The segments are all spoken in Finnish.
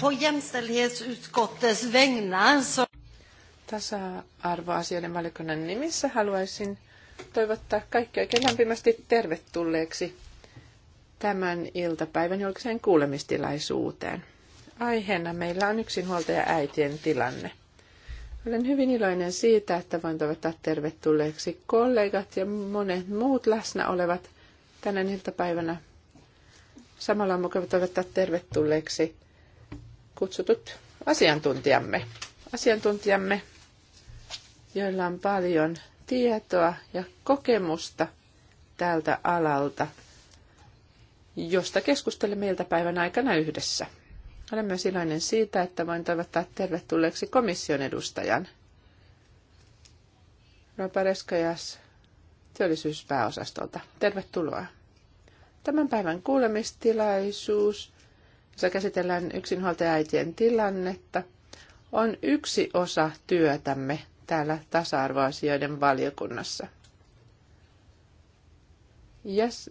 på jämställdhetsutskottets vägnar. Så... Tasa-arvoasioiden valiokunnan nimissä haluaisin toivottaa kaikkia oikein lämpimästi tervetulleeksi tämän iltapäivän julkiseen kuulemistilaisuuteen. Aiheena meillä on yksinhuoltaja äitien tilanne. Olen hyvin iloinen siitä, että voin toivottaa tervetulleeksi kollegat ja monet muut läsnä olevat tänä iltapäivänä. Samalla on mukava toivottaa tervetulleeksi kutsutut asiantuntijamme. Asiantuntijamme, joilla on paljon tietoa ja kokemusta tältä alalta, josta keskustelemme iltapäivän aikana yhdessä. Olen myös iloinen siitä, että voin toivottaa tervetulleeksi komission edustajan. Ropa Reskajas työllisyyspääosastolta. Tervetuloa. Tämän päivän kuulemistilaisuus jossa käsitellään yksinhuoltajaäitien tilannetta, on yksi osa työtämme täällä tasa-arvoasioiden valiokunnassa. Jäs,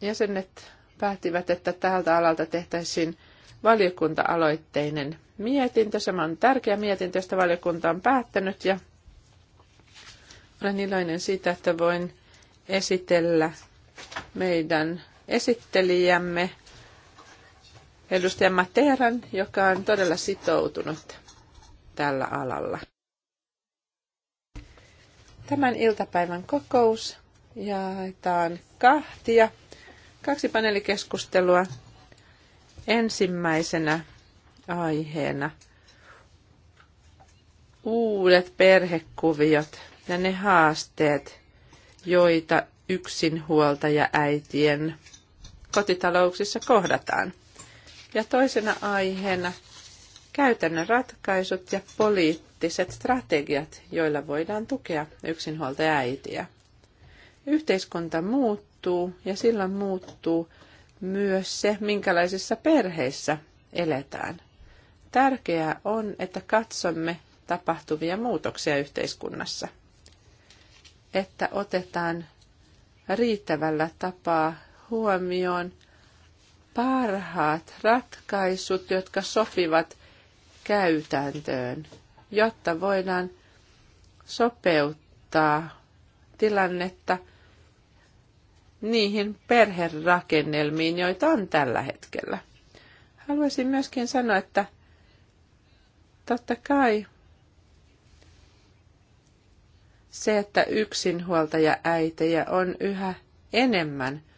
jäsenet päättivät, että tältä alalta tehtäisiin valiokunta-aloitteinen mietintö. Se on tärkeä mietintö, josta valiokunta on päättänyt ja olen iloinen siitä, että voin esitellä meidän esittelijämme – edustaja Materan, joka on todella sitoutunut tällä alalla. Tämän iltapäivän kokous jaetaan kahtia. Kaksi paneelikeskustelua. Ensimmäisenä aiheena uudet perhekuviot ja ne haasteet, joita yksinhuoltaja äitien kotitalouksissa kohdataan. Ja toisena aiheena käytännön ratkaisut ja poliittiset strategiat, joilla voidaan tukea yksinhuoltajaäitiä. Yhteiskunta muuttuu ja silloin muuttuu myös se, minkälaisissa perheissä eletään. Tärkeää on, että katsomme tapahtuvia muutoksia yhteiskunnassa, että otetaan riittävällä tapaa huomioon – parhaat ratkaisut, jotka sopivat käytäntöön, jotta voidaan sopeuttaa tilannetta niihin perherakennelmiin, joita on tällä hetkellä. Haluaisin myöskin sanoa, että totta kai se, että yksinhuoltaja äitejä on yhä enemmän –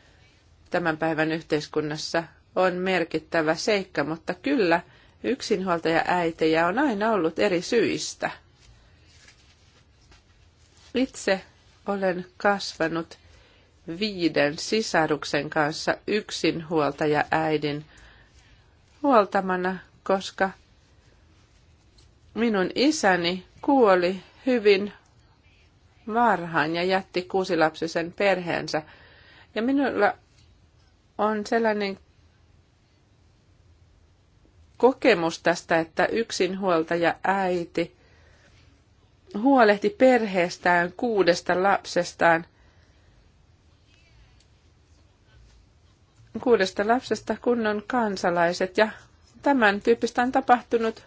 tämän päivän yhteiskunnassa on merkittävä seikka, mutta kyllä yksinhuoltaja äitejä on aina ollut eri syistä. Itse olen kasvanut viiden sisaruksen kanssa yksinhuoltaja äidin huoltamana, koska minun isäni kuoli hyvin varhain ja jätti kuusilapsisen perheensä. Ja minulla on sellainen kokemus tästä, että yksinhuoltaja äiti huolehti perheestään, kuudesta lapsestaan, kuudesta lapsesta kunnon kansalaiset ja tämän tyyppistä on tapahtunut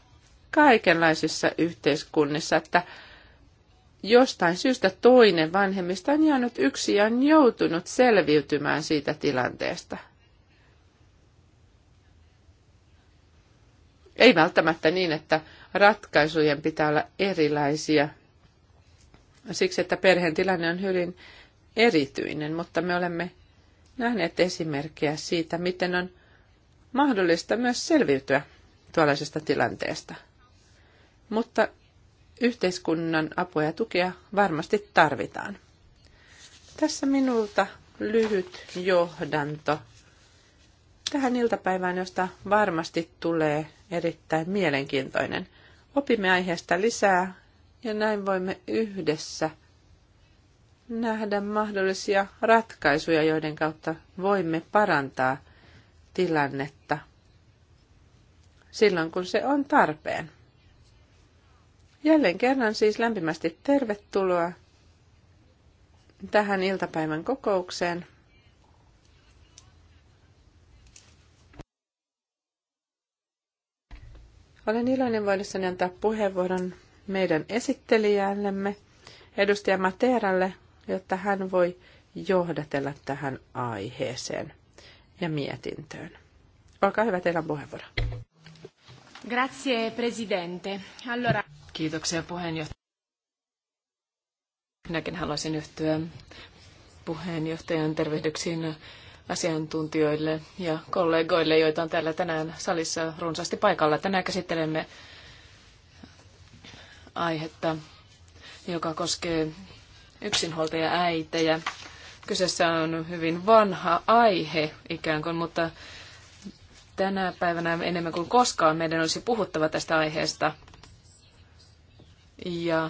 kaikenlaisissa yhteiskunnissa, että jostain syystä toinen vanhemmista on jäänyt yksi ja on joutunut selviytymään siitä tilanteesta. Ei välttämättä niin, että ratkaisujen pitää olla erilaisia siksi, että perheen tilanne on hyvin erityinen, mutta me olemme nähneet esimerkkejä siitä, miten on mahdollista myös selviytyä tuollaisesta tilanteesta. Mutta yhteiskunnan apua ja tukea varmasti tarvitaan. Tässä minulta lyhyt johdanto tähän iltapäivään, josta varmasti tulee erittäin mielenkiintoinen. Opimme aiheesta lisää ja näin voimme yhdessä nähdä mahdollisia ratkaisuja, joiden kautta voimme parantaa tilannetta silloin, kun se on tarpeen. Jälleen kerran siis lämpimästi tervetuloa tähän iltapäivän kokoukseen. Olen iloinen voidessani antaa puheenvuoron meidän esittelijällemme, edustaja Materalle, jotta hän voi johdatella tähän aiheeseen ja mietintöön. Olkaa hyvä, teillä on puheenvuoro. Grazie, presidente. Allora... Kiitoksia puheenjohtaja. Minäkin haluaisin yhtyä puheenjohtajan tervehdyksiin asiantuntijoille ja kollegoille, joita on täällä tänään salissa runsaasti paikalla. Tänään käsittelemme aihetta, joka koskee yksinhuoltaja äitejä. Kyseessä on hyvin vanha aihe ikään kuin, mutta tänä päivänä enemmän kuin koskaan meidän olisi puhuttava tästä aiheesta. Ja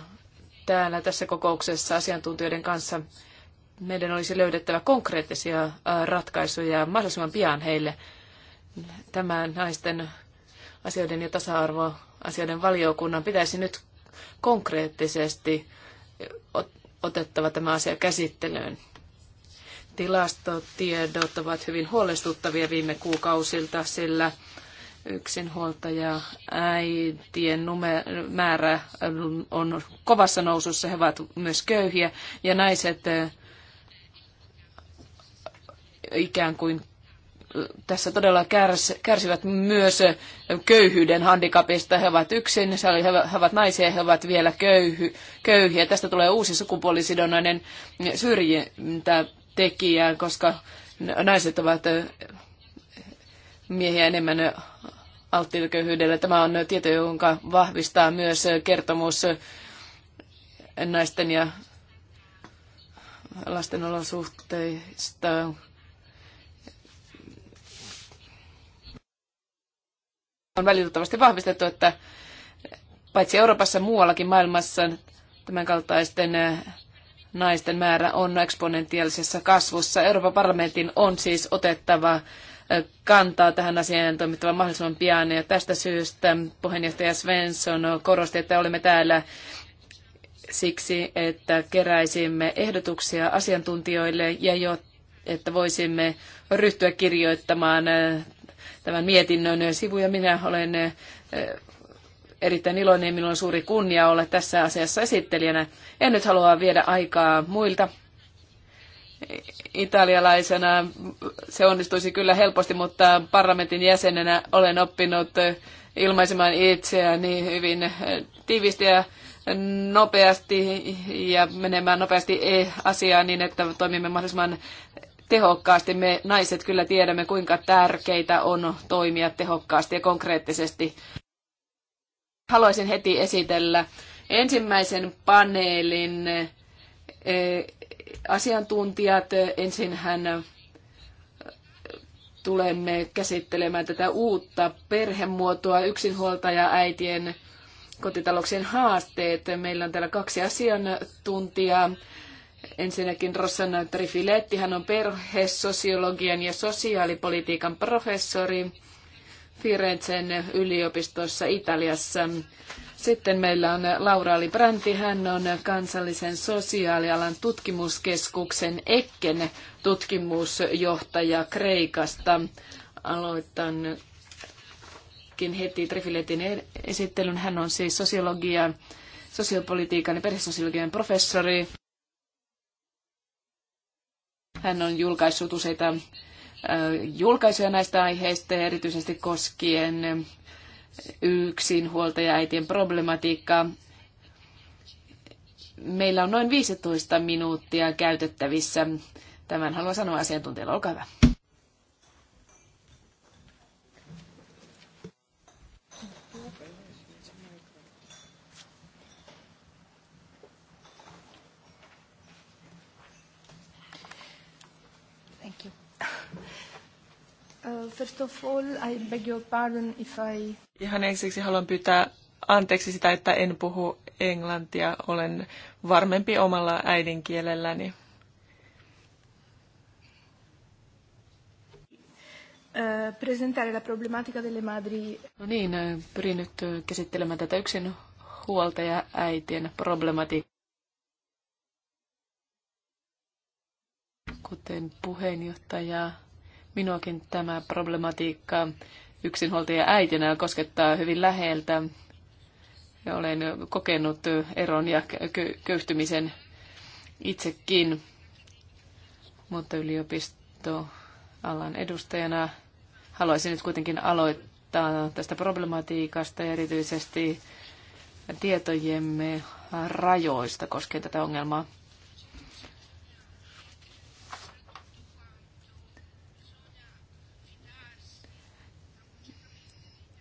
täällä tässä kokouksessa asiantuntijoiden kanssa meidän olisi löydettävä konkreettisia äh, ratkaisuja mahdollisimman pian heille. Tämä naisten asioiden ja tasa-arvoasioiden valiokunnan pitäisi nyt konkreettisesti otettava tämä asia käsittelyyn. Tilastotiedot ovat hyvin huolestuttavia viime kuukausilta, sillä yksinhuoltaja äitien määrä on kovassa nousussa. He ovat myös köyhiä ja naiset ikään kuin tässä todella kärs, kärsivät myös köyhyyden handikapista. He ovat yksin, he ovat naisia ja he ovat vielä köyhy, köyhiä. Tästä tulee uusi sukupuolisidonnainen syrjintätekijä, koska naiset ovat miehiä enemmän alttiilla köyhyydellä. Tämä on tieto, jonka vahvistaa myös kertomus naisten ja lasten olosuhteista. On välitettävästi vahvistettu, että paitsi Euroopassa muuallakin maailmassa tämänkaltaisten naisten määrä on eksponentiaalisessa kasvussa. Euroopan parlamentin on siis otettava kantaa tähän asiaan toimittava mahdollisimman pian. Ja tästä syystä puheenjohtaja Svensson korosti, että olemme täällä siksi, että keräisimme ehdotuksia asiantuntijoille ja jo, että voisimme ryhtyä kirjoittamaan äh, tämän mietinnön sivuja. Minä olen äh, erittäin iloinen ja minulla on suuri kunnia olla tässä asiassa esittelijänä. En nyt halua viedä aikaa muilta italialaisena se onnistuisi kyllä helposti, mutta parlamentin jäsenenä olen oppinut ilmaisemaan itseäni hyvin tiivisti ja nopeasti ja menemään nopeasti e- asiaan niin, että toimimme mahdollisimman tehokkaasti. Me naiset kyllä tiedämme, kuinka tärkeitä on toimia tehokkaasti ja konkreettisesti. Haluaisin heti esitellä ensimmäisen paneelin e- asiantuntijat. Ensin hän äh, tulemme käsittelemään tätä uutta perhemuotoa, yksinhuoltaja äitien kotitalouksien haasteet. Meillä on täällä kaksi asiantuntijaa. Ensinnäkin Rossana Trifiletti, hän on perhesosiologian ja sosiaalipolitiikan professori Firenzen yliopistossa Italiassa. Sitten meillä on Laura Brandti, hän on kansallisen sosiaalialan tutkimuskeskuksen Ekken tutkimusjohtaja Kreikasta. Aloitankin heti Trifiletin e- esittelyn. Hän on siis sosiologian, sosiopolitiikan ja perhesosiologian professori. Hän on julkaissut useita julkaisuja näistä aiheista, erityisesti koskien yksinhuoltaja-äitien problematiikkaa. Meillä on noin 15 minuuttia käytettävissä. Tämän haluan sanoa asiantuntijalle. Olkaa hyvä. Uh, first of all, I beg your pardon if I... Ihan ensiksi haluan pyytää anteeksi sitä, että en puhu englantia. Olen varmempi omalla äidinkielelläni. Uh, presentare la problematica delle madri. No niin, äh, pyrin nyt äh, käsittelemään tätä yksin huoltaja äitien problematiikkaa. Kuten puheenjohtaja Minuakin tämä problematiikka yksinhuoltaja äitinä koskettaa hyvin läheltä. Ja olen kokenut eron ja köyhtymisen itsekin, mutta yliopistoalan edustajana haluaisin nyt kuitenkin aloittaa tästä problematiikasta ja erityisesti tietojemme rajoista koskien tätä ongelmaa.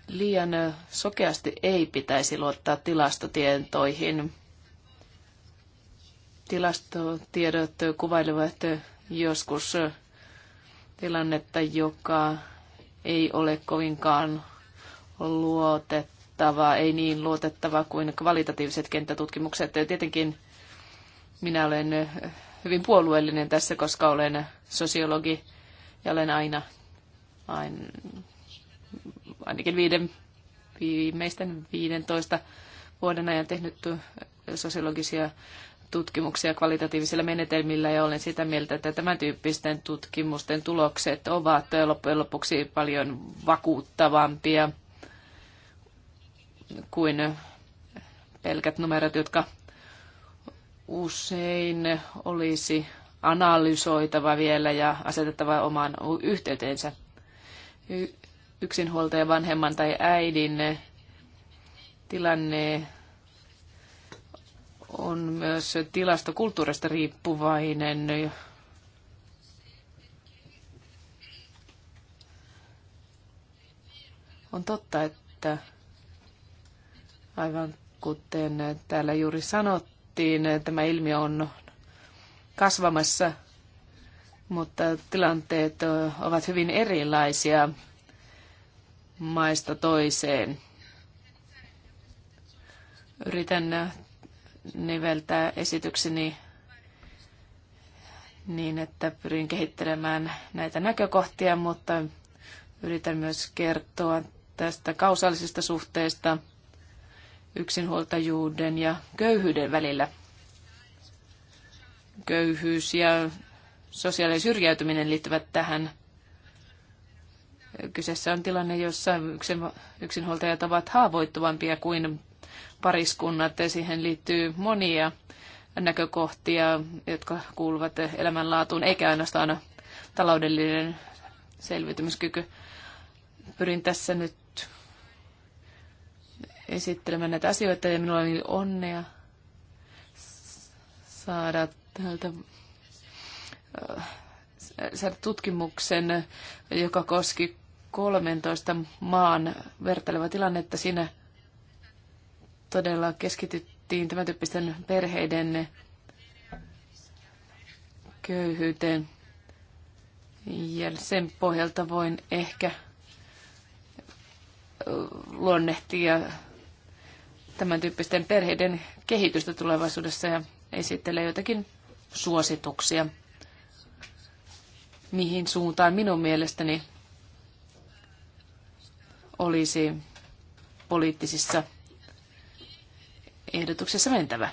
Liian sokeasti ei pitäisi luottaa tilastotietoihin. Tilastotiedot kuvailevat joskus tilannetta, joka ei ole kovinkaan luotettava, ei niin luotettava kuin kvalitatiiviset kenttätutkimukset. Ja tietenkin minä olen hyvin puolueellinen tässä, koska olen sosiologi ja olen aina, aina ainakin viiden, viimeisten 15 vuoden ajan tehnyt sosiologisia tutkimuksia kvalitatiivisilla menetelmillä ja olen sitä mieltä, että tämän tyyppisten tutkimusten tulokset ovat loppujen lopuksi paljon vakuuttavampia kuin pelkät numerot, jotka usein olisi analysoitava vielä ja asetettava omaan yhteyteensä yksinhuoltaja vanhemman tai äidin tilanne on myös tilastokulttuurista riippuvainen. On totta, että aivan kuten täällä juuri sanottiin, tämä ilmiö on kasvamassa, mutta tilanteet ovat hyvin erilaisia maista toiseen. Yritän niveltää esitykseni niin, että pyrin kehittelemään näitä näkökohtia, mutta yritän myös kertoa tästä kausaalisesta suhteesta yksinhuoltajuuden ja köyhyyden välillä. Köyhyys ja sosiaalinen syrjäytyminen liittyvät tähän Kyseessä on tilanne, jossa yksin, yksinhuoltajat ovat haavoittuvampia kuin pariskunnat ja siihen liittyy monia näkökohtia, jotka kuuluvat elämänlaatuun, eikä ainoastaan taloudellinen selviytymiskyky. Pyrin tässä nyt esittelemään näitä asioita ja minulla oli onnea saada tältä äh, saada tutkimuksen, joka koski 13 maan vertaileva tilanne, että siinä todella keskityttiin tämän tyyppisten perheiden köyhyyteen. Ja sen pohjalta voin ehkä luonnehtia tämän tyyppisten perheiden kehitystä tulevaisuudessa ja esittelee jotakin suosituksia, mihin suuntaan minun mielestäni olisi poliittisissa ehdotuksissa mentävä.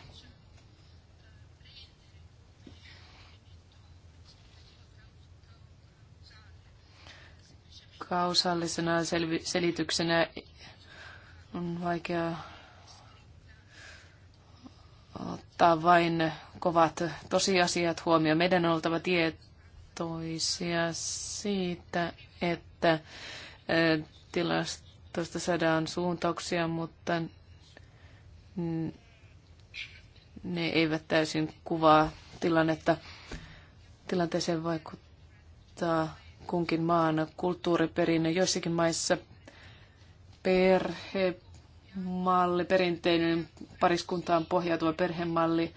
Kausallisena selityksenä on vaikea ottaa vain kovat tosiasiat huomioon. Meidän on oltava tietoisia siitä, että tilastosta saadaan suuntauksia, mutta ne eivät täysin kuvaa tilannetta. Tilanteeseen vaikuttaa kunkin maan kulttuuriperinne. Joissakin maissa perhemalli, perinteinen pariskuntaan pohjautuva perhemalli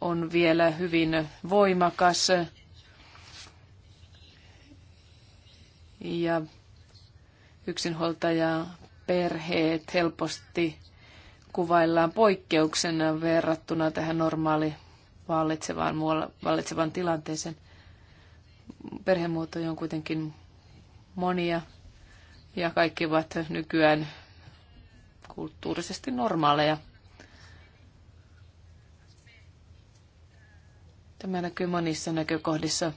on vielä hyvin voimakas. Ja yksinhuoltaja perheet helposti kuvaillaan poikkeuksena verrattuna tähän normaali vallitsevaan, vallitsevaan tilanteeseen. Perhemuotoja on kuitenkin monia ja kaikki ovat nykyään kulttuurisesti normaaleja. Tämä näkyy monissa näkökohdissa.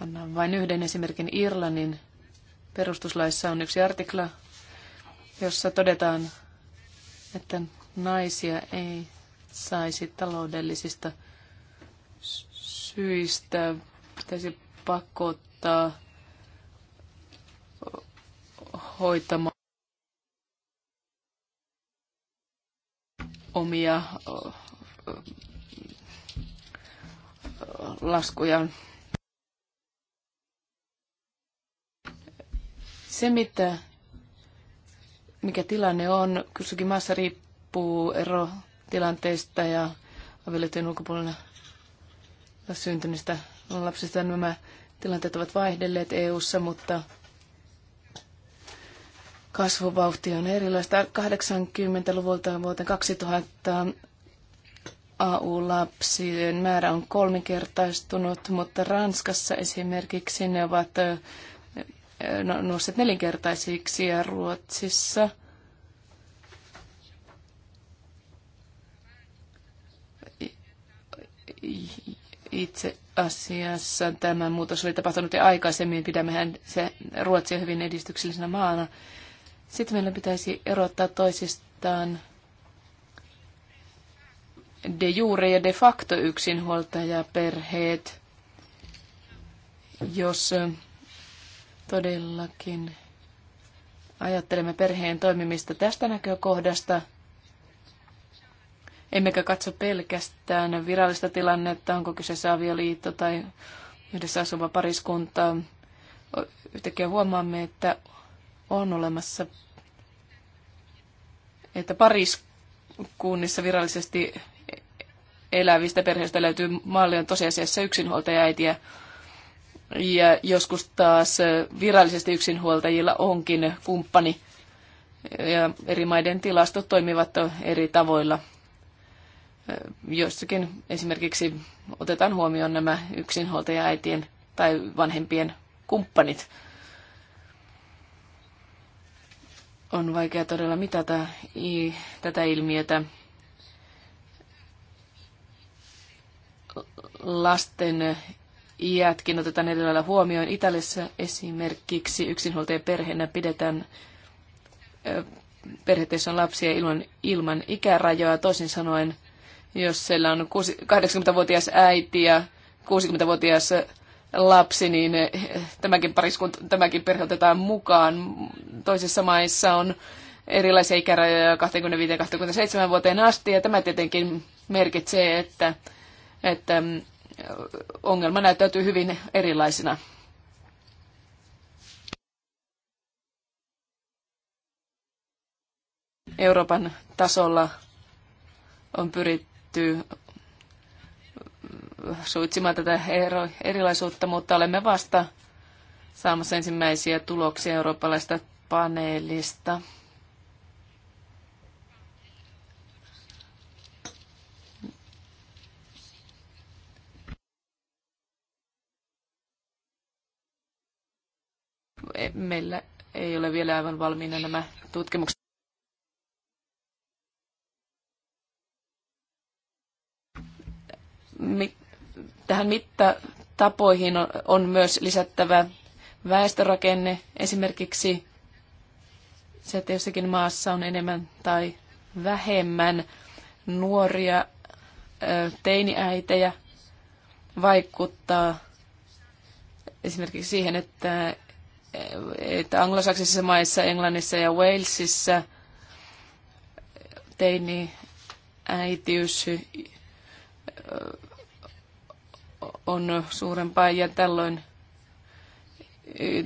Annan vain yhden esimerkin Irlannin Perustuslaissa on yksi artikla, jossa todetaan, että naisia ei saisi taloudellisista syistä, pitäisi pakottaa hoitamaan omia laskujaan Se, mitä, mikä tilanne on, kussakin maassa riippuu ero tilanteista ja avioliittojen ulkopuolella syntyneistä lapsista. Nämä tilanteet ovat vaihdelleet EU-ssa, mutta kasvuvauhti on erilaista. 80-luvulta vuoteen 2000 AU-lapsien määrä on kolminkertaistunut, mutta Ranskassa esimerkiksi ne ovat No, nousseet nelinkertaisiksi ja Ruotsissa itse asiassa tämä muutos oli tapahtunut jo aikaisemmin, pidämmehän se Ruotsia hyvin edistyksellisenä maana. Sitten meillä pitäisi erottaa toisistaan de jure ja de facto yksinhuoltajaperheet. Jos Todellakin ajattelemme perheen toimimista tästä näkökohdasta, emmekä katso pelkästään virallista tilannetta, onko kyseessä avioliitto tai yhdessä asuva pariskunta. Yhtäkkiä huomaamme, että on olemassa, että pariskunnissa virallisesti elävistä perheistä löytyy on tosiasiassa yksinhuoltaja äitiä. Ja joskus taas virallisesti yksinhuoltajilla onkin kumppani. Ja eri maiden tilastot toimivat eri tavoilla. Joissakin esimerkiksi otetaan huomioon nämä yksinhuoltajaäitien tai vanhempien kumppanit. On vaikea todella mitata tätä ilmiötä. Lasten iätkin otetaan eri lailla huomioon. Italiassa esimerkiksi yksinhuoltajan perheenä pidetään perheessä on lapsia ilman, ilman ikärajoa. Toisin sanoen, jos siellä on 80-vuotias äiti ja 60-vuotias lapsi, niin eh, tämäkin, pariskunta, tämäkin perhe otetaan mukaan. Toisissa maissa on erilaisia ikärajoja 25-27 vuoteen asti, ja tämä tietenkin merkitsee, että, että ongelma näyttäytyy hyvin erilaisina. Euroopan tasolla on pyritty suitsimaan tätä ero, erilaisuutta, mutta olemme vasta saamassa ensimmäisiä tuloksia eurooppalaista paneelista. E, meillä ei ole vielä aivan valmiina nämä tutkimukset. Tähän mittatapoihin on myös lisättävä väestörakenne. Esimerkiksi se, että jossakin maassa on enemmän tai vähemmän nuoria teiniäitejä, vaikuttaa esimerkiksi siihen, että että anglosaksisissa maissa, Englannissa ja Walesissa teini äitiys on suurempaa ja tällöin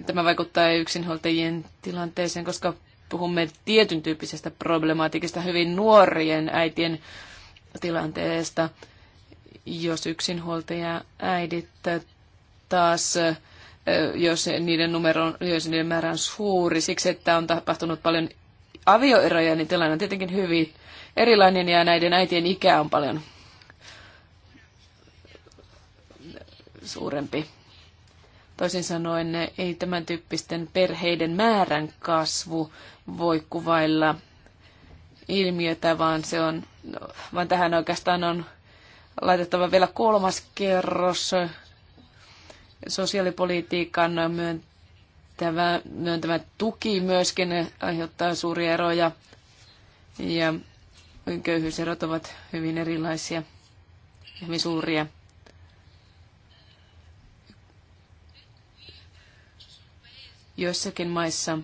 tämä vaikuttaa yksinhuoltajien tilanteeseen, koska puhumme tietyn tyyppisestä problematiikista, hyvin nuorien äitien tilanteesta, jos yksinhuoltaja äidit taas jos niiden, numero, jos niiden määrä on suuri. Siksi, että on tapahtunut paljon avioeroja, niin tilanne on tietenkin hyvin erilainen ja näiden äitien ikä on paljon suurempi. Toisin sanoen ei tämän tyyppisten perheiden määrän kasvu voi kuvailla ilmiötä, vaan, se on, no, vaan tähän oikeastaan on laitettava vielä kolmas kerros sosiaalipolitiikan myöntävä, myöntävä tuki myöskin aiheuttaa suuria eroja ja köyhyyserot ovat hyvin erilaisia ja hyvin suuria. Joissakin maissa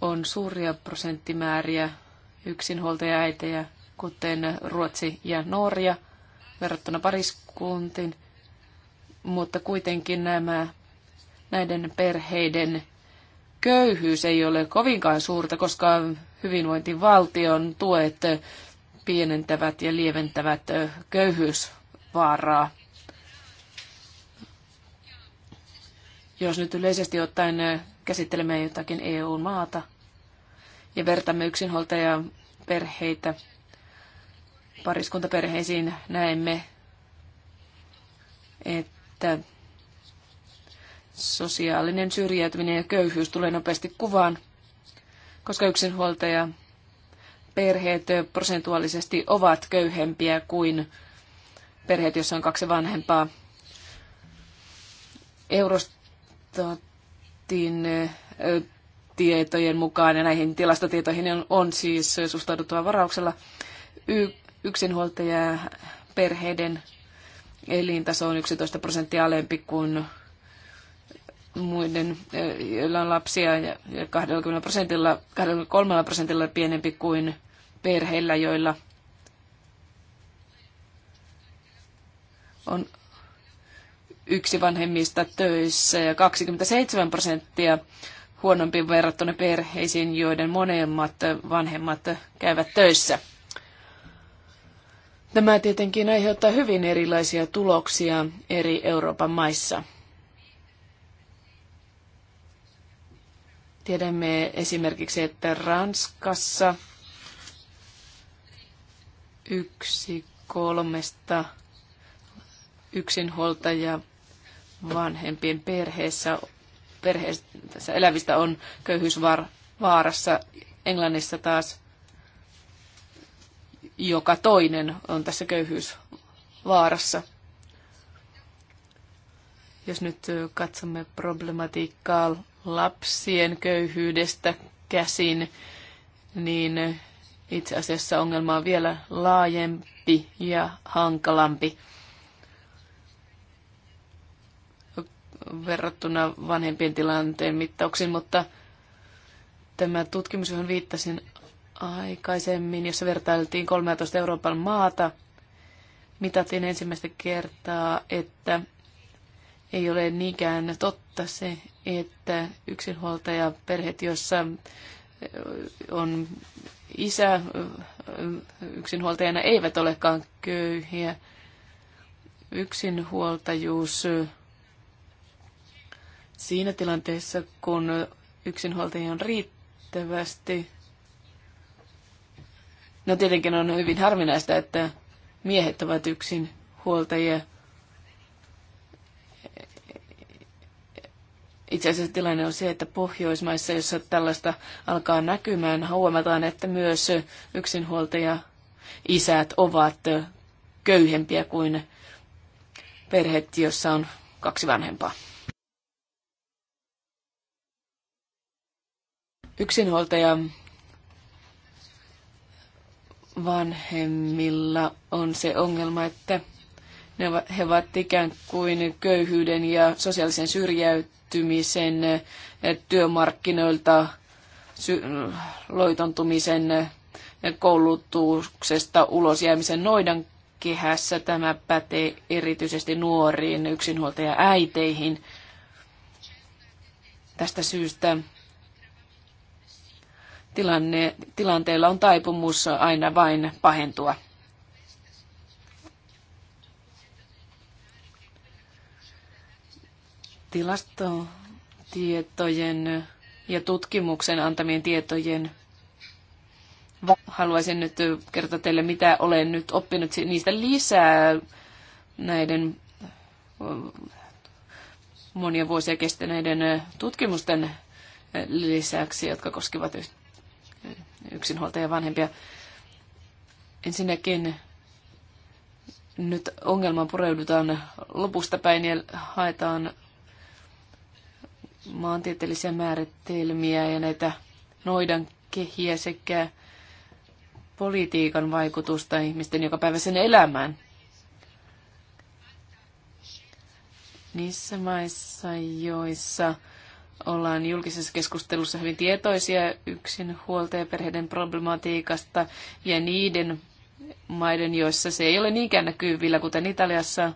on suuria prosenttimääriä yksinhuoltajaäitejä kuten Ruotsi ja Norja verrattuna pariskuntiin, mutta kuitenkin nämä, näiden perheiden köyhyys ei ole kovinkaan suurta, koska hyvinvointivaltion tuet pienentävät ja lieventävät köyhyysvaaraa. Jos nyt yleisesti ottaen käsittelemme jotakin EU-maata ja vertamme yksinhuoltajaperheitä perheitä pariskuntaperheisiin näemme, että sosiaalinen syrjäytyminen ja köyhyys tulee nopeasti kuvaan, koska yksinhuoltaja perheet prosentuaalisesti ovat köyhempiä kuin perheet, joissa on kaksi vanhempaa. Eurostatin tietojen mukaan ja näihin tilastotietoihin on, on siis suhtauduttava varauksella yksinhuoltajia perheiden elintaso on 11 prosenttia alempi kuin muiden, joilla on lapsia, ja 20 prosentilla, 23 prosentilla pienempi kuin perheillä, joilla on yksi vanhemmista töissä ja 27 prosenttia huonompi verrattuna perheisiin, joiden monemmat vanhemmat käyvät töissä. Tämä tietenkin aiheuttaa hyvin erilaisia tuloksia eri Euroopan maissa. Tiedämme esimerkiksi, että Ranskassa yksi kolmesta yksinhuoltaja vanhempien perheessä, perheessä elävistä on köyhyysvaarassa. Englannissa taas joka toinen on tässä köyhyysvaarassa. Jos nyt katsomme problematiikkaa lapsien köyhyydestä käsin, niin itse asiassa ongelma on vielä laajempi ja hankalampi verrattuna vanhempien tilanteen mittauksiin, mutta tämä tutkimus, johon viittasin aikaisemmin, jossa vertailtiin 13 Euroopan maata. Mitattiin ensimmäistä kertaa, että ei ole niinkään totta se, että yksinhuoltaja perheet, joissa on isä yksinhuoltajana, eivät olekaan köyhiä. Yksinhuoltajuus siinä tilanteessa, kun yksinhuoltajia on riittävästi, No tietenkin on hyvin harvinaista, että miehet ovat yksin huoltajia. Itse asiassa tilanne on se, että Pohjoismaissa, jossa tällaista alkaa näkymään, huomataan, että myös yksinhuoltaja isät ovat köyhempiä kuin perheet, jossa on kaksi vanhempaa. Yksinhuoltaja vanhemmilla on se ongelma, että ne ovat, he ovat ikään kuin köyhyyden ja sosiaalisen syrjäytymisen eh, työmarkkinoilta sy- loitontumisen eh, koulutuksesta ulos jäämisen noidan kehässä. Tämä pätee erityisesti nuoriin yksinhuoltaja äiteihin. Tästä syystä tilanne, tilanteilla on taipumus aina vain pahentua. Tilastotietojen ja tutkimuksen antamien tietojen haluaisin nyt kertoa teille, mitä olen nyt oppinut niistä lisää näiden monia vuosia kestäneiden tutkimusten lisäksi, jotka koskevat yksinhuoltajia vanhempia. Ensinnäkin nyt ongelman pureudutaan lopusta päin ja haetaan maantieteellisiä määritelmiä ja näitä noidan kehiä sekä politiikan vaikutusta ihmisten sen elämään. Niissä maissa, joissa ollaan julkisessa keskustelussa hyvin tietoisia yksin huoltajaperheiden problematiikasta ja niiden maiden, joissa se ei ole niinkään näkyvillä, kuten Italiassa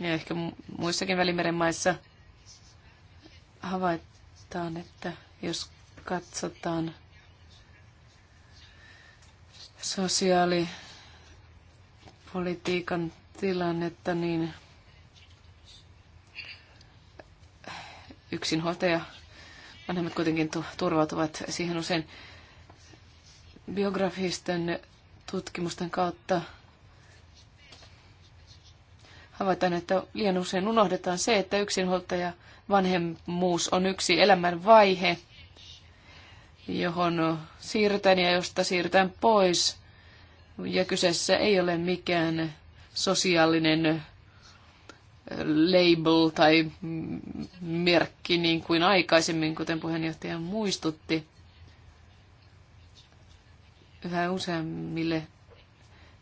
ja ehkä muissakin Välimeren maissa, havaitaan, että jos katsotaan sosiaalipolitiikan tilannetta, niin yksinhuoltaja vanhemmat kuitenkin turvautuvat siihen usein biografisten tutkimusten kautta havaitaan, että liian usein unohdetaan se, että yksinhuoltaja vanhemmuus on yksi elämän vaihe, johon siirrytään ja josta siirrytään pois. Ja kyseessä ei ole mikään sosiaalinen label tai merkki niin kuin aikaisemmin, kuten puheenjohtaja muistutti. Yhä useammille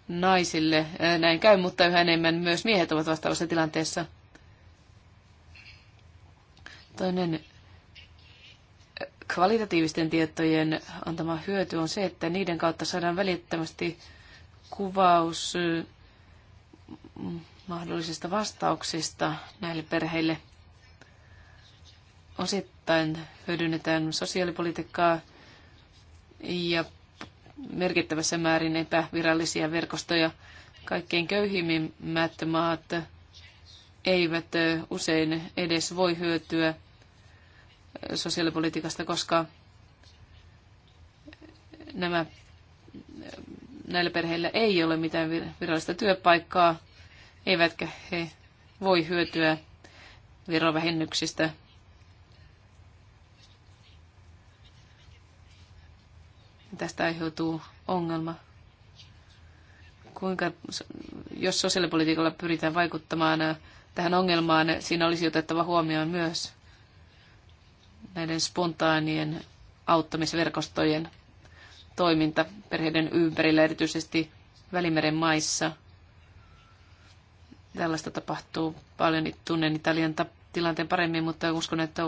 naisille näin käy, mutta yhä enemmän myös miehet ovat vastaavassa tilanteessa. Toinen kvalitatiivisten tietojen antama hyöty on se, että niiden kautta saadaan välittömästi kuvaus mahdollisista vastauksista näille perheille. Osittain hyödynnetään sosiaalipolitiikkaa ja merkittävässä määrin epävirallisia verkostoja. Kaikkein köyhimmät maat eivät usein edes voi hyötyä sosiaalipolitiikasta, koska nämä, näillä perheillä ei ole mitään virallista työpaikkaa eivätkä he voi hyötyä verovähennyksistä. Tästä aiheutuu ongelma. Kuinka, jos sosiaalipolitiikalla pyritään vaikuttamaan tähän ongelmaan, siinä olisi otettava huomioon myös näiden spontaanien auttamisverkostojen toiminta perheiden ympärillä, erityisesti Välimeren maissa – Tällaista tapahtuu paljon. Tunnen Italian tilanteen paremmin, mutta uskon, että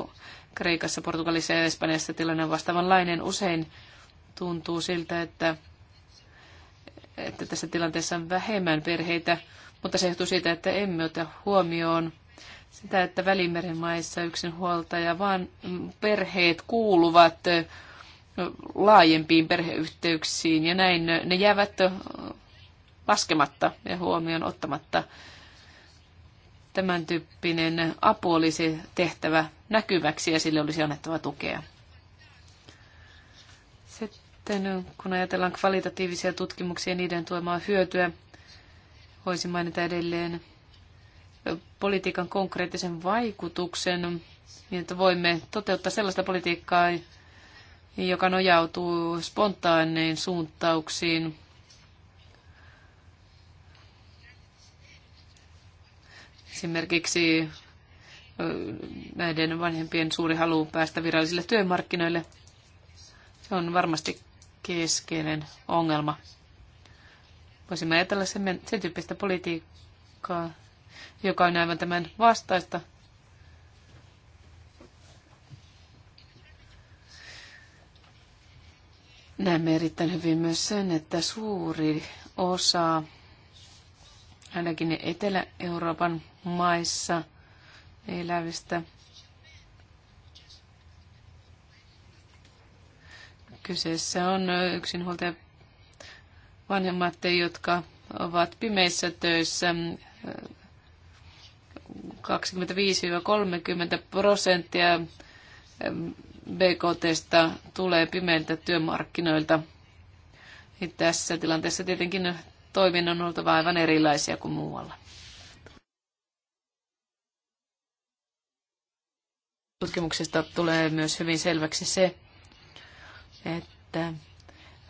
Kreikassa, Portugalissa ja Espanjassa tilanne on vastaavanlainen. Usein tuntuu siltä, että, että tässä tilanteessa on vähemmän perheitä, mutta se johtuu siitä, että emme ota huomioon sitä, että Välimeren maissa yksinhuoltaja, vaan mm, perheet kuuluvat laajempiin perheyhteyksiin ja näin ne jäävät laskematta ja huomioon ottamatta tämän tyyppinen apu olisi tehtävä näkyväksi ja sille olisi annettava tukea. Sitten kun ajatellaan kvalitatiivisia tutkimuksia ja niiden tuomaa hyötyä, voisin mainita edelleen politiikan konkreettisen vaikutuksen, niin että voimme toteuttaa sellaista politiikkaa, joka nojautuu spontaaneihin suuntauksiin, Esimerkiksi näiden vanhempien suuri halu päästä virallisille työmarkkinoille. Se on varmasti keskeinen ongelma. Voisimme ajatella sen, sen tyyppistä politiikkaa, joka on aivan tämän vastaista. Näemme erittäin hyvin myös sen, että suuri osa ainakin Etelä-Euroopan maissa elävistä. Kyseessä on yksinhuoltaja vanhemmat, jotka ovat pimeissä töissä 25-30 mm, prosenttia mm, BKTstä tulee pimeiltä työmarkkinoilta. Ja tässä tilanteessa tietenkin toiminnan on oltava aivan erilaisia kuin muualla. Tutkimuksesta tulee myös hyvin selväksi se, että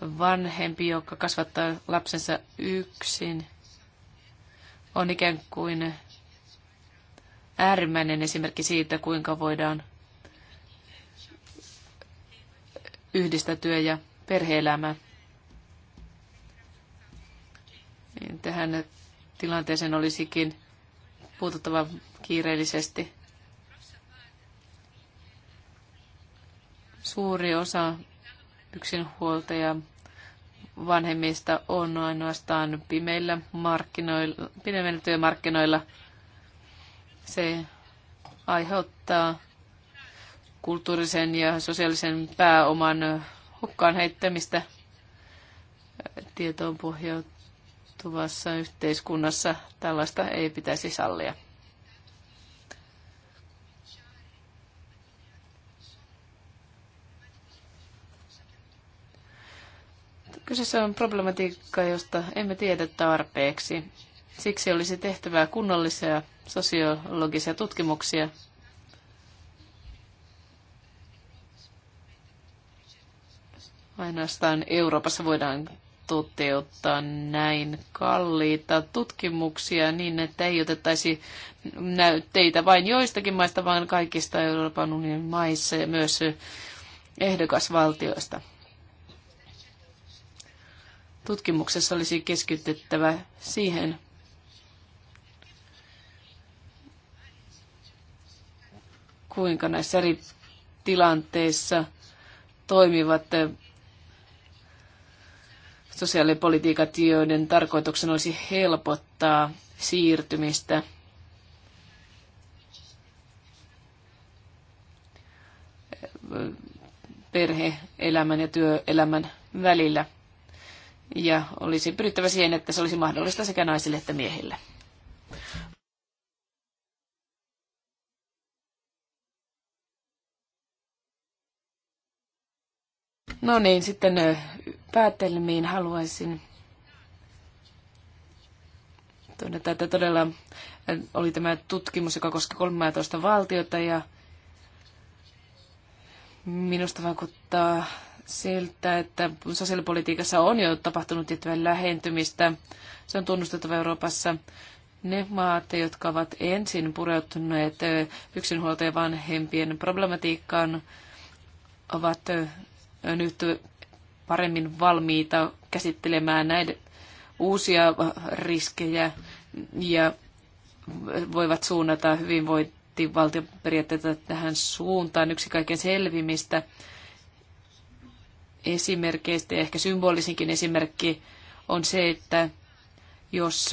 vanhempi, joka kasvattaa lapsensa yksin, on ikään kuin äärimmäinen esimerkki siitä, kuinka voidaan yhdistää työ- ja perhe-elämää. Tähän tilanteeseen olisikin puututtava kiireellisesti. Suuri osa yksinhuoltaja vanhemmista on ainoastaan pimeillä, markkinoilla, pimeillä työmarkkinoilla. Se aiheuttaa kulttuurisen ja sosiaalisen pääoman hukkaan heittämistä. Tietoon pohjautuu muuttuvassa yhteiskunnassa tällaista ei pitäisi sallia. Kyseessä on problematiikka, josta emme tiedä tarpeeksi. Siksi olisi tehtävää kunnollisia sosiologisia tutkimuksia Ainoastaan Euroopassa voidaan toteuttaa näin kalliita tutkimuksia niin, että ei otettaisi näytteitä vain joistakin maista, vaan kaikista Euroopan unionin maissa ja myös ehdokasvaltioista. Tutkimuksessa olisi keskityttävä siihen, kuinka näissä eri tilanteissa toimivat sosiaalipolitiikat, joiden tarkoituksena olisi helpottaa siirtymistä perhe-elämän ja työelämän välillä. Ja olisi pyrittävä siihen, että se olisi mahdollista sekä naisille että miehille. No niin, sitten päätelmiin haluaisin todeta, että todella oli tämä tutkimus, joka koski 13 valtiota ja minusta vaikuttaa siltä, että sosiaalipolitiikassa on jo tapahtunut tiettyä lähentymistä. Se on tunnustettava Euroopassa. Ne maat, jotka ovat ensin pureutuneet yksinhuoltajan vanhempien problematiikkaan, ovat nyt paremmin valmiita käsittelemään näitä uusia riskejä ja voivat suunnata hyvinvointivaltion periaatteita tähän suuntaan. Yksi kaiken selvimmistä esimerkkeistä ja ehkä symbolisinkin esimerkki on se, että jos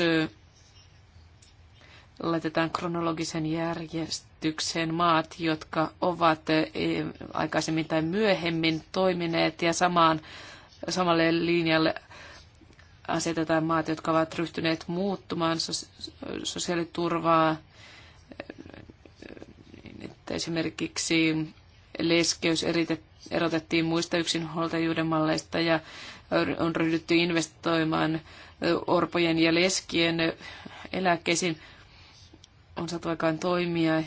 laitetaan kronologisen järjestelmän, kehitykseen maat, jotka ovat eh, aikaisemmin tai myöhemmin toimineet ja samaan, samalle linjalle asetetaan maat, jotka ovat ryhtyneet muuttumaan sosiaaliturvaa, niin, esimerkiksi leskeys erotettiin muista yksinhuoltajuuden malleista ja on ryhdytty investoimaan orpojen ja leskien eläkkeisiin. On saatu aikaan toimia,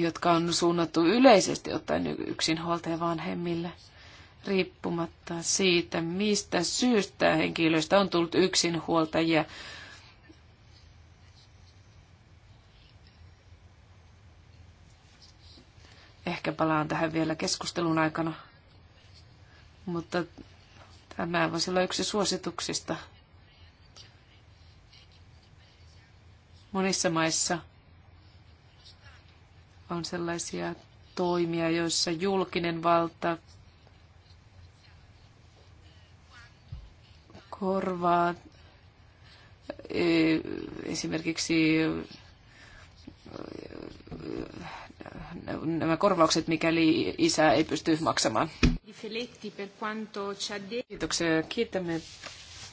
jotka on suunnattu yleisesti ottaen yksinhuoltaja vanhemmille, riippumatta siitä, mistä syystä henkilöistä on tullut yksinhuoltajia. Ehkä palaan tähän vielä keskustelun aikana, mutta tämä voisi olla yksi suosituksista. Monissa maissa – on sellaisia toimia, joissa julkinen valta korvaa e, esimerkiksi e, nämä korvaukset, mikäli isä ei pysty maksamaan. Kiitoksia. Kiitämme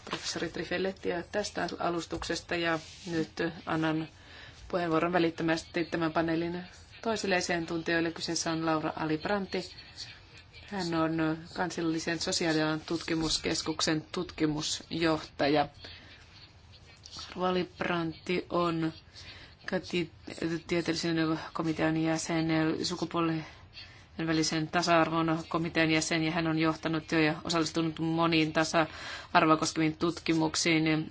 professori Trifellettiä tästä alustuksesta ja nyt annan puheenvuoron välittömästi tämän paneelin toisille asiantuntijoille. Kyseessä on Laura Alibranti. Hän on kansallisen sosiaalialan tutkimuskeskuksen tutkimusjohtaja. Valibranti on tieteellisen komitean jäsen, sukupuolen välisen tasa-arvon komitean jäsen ja hän on johtanut jo ja osallistunut moniin tasa-arvoa koskeviin tutkimuksiin,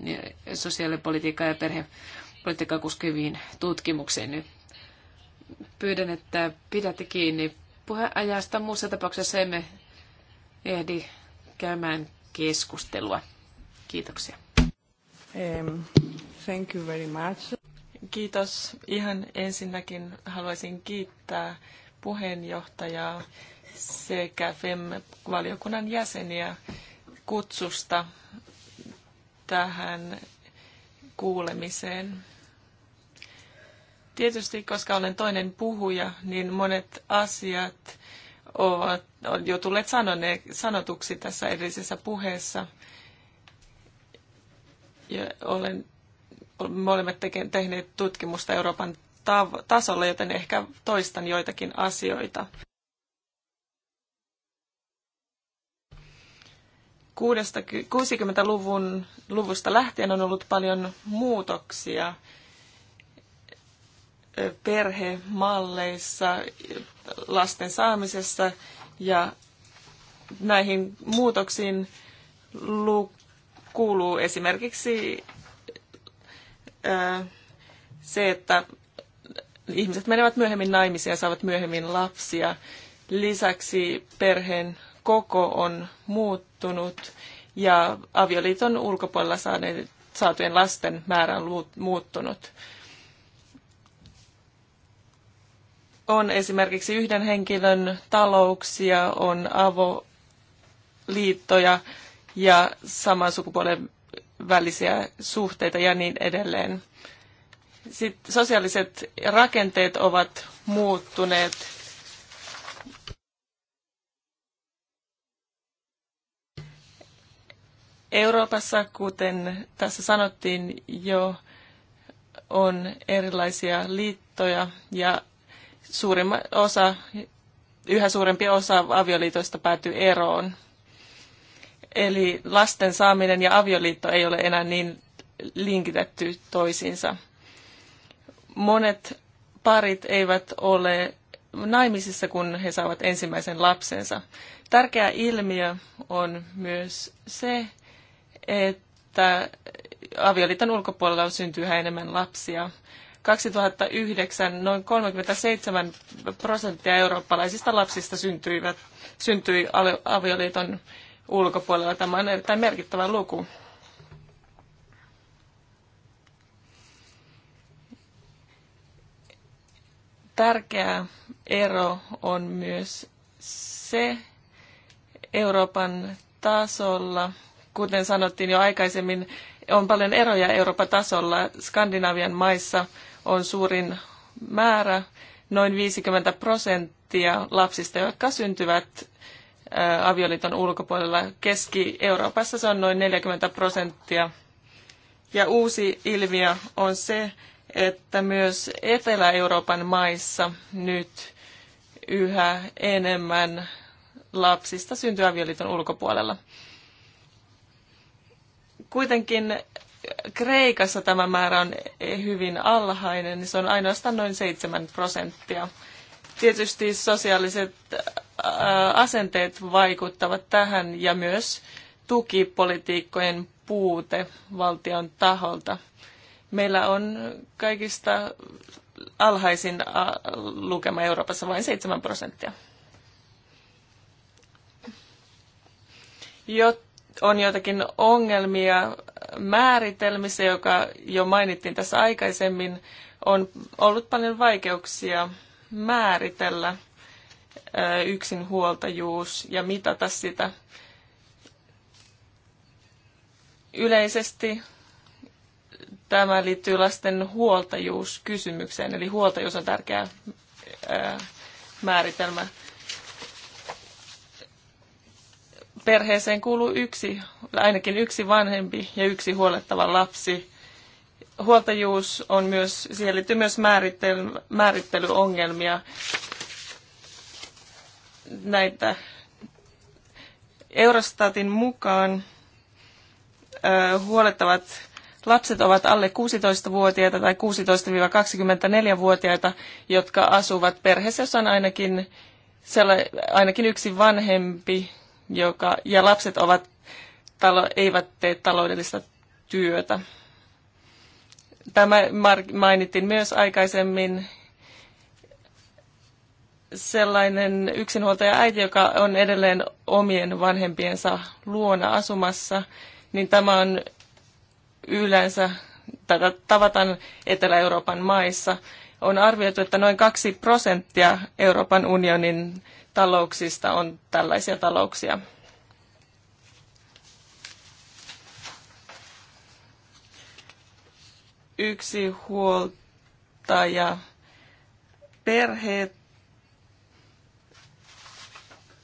sosiaalipolitiikkaa ja perhepolitiikkaa koskeviin tutkimuksiin pyydän, että pidätte kiinni puheajasta. Muussa tapauksessa emme ehdi käymään keskustelua. Kiitoksia. Um, thank you very much. Kiitos. Ihan ensinnäkin haluaisin kiittää puheenjohtajaa sekä FEM-valiokunnan jäseniä kutsusta tähän kuulemiseen. Tietysti, koska olen toinen puhuja, niin monet asiat ovat jo tulleet sanone, sanotuksi tässä edellisessä puheessa. Ja olen, me olemme teke, tehneet tutkimusta Euroopan tav- tasolla, joten ehkä toistan joitakin asioita. Kuudesta 60-luvun luvusta lähtien on ollut paljon muutoksia perhemalleissa, lasten saamisessa ja näihin muutoksiin kuuluu esimerkiksi se, että ihmiset menevät myöhemmin naimisiin ja saavat myöhemmin lapsia. Lisäksi perheen koko on muuttunut ja avioliiton ulkopuolella saaneet, saatujen lasten määrä on muuttunut. on esimerkiksi yhden henkilön talouksia, on avoliittoja ja saman sukupuolen välisiä suhteita ja niin edelleen. Sitten sosiaaliset rakenteet ovat muuttuneet. Euroopassa, kuten tässä sanottiin jo, on erilaisia liittoja ja suurin osa, yhä suurempi osa avioliitoista päätyy eroon. Eli lasten saaminen ja avioliitto ei ole enää niin linkitetty toisiinsa. Monet parit eivät ole naimisissa, kun he saavat ensimmäisen lapsensa. Tärkeä ilmiö on myös se, että avioliiton ulkopuolella syntyy yhä enemmän lapsia. 2009 noin 37 prosenttia eurooppalaisista lapsista syntyivät, syntyi avioliiton ulkopuolella. Tämä on erittäin merkittävä luku. Tärkeä ero on myös se Euroopan tasolla, kuten sanottiin jo aikaisemmin, on paljon eroja Euroopan tasolla. Skandinavian maissa on suurin määrä, noin 50 prosenttia lapsista, jotka syntyvät avioliiton ulkopuolella. Keski-Euroopassa se on noin 40 prosenttia. Ja uusi ilmiö on se, että myös Etelä-Euroopan maissa nyt yhä enemmän lapsista syntyy avioliiton ulkopuolella. Kuitenkin Kreikassa tämä määrä on hyvin alhainen, niin se on ainoastaan noin 7 prosenttia. Tietysti sosiaaliset äh, asenteet vaikuttavat tähän ja myös tukipolitiikkojen puute valtion taholta. Meillä on kaikista alhaisin äh, lukema Euroopassa vain 7 prosenttia. Jotta on joitakin ongelmia määritelmissä, joka jo mainittiin tässä aikaisemmin, on ollut paljon vaikeuksia määritellä yksinhuoltajuus ja mitata sitä. Yleisesti tämä liittyy lasten huoltajuuskysymykseen, eli huoltajuus on tärkeä määritelmä perheeseen kuuluu yksi, ainakin yksi vanhempi ja yksi huolettava lapsi. Huoltajuus on myös, siihen liittyy myös määrittely, määrittelyongelmia. Näitä Eurostatin mukaan ö, huolettavat lapset ovat alle 16-vuotiaita tai 16-24-vuotiaita, jotka asuvat perheessä, jossa on ainakin, ainakin yksi vanhempi joka, ja lapset ovat, talo, eivät tee taloudellista työtä. Tämä mainittiin myös aikaisemmin sellainen yksinhuoltaja äiti, joka on edelleen omien vanhempiensa luona asumassa, niin tämä on yleensä, tätä tavataan Etelä-Euroopan maissa, on arvioitu, että noin kaksi prosenttia Euroopan unionin talouksista on tällaisia talouksia. Yksi huoltaja perheet,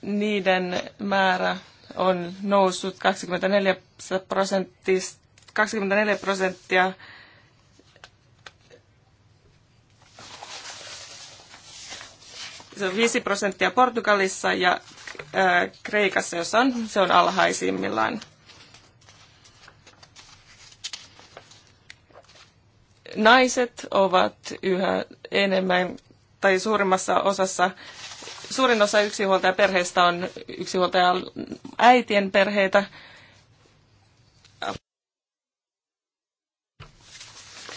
niiden määrä on noussut 24 prosenttia, 24 prosenttia se on 5 prosenttia Portugalissa ja ää, Kreikassa, jossa on, se on alhaisimmillaan. Naiset ovat yhä enemmän tai suurimmassa osassa, suurin osa yksinhuoltajaperheistä on yksinhuoltajan äitien perheitä.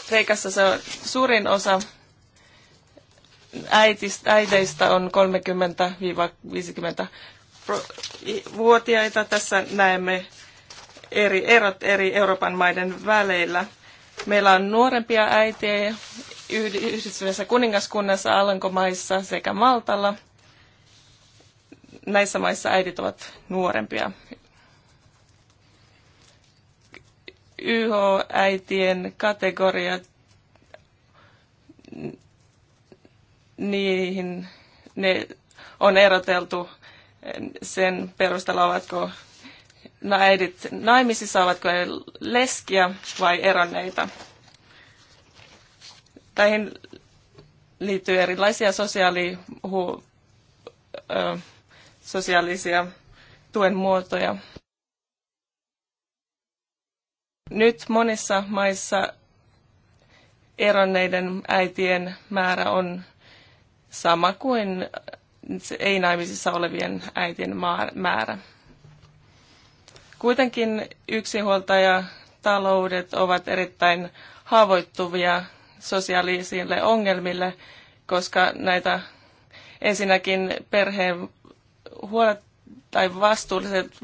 Kreikassa se on suurin osa äitistä, äideistä on 30-50-vuotiaita. Tässä näemme eri erot eri Euroopan maiden väleillä. Meillä on nuorempia äitejä yhdistyneessä kuningaskunnassa, Alankomaissa sekä Maltalla. Näissä maissa äidit ovat nuorempia. YH-äitien kategoriat niihin ne on eroteltu sen perusteella, ovatko äidit naimisissa, ovatko he leskiä vai eronneita. Tähän liittyy erilaisia sosiaali, hu, ö, sosiaalisia tuen muotoja. Nyt monissa maissa eronneiden äitien määrä on sama kuin ei-naimisissa olevien äitien määrä. Kuitenkin yksinhuoltaja taloudet ovat erittäin haavoittuvia sosiaalisille ongelmille, koska näitä ensinnäkin perheen huolet tai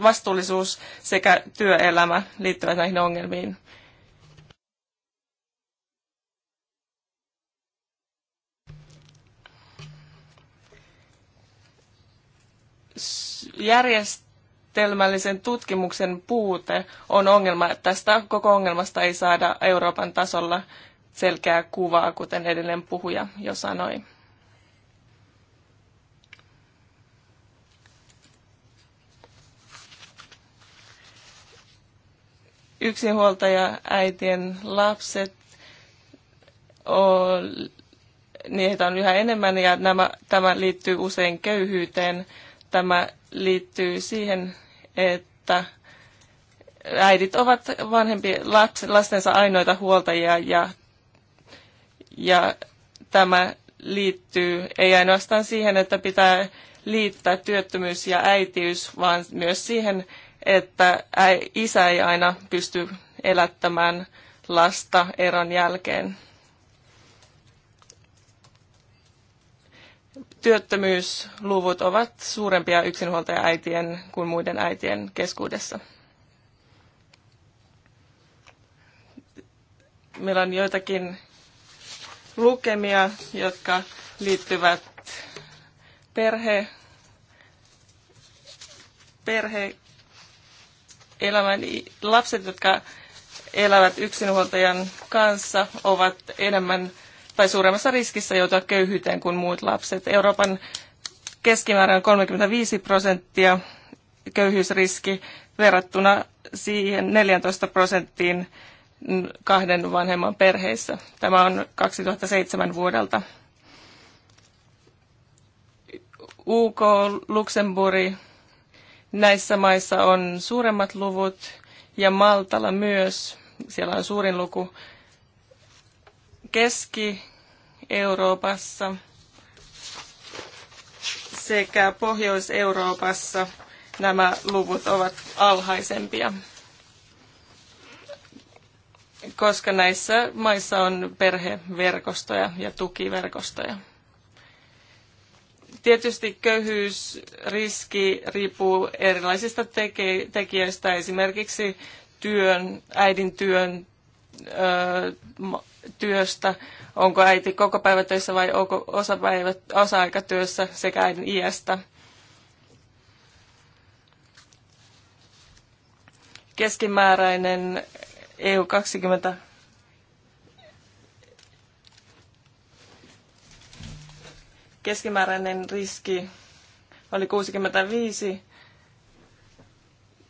vastuullisuus sekä työelämä liittyvät näihin ongelmiin. järjestelmällisen tutkimuksen puute on ongelma. Tästä koko ongelmasta ei saada Euroopan tasolla selkeää kuvaa, kuten edellinen puhuja jo sanoi. yksinhuoltaja äitien lapset, on, niitä on yhä enemmän ja nämä, tämä liittyy usein köyhyyteen, Tämä liittyy siihen, että äidit ovat vanhempi, lastensa ainoita huoltajia ja, ja tämä liittyy ei ainoastaan siihen, että pitää liittää työttömyys ja äitiys, vaan myös siihen, että isä ei aina pysty elättämään lasta eron jälkeen. työttömyysluvut ovat suurempia yksinhuoltaja-äitien kuin muiden äitien keskuudessa. Meillä on joitakin lukemia, jotka liittyvät perhe, perhe elämän, lapset, jotka elävät yksinhuoltajan kanssa, ovat enemmän tai suuremmassa riskissä joutua köyhyyteen kuin muut lapset. Euroopan keskimäärä on 35 prosenttia köyhyysriski verrattuna siihen 14 prosenttiin kahden vanhemman perheissä. Tämä on 2007 vuodelta. UK, Luxemburg, näissä maissa on suuremmat luvut ja Maltalla myös, siellä on suurin luku, Keski-Euroopassa sekä Pohjois-Euroopassa nämä luvut ovat alhaisempia, koska näissä maissa on perheverkostoja ja tukiverkostoja. Tietysti köyhyysriski riippuu erilaisista tekijöistä, esimerkiksi työn, äidin työn, työstä, onko äiti koko päivä töissä vai onko osa päivä, osa-aikatyössä sekä äidin iästä. Keskimääräinen EU20 keskimääräinen riski oli 65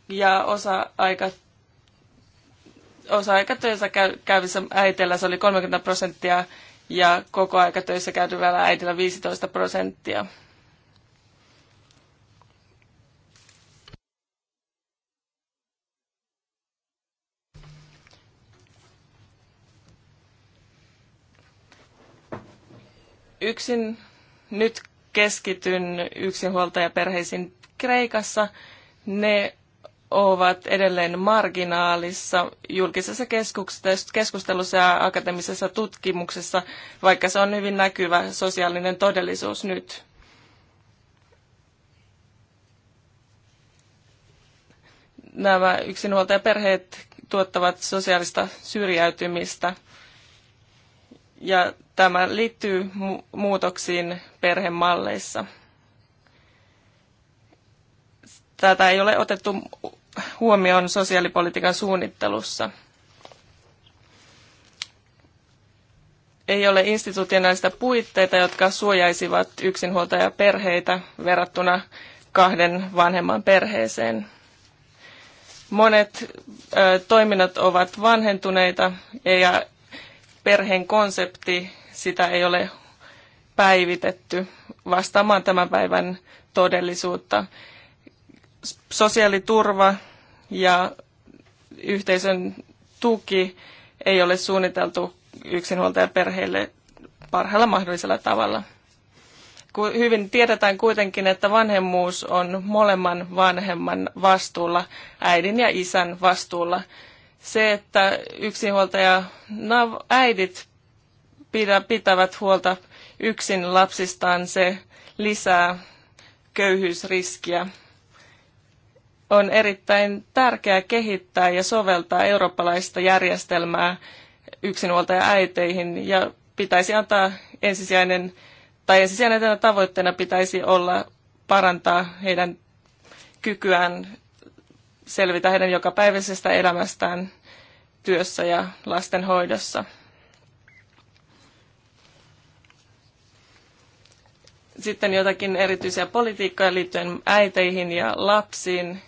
ja osa-aikatyö osa-aikatöissä käyvissä äitellä se oli 30 prosenttia ja koko aikatöissä käytyvällä äitillä 15 prosenttia. Yksin nyt keskityn yksinhuoltajaperheisiin Kreikassa. Ne ovat edelleen marginaalissa julkisessa keskustelussa ja akateemisessa tutkimuksessa, vaikka se on hyvin näkyvä sosiaalinen todellisuus nyt. Nämä yksinhuoltajaperheet tuottavat sosiaalista syrjäytymistä ja tämä liittyy muutoksiin perhemalleissa tätä ei ole otettu huomioon sosiaalipolitiikan suunnittelussa. Ei ole institutionaalista puitteita, jotka suojaisivat yksinhuoltajaperheitä verrattuna kahden vanhemman perheeseen. Monet ö, toiminnot ovat vanhentuneita ja perheen konsepti, sitä ei ole päivitetty vastaamaan tämän päivän todellisuutta sosiaaliturva ja yhteisön tuki ei ole suunniteltu yksinhuoltajaperheille parhaalla mahdollisella tavalla. Hyvin tiedetään kuitenkin, että vanhemmuus on molemman vanhemman vastuulla, äidin ja isän vastuulla. Se, että yksinhuoltaja äidit pitävät huolta yksin lapsistaan, se lisää köyhyysriskiä on erittäin tärkeää kehittää ja soveltaa eurooppalaista järjestelmää yksinhuoltaja äiteihin ja pitäisi antaa ensisijainen tai ensisijainen tavoitteena pitäisi olla parantaa heidän kykyään selvitä heidän jokapäiväisestä elämästään työssä ja lastenhoidossa. Sitten jotakin erityisiä politiikkoja liittyen äiteihin ja lapsiin –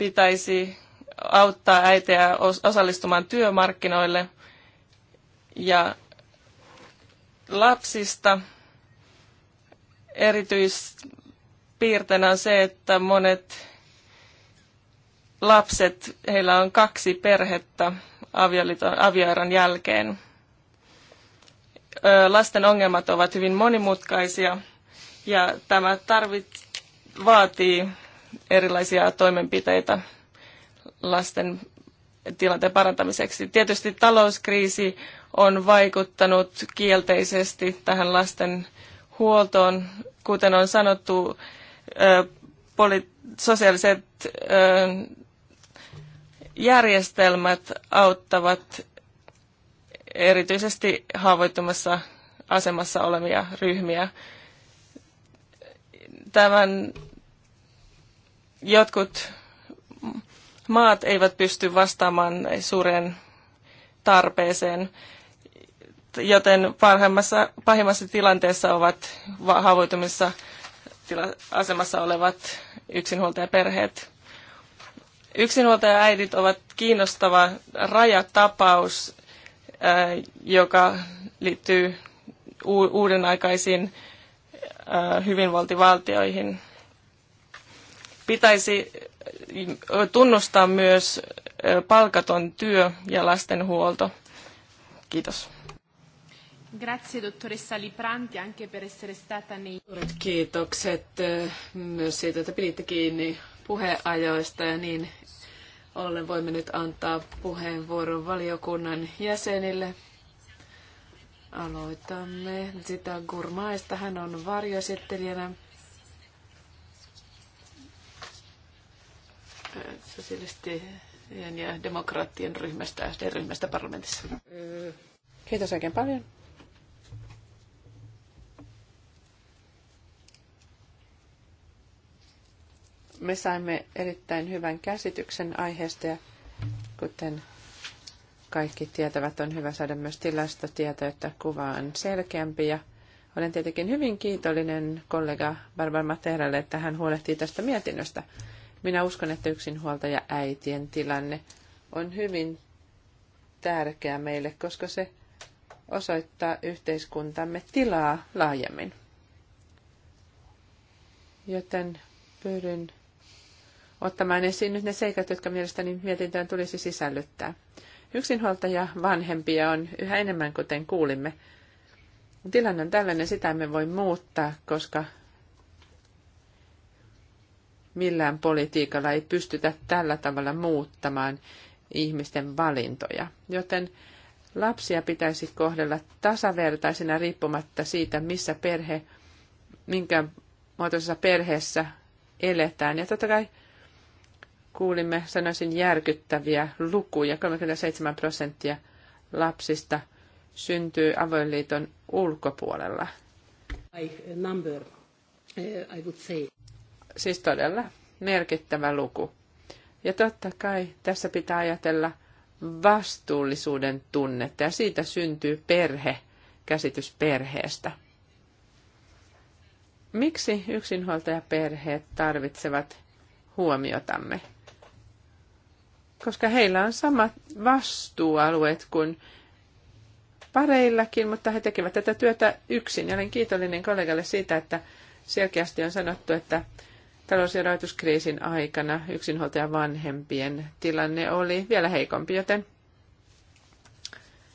pitäisi auttaa äitiä osallistumaan työmarkkinoille ja lapsista erityispiirteinä on se, että monet lapset, heillä on kaksi perhettä avioeron jälkeen. Lasten ongelmat ovat hyvin monimutkaisia ja tämä tarvit, vaatii erilaisia toimenpiteitä lasten tilanteen parantamiseksi. Tietysti talouskriisi on vaikuttanut kielteisesti tähän lasten huoltoon. Kuten on sanottu, sosiaaliset järjestelmät auttavat erityisesti haavoittumassa asemassa olevia ryhmiä. Tämän jotkut maat eivät pysty vastaamaan suureen tarpeeseen, joten pahimmassa tilanteessa ovat haavoitumissa asemassa olevat yksinhuoltajaperheet. Yksinhuoltajaäidit ovat kiinnostava rajatapaus, äh, joka liittyy uuden äh, hyvinvointivaltioihin. Pitäisi tunnustaa myös palkaton työ ja lastenhuolto. Kiitos. Grazie dottoressa Lipranti anche per essere stata nei... Kiitokset myös siitä, että piditte kiinni puheajoista ja niin ollen voimme nyt antaa puheenvuoron valiokunnan jäsenille. Aloitamme sitä Gurmaista. Hän on varjoesittelijänä sosialistien ja demokraattien ryhmästä, ryhmästä parlamentissa. Kiitos oikein paljon. Me saimme erittäin hyvän käsityksen aiheesta ja kuten kaikki tietävät, on hyvä saada myös tilastotietoa, että kuva on selkeämpi. Ja olen tietenkin hyvin kiitollinen kollega Barbara Materalle, että hän huolehtii tästä mietinnöstä. Minä uskon, että yksinhuoltaja äitien tilanne on hyvin tärkeä meille, koska se osoittaa yhteiskuntamme tilaa laajemmin. Joten pyydän ottamaan esiin nyt ne seikat, jotka mielestäni mietintään tulisi sisällyttää. Yksinhuoltaja vanhempia on yhä enemmän, kuten kuulimme. Tilanne on tällainen, sitä me voi muuttaa, koska millään politiikalla ei pystytä tällä tavalla muuttamaan ihmisten valintoja. Joten lapsia pitäisi kohdella tasavertaisina riippumatta siitä, missä perhe, minkä muotoisessa perheessä eletään. Ja totta kai kuulimme, sanoisin, järkyttäviä lukuja. 37 prosenttia lapsista syntyy avoliiton ulkopuolella. I, number, eh, I would say. Siis todella merkittävä luku. Ja totta kai tässä pitää ajatella vastuullisuuden tunnetta ja siitä syntyy perhe, käsitys perheestä. Miksi yksinhuoltajaperheet tarvitsevat huomiotamme? Koska heillä on samat vastuualueet kuin pareillakin, mutta he tekevät tätä työtä yksin. Ja olen kiitollinen kollegalle siitä, että selkeästi on sanottu, että talous- ja rahoituskriisin aikana yksinhuoltajan vanhempien tilanne oli vielä heikompi, joten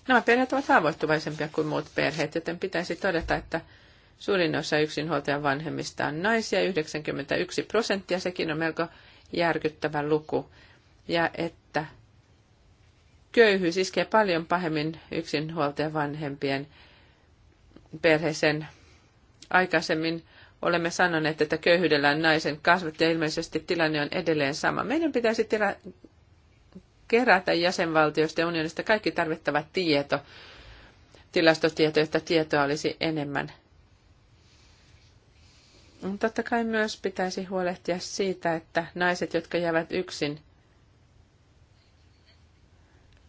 nämä perheet ovat haavoittuvaisempia kuin muut perheet, joten pitäisi todeta, että suurin osa yksinhuoltajan vanhemmista on naisia, 91 prosenttia, sekin on melko järkyttävä luku, ja että köyhyys iskee paljon pahemmin yksinhuoltajan vanhempien perheeseen aikaisemmin olemme sanoneet, että köyhyydellä on naisen kasvot ja ilmeisesti tilanne on edelleen sama. Meidän pitäisi tila- kerätä jäsenvaltioista ja unionista kaikki tarvittava tieto, tilastotieto, jotta tietoa olisi enemmän. Totta kai myös pitäisi huolehtia siitä, että naiset, jotka jäävät yksin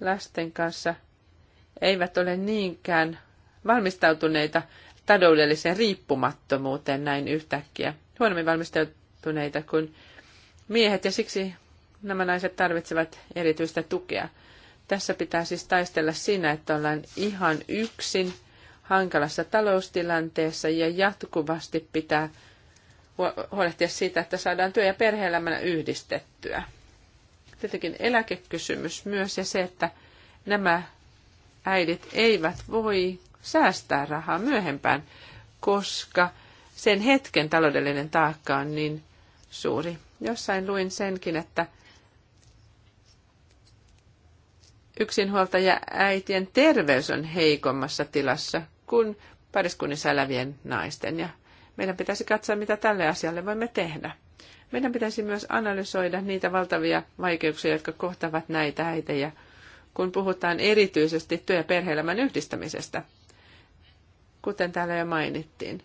lasten kanssa, eivät ole niinkään valmistautuneita taloudelliseen riippumattomuuteen näin yhtäkkiä. Huonommin valmistautuneita kuin miehet ja siksi nämä naiset tarvitsevat erityistä tukea. Tässä pitää siis taistella siinä, että ollaan ihan yksin hankalassa taloustilanteessa ja jatkuvasti pitää huolehtia siitä, että saadaan työ- ja perhe-elämänä yhdistettyä. Tietenkin eläkekysymys myös ja se, että nämä äidit eivät voi säästää rahaa myöhempään, koska sen hetken taloudellinen taakka on niin suuri. Jossain luin senkin, että yksinhuoltaja äitien terveys on heikommassa tilassa kuin pariskunnissa elävien naisten. Ja meidän pitäisi katsoa, mitä tälle asialle voimme tehdä. Meidän pitäisi myös analysoida niitä valtavia vaikeuksia, jotka kohtavat näitä äitejä, kun puhutaan erityisesti työ- ja perhe yhdistämisestä – kuten täällä jo mainittiin.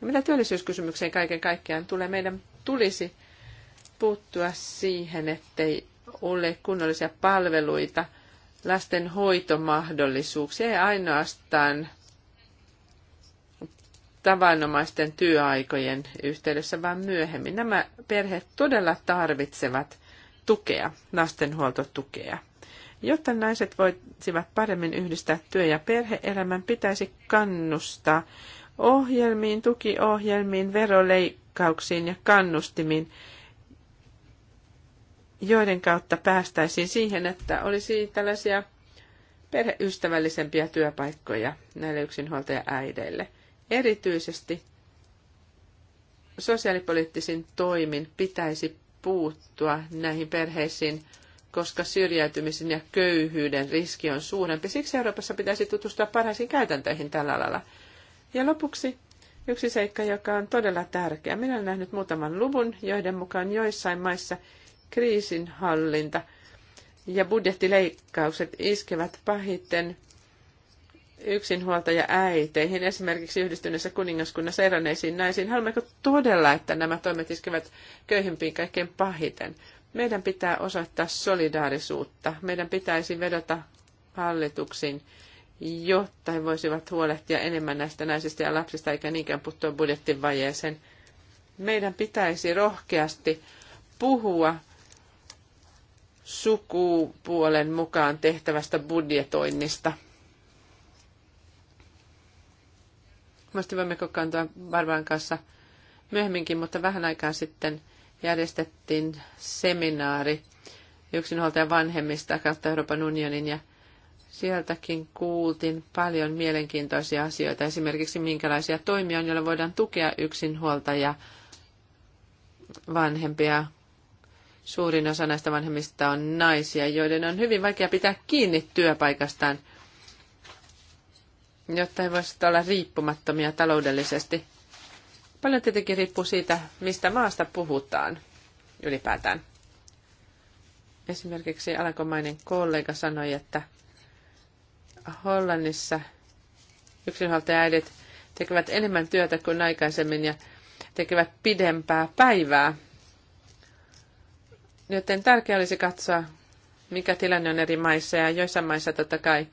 Ja mitä työllisyyskysymykseen kaiken kaikkiaan tulee, meidän tulisi puuttua siihen, ettei ole kunnollisia palveluita, lasten hoitomahdollisuuksia ja ainoastaan tavanomaisten työaikojen yhteydessä, vaan myöhemmin. Nämä perheet todella tarvitsevat tukea, lastenhuoltotukea. Jotta naiset voisivat paremmin yhdistää työ- ja perheelämän, pitäisi kannustaa ohjelmiin, tukiohjelmiin, veroleikkauksiin ja kannustimiin, joiden kautta päästäisiin siihen, että olisi tällaisia perheystävällisempiä työpaikkoja näille yksinhuoltaja-äideille. Erityisesti sosiaalipoliittisin toimin pitäisi puuttua näihin perheisiin koska syrjäytymisen ja köyhyyden riski on suurempi. Siksi Euroopassa pitäisi tutustua parhaisiin käytäntöihin tällä alalla. Ja lopuksi yksi seikka, joka on todella tärkeä. Minä olen nähnyt muutaman luvun, joiden mukaan joissain maissa kriisinhallinta ja budjettileikkaukset iskevät pahiten yksinhuoltaja äiteihin, esimerkiksi yhdistyneessä kuningaskunnassa eronneisiin naisiin. Haluammeko todella, että nämä toimet iskevät köyhimpiin kaikkein pahiten? Meidän pitää osoittaa solidaarisuutta. Meidän pitäisi vedota hallituksiin, jotta he voisivat huolehtia enemmän näistä naisista ja lapsista, eikä niinkään puuttua budjettivajeeseen. Meidän pitäisi rohkeasti puhua sukupuolen mukaan tehtävästä budjetoinnista. Varmasti voimme kokoontua Barbaran kanssa myöhemminkin, mutta vähän aikaa sitten – järjestettiin seminaari yksinhuoltajan vanhemmista kautta Euroopan unionin ja sieltäkin kuultiin paljon mielenkiintoisia asioita, esimerkiksi minkälaisia toimia on, joilla voidaan tukea yksinhuoltajia vanhempia. Suurin osa näistä vanhemmista on naisia, joiden on hyvin vaikea pitää kiinni työpaikastaan, jotta he voisivat olla riippumattomia taloudellisesti. Paljon tietenkin riippuu siitä, mistä maasta puhutaan ylipäätään. Esimerkiksi alankomainen kollega sanoi, että Hollannissa yksinhuoltajaäidit tekevät enemmän työtä kuin aikaisemmin ja tekevät pidempää päivää. Joten tärkeää olisi katsoa, mikä tilanne on eri maissa ja joissain maissa totta kai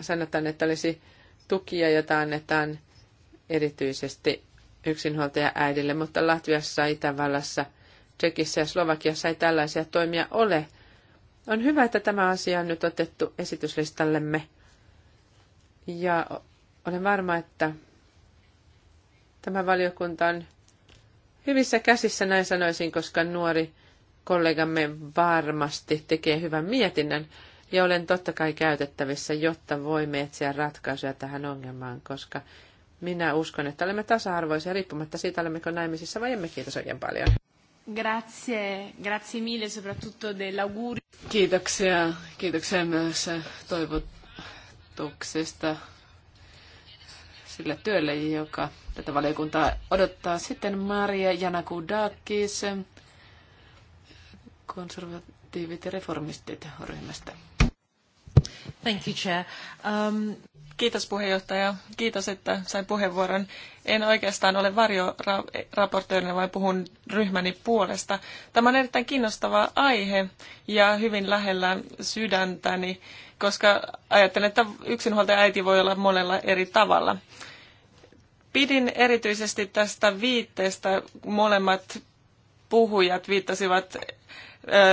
sanotaan, että olisi tukia, jota annetaan erityisesti yksinhuoltaja äidille, mutta Latviassa, Itävallassa, Tsekissä ja Slovakiassa ei tällaisia toimia ole. On hyvä, että tämä asia on nyt otettu esityslistallemme. Ja olen varma, että tämä valiokunta on hyvissä käsissä, näin sanoisin, koska nuori kollegamme varmasti tekee hyvän mietinnän. Ja olen totta kai käytettävissä, jotta voimme etsiä ratkaisuja tähän ongelmaan, koska minä uskon, että olemme tasa-arvoisia riippumatta siitä, olemmeko naimisissa vai emme. Kiitos oikein paljon. Grazie, grazie mille soprattutto dell'auguri. Kiitoksia, kiitoksia myös toivotuksesta sille työlle, joka tätä valiokuntaa odottaa. Sitten Maria Janakudakis, konservatiivit ja reformistit ryhmästä. Thank you, Chair. Um... Kiitos puheenjohtaja. Kiitos, että sain puheenvuoron. En oikeastaan ole varjoraportoijana, vaan puhun ryhmäni puolesta. Tämä on erittäin kiinnostava aihe ja hyvin lähellä sydäntäni, koska ajattelen, että yksinhuoltaja äiti voi olla monella eri tavalla. Pidin erityisesti tästä viitteestä. Molemmat puhujat viittasivat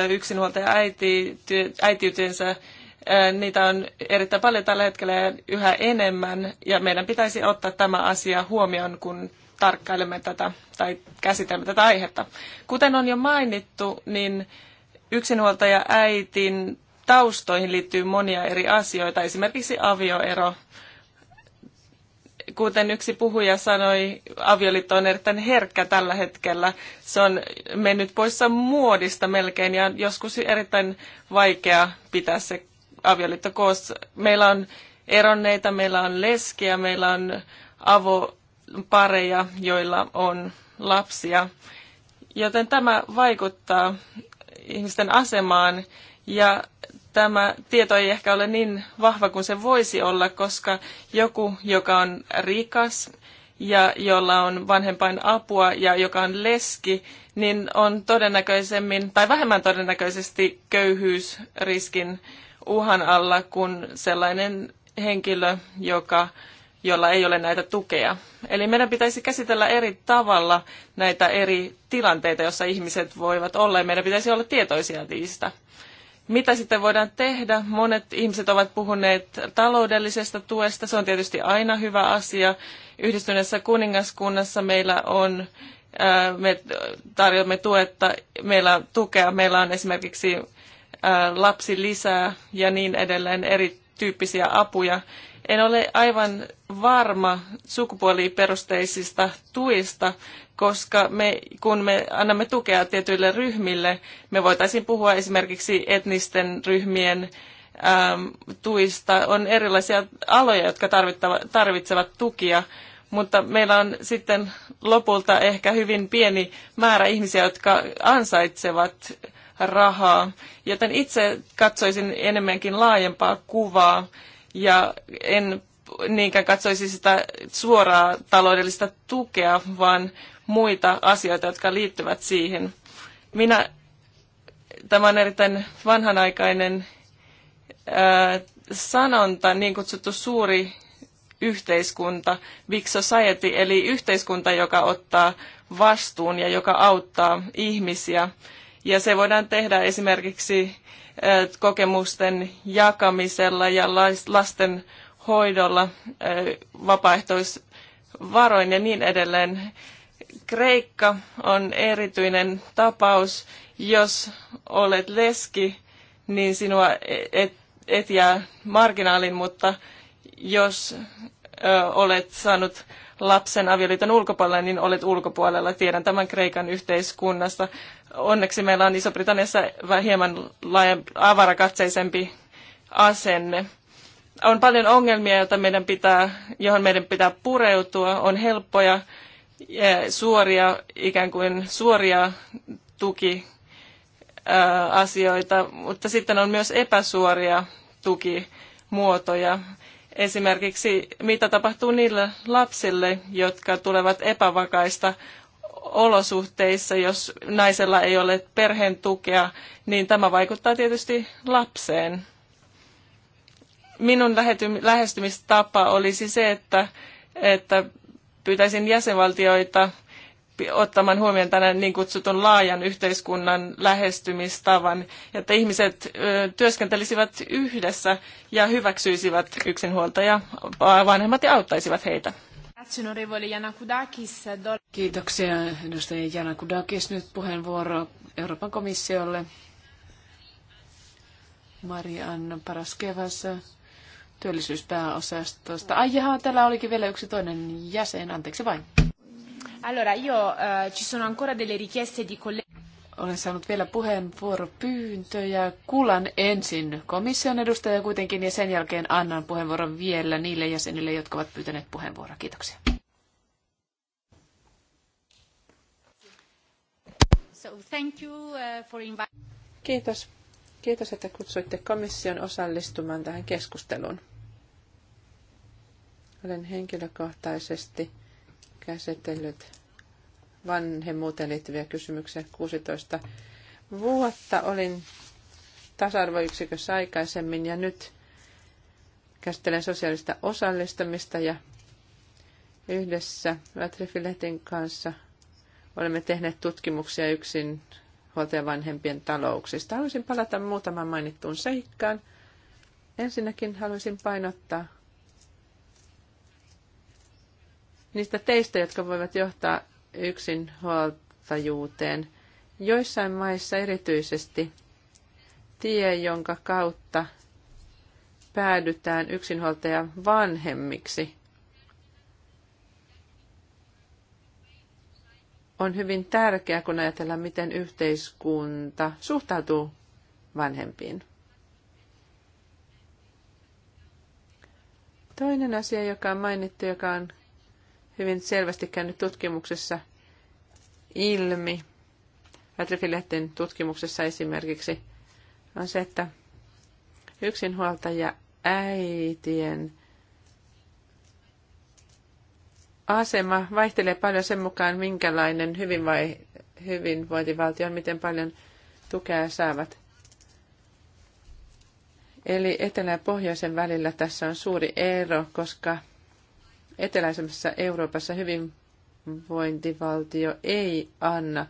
yksinhuoltaja äiti, äitiytensä Äh, niitä on erittäin paljon tällä hetkellä ja yhä enemmän, ja meidän pitäisi ottaa tämä asia huomioon, kun tarkkailemme tätä tai käsittelemme tätä aihetta. Kuten on jo mainittu, niin yksinhuoltaja äitin taustoihin liittyy monia eri asioita, esimerkiksi avioero. Kuten yksi puhuja sanoi, avioliitto on erittäin herkkä tällä hetkellä. Se on mennyt poissa muodista melkein ja joskus erittäin vaikea pitää se avioliitto koossa. Meillä on eronneita, meillä on leskiä, meillä on avopareja, joilla on lapsia. Joten tämä vaikuttaa ihmisten asemaan ja tämä tieto ei ehkä ole niin vahva kuin se voisi olla, koska joku, joka on rikas ja jolla on vanhempain apua ja joka on leski, niin on todennäköisemmin tai vähemmän todennäköisesti köyhyysriskin uhan alla kuin sellainen henkilö, joka, jolla ei ole näitä tukea. Eli meidän pitäisi käsitellä eri tavalla näitä eri tilanteita, joissa ihmiset voivat olla, ja meidän pitäisi olla tietoisia niistä. Mitä sitten voidaan tehdä? Monet ihmiset ovat puhuneet taloudellisesta tuesta. Se on tietysti aina hyvä asia. Yhdistyneessä kuningaskunnassa meillä on, me tarjoamme tuetta, meillä on tukea, meillä on esimerkiksi lapsi lisää ja niin edelleen erityyppisiä apuja. En ole aivan varma sukupuoliperusteisista tuista, koska me, kun me annamme tukea tietyille ryhmille, me voitaisiin puhua esimerkiksi etnisten ryhmien äm, tuista. On erilaisia aloja, jotka tarvitsevat tukia, mutta meillä on sitten lopulta ehkä hyvin pieni määrä ihmisiä, jotka ansaitsevat rahaa. Joten itse katsoisin enemmänkin laajempaa kuvaa ja en niinkään katsoisi sitä suoraa taloudellista tukea, vaan muita asioita, jotka liittyvät siihen. Minä, tämä on erittäin vanhanaikainen ää, sanonta, niin kutsuttu suuri yhteiskunta, big society, eli yhteiskunta, joka ottaa vastuun ja joka auttaa ihmisiä ja se voidaan tehdä esimerkiksi kokemusten jakamisella ja lasten hoidolla vapaaehtoisvaroin ja niin edelleen. Kreikka on erityinen tapaus. Jos olet leski, niin sinua e-, et, et jää marginaalin, mutta jos ö, olet saanut lapsen avioliiton ulkopuolella, niin olet ulkopuolella. Tiedän tämän Kreikan yhteiskunnasta onneksi meillä on Iso-Britanniassa hieman avarakatseisempi asenne. On paljon ongelmia, joita meidän pitää, johon meidän pitää pureutua. On helppoja eh, suoria, ikään kuin suoria tukiasioita, eh, mutta sitten on myös epäsuoria tukimuotoja. Esimerkiksi mitä tapahtuu niille lapsille, jotka tulevat epävakaista olosuhteissa, jos naisella ei ole perheen tukea, niin tämä vaikuttaa tietysti lapseen. Minun lähestymistapa olisi se, että, että pyytäisin jäsenvaltioita ottamaan huomioon tämän niin kutsutun laajan yhteiskunnan lähestymistavan, että ihmiset työskentelisivät yhdessä ja hyväksyisivät yksinhuoltaja vanhemmat ja auttaisivat heitä. Grazie, onorevole Janakudakis. Kiitoksia, edustaja Janakudakis. Nyt puheenvuoro Euroopan komissiolle. Marianna Paraskevas työllisyyspääosastosta. Ai jaha, täällä olikin vielä yksi toinen jäsen, anteeksi vain. Allora, io eh, ci sono ancora delle richieste di collega olen saanut vielä puheenvuoropyyntöjä. Kuulan ensin komission edustajia kuitenkin ja sen jälkeen annan puheenvuoron vielä niille jäsenille, jotka ovat pyytäneet puheenvuoroa. Kiitoksia. Uh, Kiitos. Kiitos, että kutsuitte komission osallistumaan tähän keskusteluun. Olen henkilökohtaisesti käsitellyt vanhemmuuteen liittyviä kysymyksiä 16 vuotta. Olin tasa-arvoyksikössä aikaisemmin ja nyt käsittelen sosiaalista osallistamista ja yhdessä Latrifiletin kanssa olemme tehneet tutkimuksia yksin huoltajavanhempien talouksista. Haluaisin palata muutamaan mainittuun seikkaan. Ensinnäkin haluaisin painottaa niistä teistä, jotka voivat johtaa yksinhuoltajuuteen. Joissain maissa erityisesti tie, jonka kautta päädytään yksinhuoltajan vanhemmiksi, on hyvin tärkeää, kun ajatellaan, miten yhteiskunta suhtautuu vanhempiin. Toinen asia, joka on mainittu, joka on hyvin selvästi käynyt tutkimuksessa ilmi, Patrifilehtin tutkimuksessa esimerkiksi, on se, että yksinhuoltaja äitien asema vaihtelee paljon sen mukaan, minkälainen hyvinvai, hyvinvointivaltio on, miten paljon tukea saavat. Eli etelä- ja pohjoisen välillä tässä on suuri ero, koska eteläisemmässä Euroopassa hyvinvointivaltio ei anna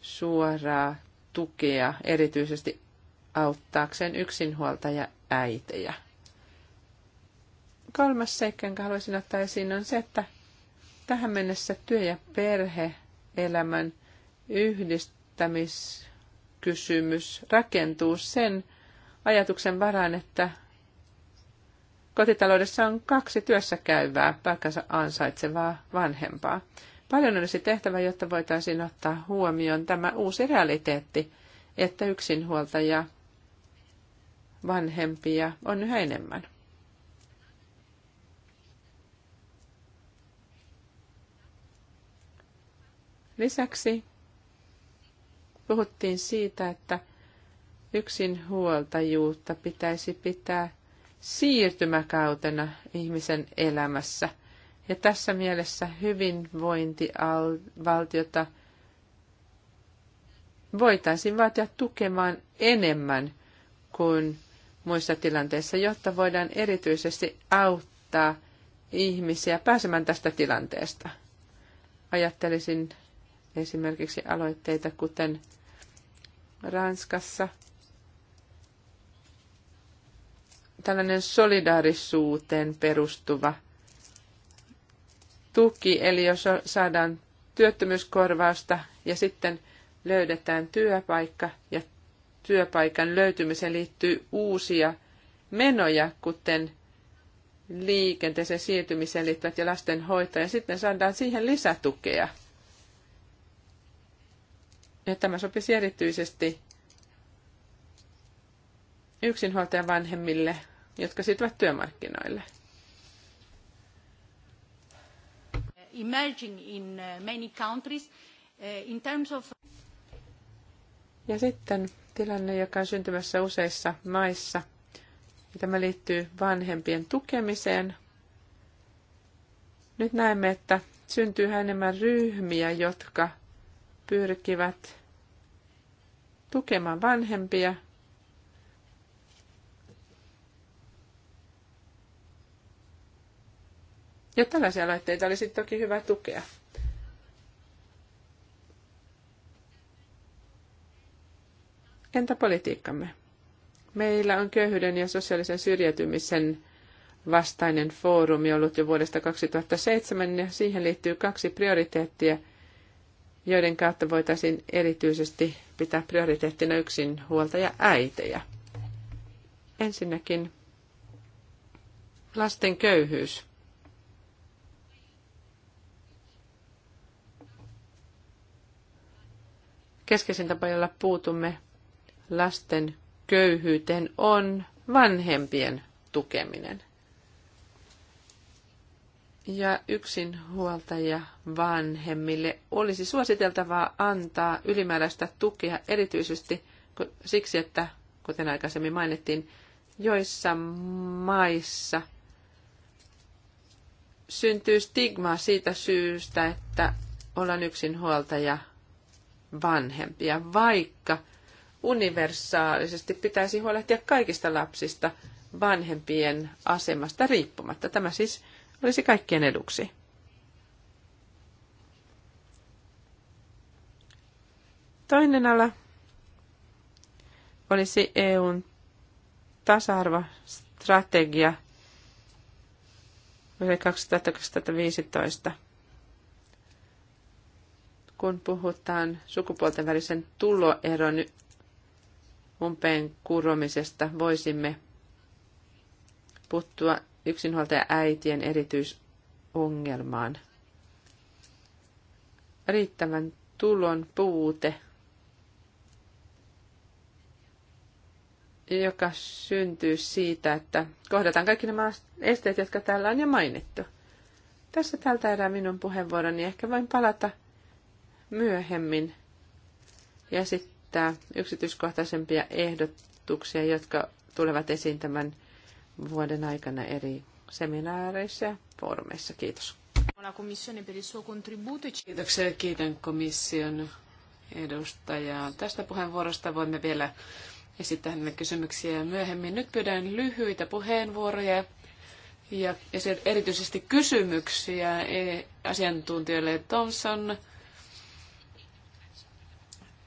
suoraa tukea erityisesti auttaakseen yksinhuoltaja äitejä. Kolmas seikka, jonka haluaisin ottaa esiin, on se, että tähän mennessä työ- ja perhe-elämän yhdistämiskysymys rakentuu sen ajatuksen varaan, että Kotitaloudessa on kaksi työssä käyvää, paikkansa ansaitsevaa vanhempaa. Paljon olisi tehtävä, jotta voitaisiin ottaa huomioon tämä uusi realiteetti, että yksinhuoltaja vanhempia on yhä enemmän. Lisäksi puhuttiin siitä, että yksinhuoltajuutta pitäisi pitää siirtymäkautena ihmisen elämässä. Ja tässä mielessä hyvinvointivaltiota voitaisiin vaatia tukemaan enemmän kuin muissa tilanteissa, jotta voidaan erityisesti auttaa ihmisiä pääsemään tästä tilanteesta. Ajattelisin esimerkiksi aloitteita, kuten Ranskassa – tällainen solidaarisuuteen perustuva tuki, eli jos saadaan työttömyyskorvausta ja sitten löydetään työpaikka ja työpaikan löytymiseen liittyy uusia menoja, kuten liikenteeseen siirtymiseen liittyvät ja lastenhoito, ja sitten saadaan siihen lisätukea. Ja tämä sopisi erityisesti yksinhuoltajan vanhemmille, jotka siirtyvät työmarkkinoille. Emerging in uh, many countries uh, in terms of... Ja sitten tilanne, joka on syntymässä useissa maissa. Tämä liittyy vanhempien tukemiseen. Nyt näemme, että syntyy enemmän ryhmiä, jotka pyrkivät tukemaan vanhempia – Ja tällaisia laitteita olisi toki hyvä tukea. Entä politiikkamme? Meillä on köyhyyden ja sosiaalisen syrjäytymisen vastainen foorumi ollut jo vuodesta 2007 ja siihen liittyy kaksi prioriteettia, joiden kautta voitaisiin erityisesti pitää prioriteettina yksin huolta ja äitejä. Ensinnäkin lasten köyhyys. keskeisin tapa, jolla puutumme lasten köyhyyteen, on vanhempien tukeminen. Ja yksinhuoltaja vanhemmille olisi suositeltavaa antaa ylimääräistä tukea erityisesti siksi, että kuten aikaisemmin mainittiin, joissa maissa syntyy stigmaa siitä syystä, että ollaan yksinhuoltaja vanhempia, vaikka universaalisesti pitäisi huolehtia kaikista lapsista vanhempien asemasta riippumatta. Tämä siis olisi kaikkien eduksi. Toinen ala olisi EUn tasa-arvostrategia 2015 kun puhutaan sukupuolten välisen tuloeron umpeen kuromisesta, voisimme puuttua yksinhuoltaja äitien erityisongelmaan. Riittävän tulon puute, joka syntyy siitä, että kohdataan kaikki nämä esteet, jotka täällä on jo mainittu. Tässä tältä erää minun puheenvuoroni. Ehkä voin palata – myöhemmin ja esittää yksityiskohtaisempia ehdotuksia, jotka tulevat esiin tämän vuoden aikana eri seminaareissa ja foorumeissa. Kiitos. E Kiitoksia kiitän komission edustajaa. Tästä puheenvuorosta voimme vielä esittää hänelle kysymyksiä myöhemmin. Nyt pyydän lyhyitä puheenvuoroja ja erityisesti kysymyksiä e- asiantuntijoille Thomson,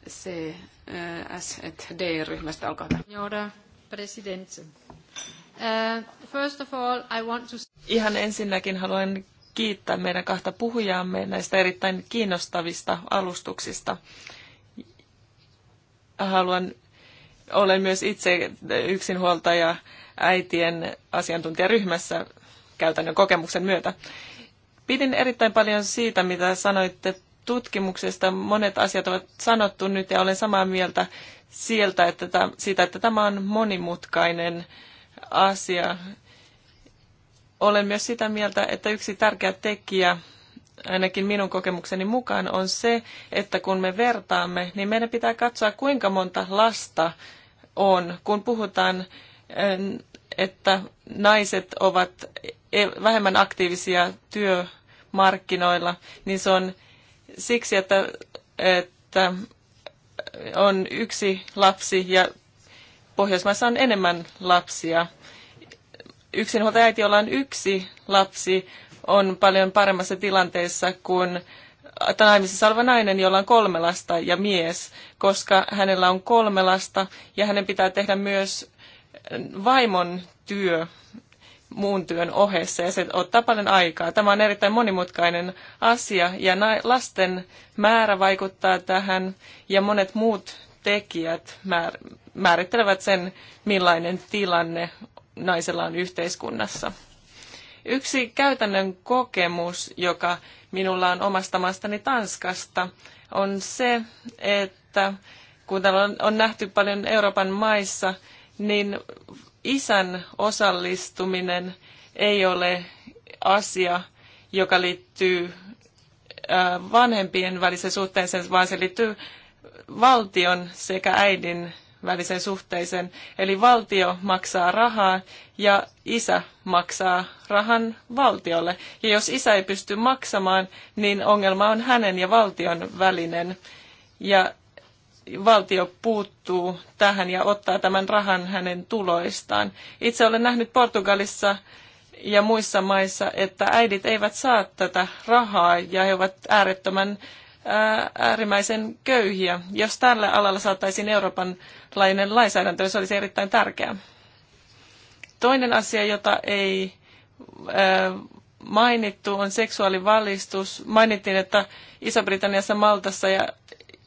CSD-ryhmästä. Eh, Olkaa hyvä. President. Eh, first of all, I want to... Ihan ensinnäkin haluan kiittää meidän kahta puhujaamme näistä erittäin kiinnostavista alustuksista. Haluan, olen myös itse yksinhuoltaja äitien asiantuntijaryhmässä käytännön kokemuksen myötä. Pidin erittäin paljon siitä, mitä sanoitte tutkimuksesta monet asiat ovat sanottu nyt ja olen samaa mieltä sieltä, että täm, siitä, että tämä on monimutkainen asia. Olen myös sitä mieltä, että yksi tärkeä tekijä, ainakin minun kokemukseni mukaan, on se, että kun me vertaamme, niin meidän pitää katsoa, kuinka monta lasta on. Kun puhutaan, että naiset ovat e- vähemmän aktiivisia työmarkkinoilla, niin se on siksi, että, että on yksi lapsi ja Pohjoismaissa on enemmän lapsia. Yksinhuoltajaäiti, jolla on yksi lapsi, on paljon paremmassa tilanteessa kuin naimisissa oleva nainen, jolla on kolme lasta ja mies, koska hänellä on kolme lasta ja hänen pitää tehdä myös vaimon työ muun työn ohessa ja se ottaa paljon aikaa. Tämä on erittäin monimutkainen asia ja lasten määrä vaikuttaa tähän ja monet muut tekijät määrittelevät sen, millainen tilanne naisella on yhteiskunnassa. Yksi käytännön kokemus, joka minulla on omasta maastani Tanskasta, on se, että kun täällä on nähty paljon Euroopan maissa, niin isän osallistuminen ei ole asia, joka liittyy vanhempien väliseen suhteeseen, vaan se liittyy valtion sekä äidin väliseen suhteeseen. Eli valtio maksaa rahaa ja isä maksaa rahan valtiolle. Ja jos isä ei pysty maksamaan, niin ongelma on hänen ja valtion välinen. Ja valtio puuttuu tähän ja ottaa tämän rahan hänen tuloistaan. Itse olen nähnyt Portugalissa ja muissa maissa, että äidit eivät saa tätä rahaa ja he ovat äärettömän äärimmäisen köyhiä. Jos tällä alalla saataisiin Euroopan lainen lainsäädäntö, se olisi erittäin tärkeää. Toinen asia, jota ei mainittu, on seksuaalivalistus. Mainittiin, että Iso-Britanniassa, Maltassa ja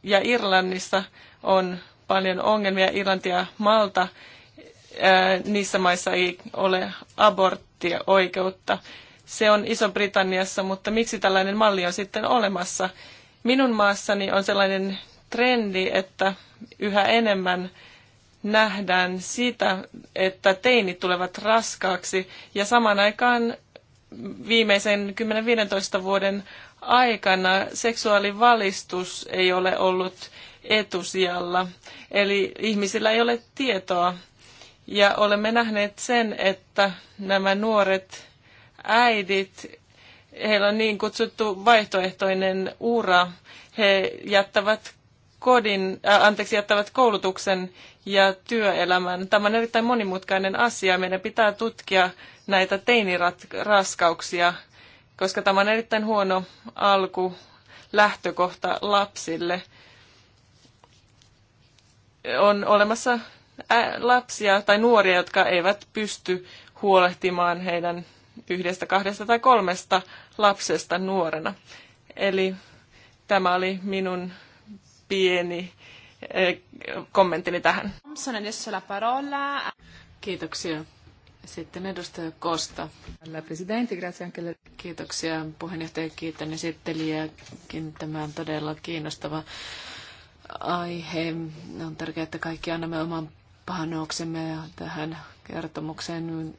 ja Irlannissa on paljon ongelmia. Irlanti ja Malta, niissä maissa ei ole aborttia oikeutta. Se on Iso-Britanniassa, mutta miksi tällainen malli on sitten olemassa? Minun maassani on sellainen trendi, että yhä enemmän nähdään sitä, että teinit tulevat raskaaksi ja samaan aikaan viimeisen 10-15 vuoden aikana seksuaalivalistus ei ole ollut etusijalla, eli ihmisillä ei ole tietoa. Ja olemme nähneet sen, että nämä nuoret äidit, heillä on niin kutsuttu vaihtoehtoinen ura. He jättävät kodin, äh, anteeksi, jättävät koulutuksen ja työelämän. Tämä on erittäin monimutkainen asia. Meidän pitää tutkia näitä teiniraskauksia koska tämä on erittäin huono alku lähtökohta lapsille. On olemassa lapsia tai nuoria, jotka eivät pysty huolehtimaan heidän yhdestä, kahdesta tai kolmesta lapsesta nuorena. Eli tämä oli minun pieni kommenttini tähän. Kiitoksia. Sitten edustaja Kosta. Kiitoksia puheenjohtaja, kiitän esittelijäkin. Tämä on todella kiinnostava aihe. On tärkeää, että kaikki annamme oman panoksemme tähän kertomukseen.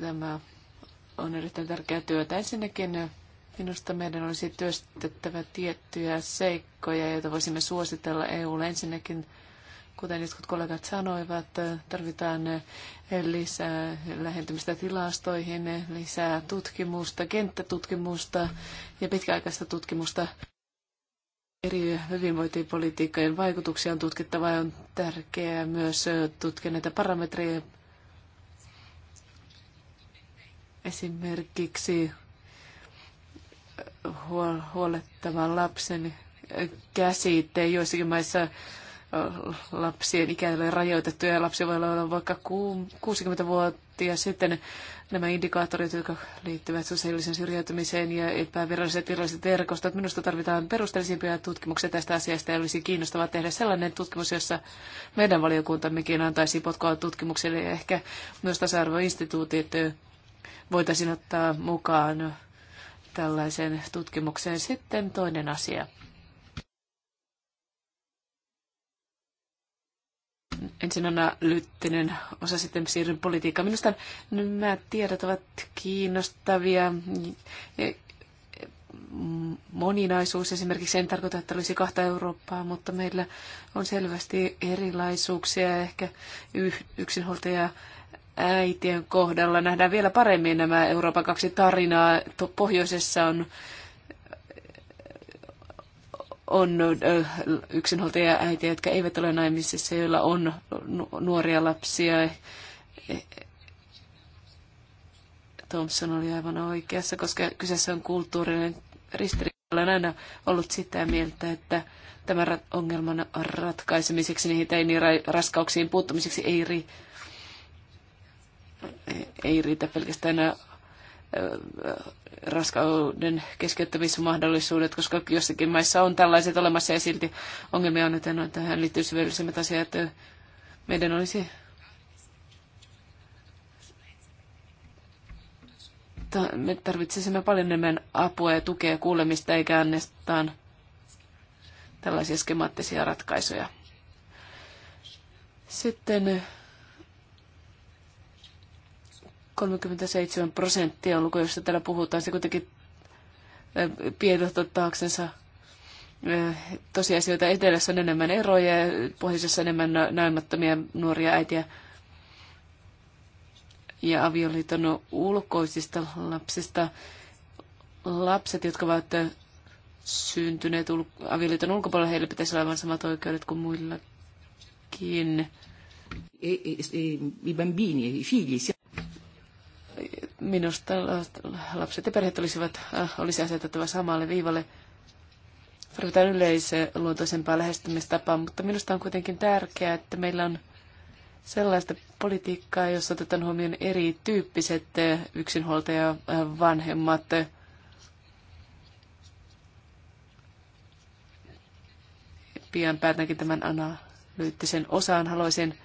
Tämä on erittäin tärkeää työtä. Ensinnäkin Minusta meidän olisi työstettävä tiettyjä seikkoja, joita voisimme suositella EUlle. Ensinnäkin, kuten jotkut kollegat sanoivat, tarvitaan lisää lähentymistä tilastoihin, lisää tutkimusta, kenttätutkimusta ja pitkäaikaista tutkimusta. Eri hyvinvointipolitiikkojen vaikutuksia on tutkittava ja on tärkeää myös tutkia näitä parametreja. Esimerkiksi huolettavan lapsen käsite. Joissakin maissa lapsien ikä ei ole rajoitettu ja lapsi voi olla vaikka 60 ja Sitten nämä indikaattorit, jotka liittyvät sosiaaliseen syrjäytymiseen ja epäviralliset viralliset verkostot. Minusta tarvitaan perusteellisimpia tutkimuksia tästä asiasta ja olisi kiinnostavaa tehdä sellainen tutkimus, jossa meidän valiokuntammekin antaisi potkoa tutkimukselle ja ehkä myös tasa-arvoinstituutit voitaisiin ottaa mukaan tällaiseen tutkimukseen. Sitten toinen asia. ensin lyttinen osa, sitten siirryn politiikkaan. Minusta nämä tiedot ovat kiinnostavia. E, moninaisuus esimerkiksi, en tarkoita, että olisi kahta Eurooppaa, mutta meillä on selvästi erilaisuuksia. Ehkä yksinhuoltaja äitien kohdalla nähdään vielä paremmin nämä Euroopan kaksi tarinaa. Pohjoisessa on on yksinhuoltaja äitiä, jotka eivät ole naimisissa, joilla on nuoria lapsia. Thompson oli aivan oikeassa, koska kyseessä on kulttuurinen ristiriita. Olen aina ollut sitä mieltä, että tämän ongelman ratkaisemiseksi, niihin niin teini raskauksiin puuttumiseksi ei riitä ei riitä pelkästään äh, äh, raskauden keskeyttämismahdollisuudet, koska jossakin maissa on tällaiset olemassa ja silti ongelmia on, no, tähän liittyy syvällisemmät asiat. Meidän olisi me tarvitsisimme paljon enemmän apua ja tukea ja kuulemista, eikä annestaan tällaisia skemaattisia ratkaisuja. Sitten 37 prosenttia on luku, josta täällä puhutaan. Se kuitenkin piedottaa taaksensa tosiasioita. Etelässä on enemmän eroja ja pohjoisessa enemmän näymättömiä nuoria äitiä ja avioliiton ulkoisista lapsista. Lapset, jotka ovat syntyneet avioliiton ulkopuolella, heille pitäisi olla samat oikeudet kuin muillakin. E, e, e, I bambini, i figli. Minusta lapset ja perheet olisivat, äh, olisi asetettava samalle viivalle. Tarvitaan yleisluontoisempaa lähestymistapaa, mutta minusta on kuitenkin tärkeää, että meillä on sellaista politiikkaa, jossa otetaan huomioon erityyppiset äh, yksinhuoltajavanhemmat. Äh, Pian päätänkin tämän analyyttisen osaan. Haluaisin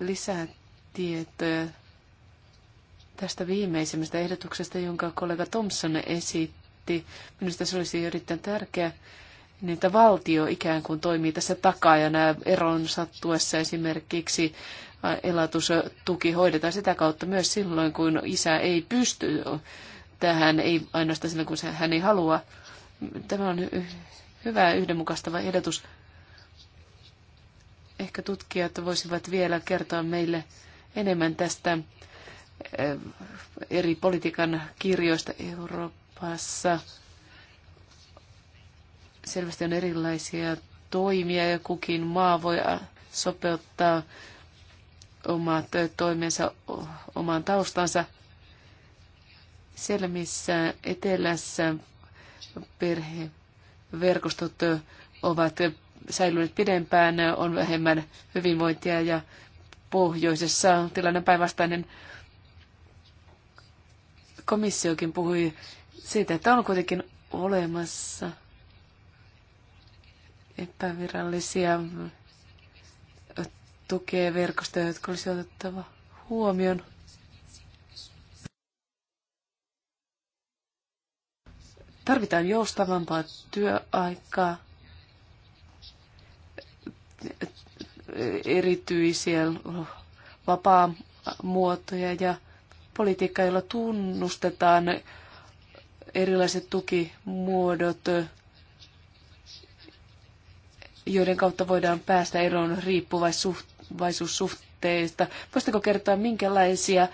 lisätä tietoja tästä viimeisimmästä ehdotuksesta, jonka kollega Thompson esitti. Minusta se olisi erittäin tärkeä, niin että valtio ikään kuin toimii tässä takaajana eron sattuessa esimerkiksi elatustuki hoidetaan sitä kautta myös silloin, kun isä ei pysty tähän, ei ainoastaan silloin, kun hän ei halua. Tämä on hyvä yhdenmukaistava ehdotus. Ehkä tutkijat voisivat vielä kertoa meille, enemmän tästä eh, eri politiikan kirjoista Euroopassa. Selvästi on erilaisia toimia ja kukin maa voi eh, sopeuttaa omat eh, toimensa omaan taustansa. Siellä, missä etelässä perheverkostot ovat säilyneet pidempään, on vähemmän hyvinvointia ja pohjoisessa tilanne päinvastainen. Komissiokin puhui siitä, että on kuitenkin olemassa epävirallisia verkostoja, jotka olisi otettava huomioon. Tarvitaan joustavampaa työaikaa, erityisiä vapaa muotoja ja politiikka, jolla tunnustetaan erilaiset tukimuodot, joiden kautta voidaan päästä eroon riippuvaisuussuhteista. Voisitko kertoa, minkälaisia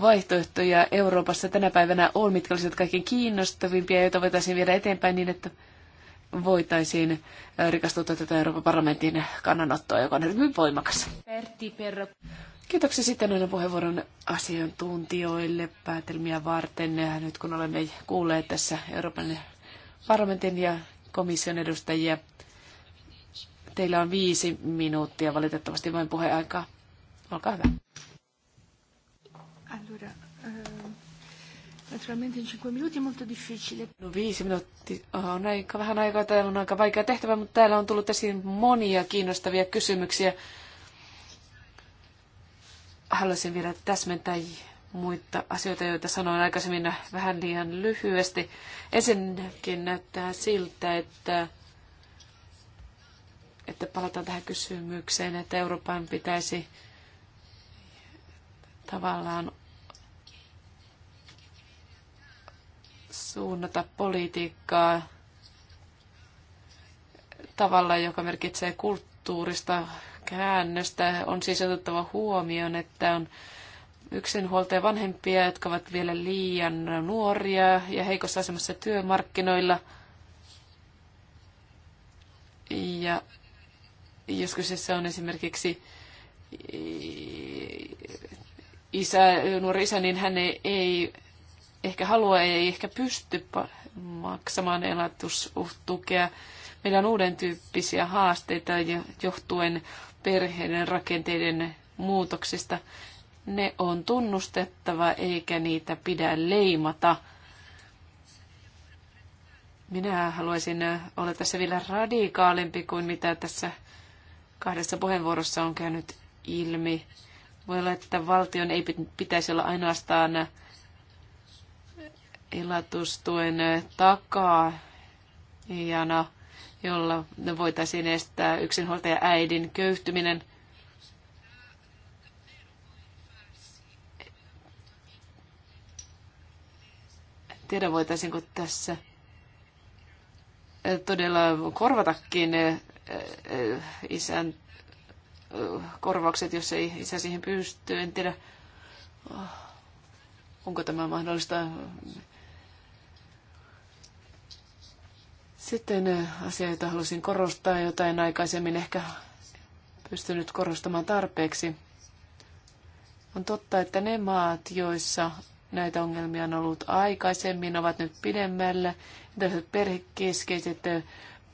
vaihtoehtoja Euroopassa tänä päivänä on, mitkä olisivat kaikkein kiinnostavimpia, joita voitaisiin viedä eteenpäin niin, että voitaisiin äh, rikastuttaa tätä Euroopan parlamentin kannanottoa, joka on hyvin voimakas. Kiitoksia sitten aina puheenvuoron asiantuntijoille päätelmiä varten. Nyt kun olemme kuulleet tässä Euroopan parlamentin ja komission edustajia, teillä on viisi minuuttia valitettavasti vain puheaikaa. Olkaa hyvä. Allora, uh... Naturalmente in cinque minuti è molto difficile. No viisi minuuttia on aika vähän aikaa. Täällä on aika vaikea tehtävä, mutta täällä on tullut esiin monia kiinnostavia kysymyksiä. Haluaisin vielä täsmentää muita asioita, joita sanoin aikaisemmin vähän liian lyhyesti. Ensinnäkin näyttää siltä, että, että palataan tähän kysymykseen, että Euroopan pitäisi tavallaan suunnata politiikkaa tavalla, joka merkitsee kulttuurista käännöstä. On siis otettava huomioon, että on yksinhuoltaja vanhempia, jotka ovat vielä liian nuoria ja heikossa asemassa työmarkkinoilla. Ja jos kyseessä on esimerkiksi isä, nuori isä, niin hän ei, ei ehkä halua, ei ehkä pysty maksamaan elatustukea. Meillä on uuden tyyppisiä haasteita johtuen perheiden rakenteiden muutoksista. Ne on tunnustettava eikä niitä pidä leimata. Minä haluaisin olla tässä vielä radikaalimpi kuin mitä tässä kahdessa puheenvuorossa on käynyt ilmi. Voi olla, että valtion ei pitäisi olla ainoastaan elatustuen takaa jana, jolla voitaisiin estää yksinhuoltaja äidin köyhtyminen. Tiedä voitaisiinko tässä todella korvatakin isän korvaukset, jos ei isä siihen pysty. En tiedä, onko tämä mahdollista Sitten eh, asia, jota halusin korostaa, jota en aikaisemmin ehkä pystynyt korostamaan tarpeeksi. On totta, että ne maat, joissa näitä ongelmia on ollut aikaisemmin, ovat nyt pidemmällä. Tällaiset perhekeskeiset eh,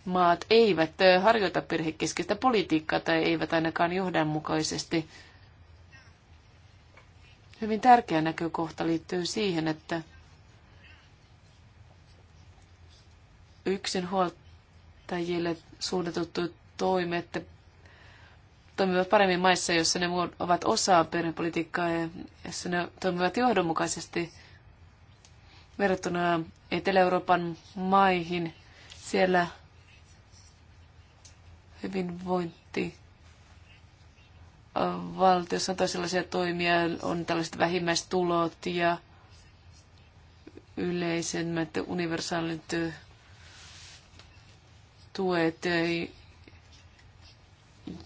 maat eivät eh, harjoita perhekeskeistä politiikkaa tai eivät ainakaan johdonmukaisesti. Hyvin tärkeä näkökohta liittyy siihen, että yksinhuoltajille suunniteltu toimet toimivat paremmin maissa, joissa ne ovat osa perhepolitiikkaa ja joissa ne toimivat johdonmukaisesti verrattuna Etelä-Euroopan maihin. Siellä hyvinvointi valtiossa on toisenlaisia toimia, on tällaiset vähimmäistulot ja yleisemmät universaalit tuet, eh,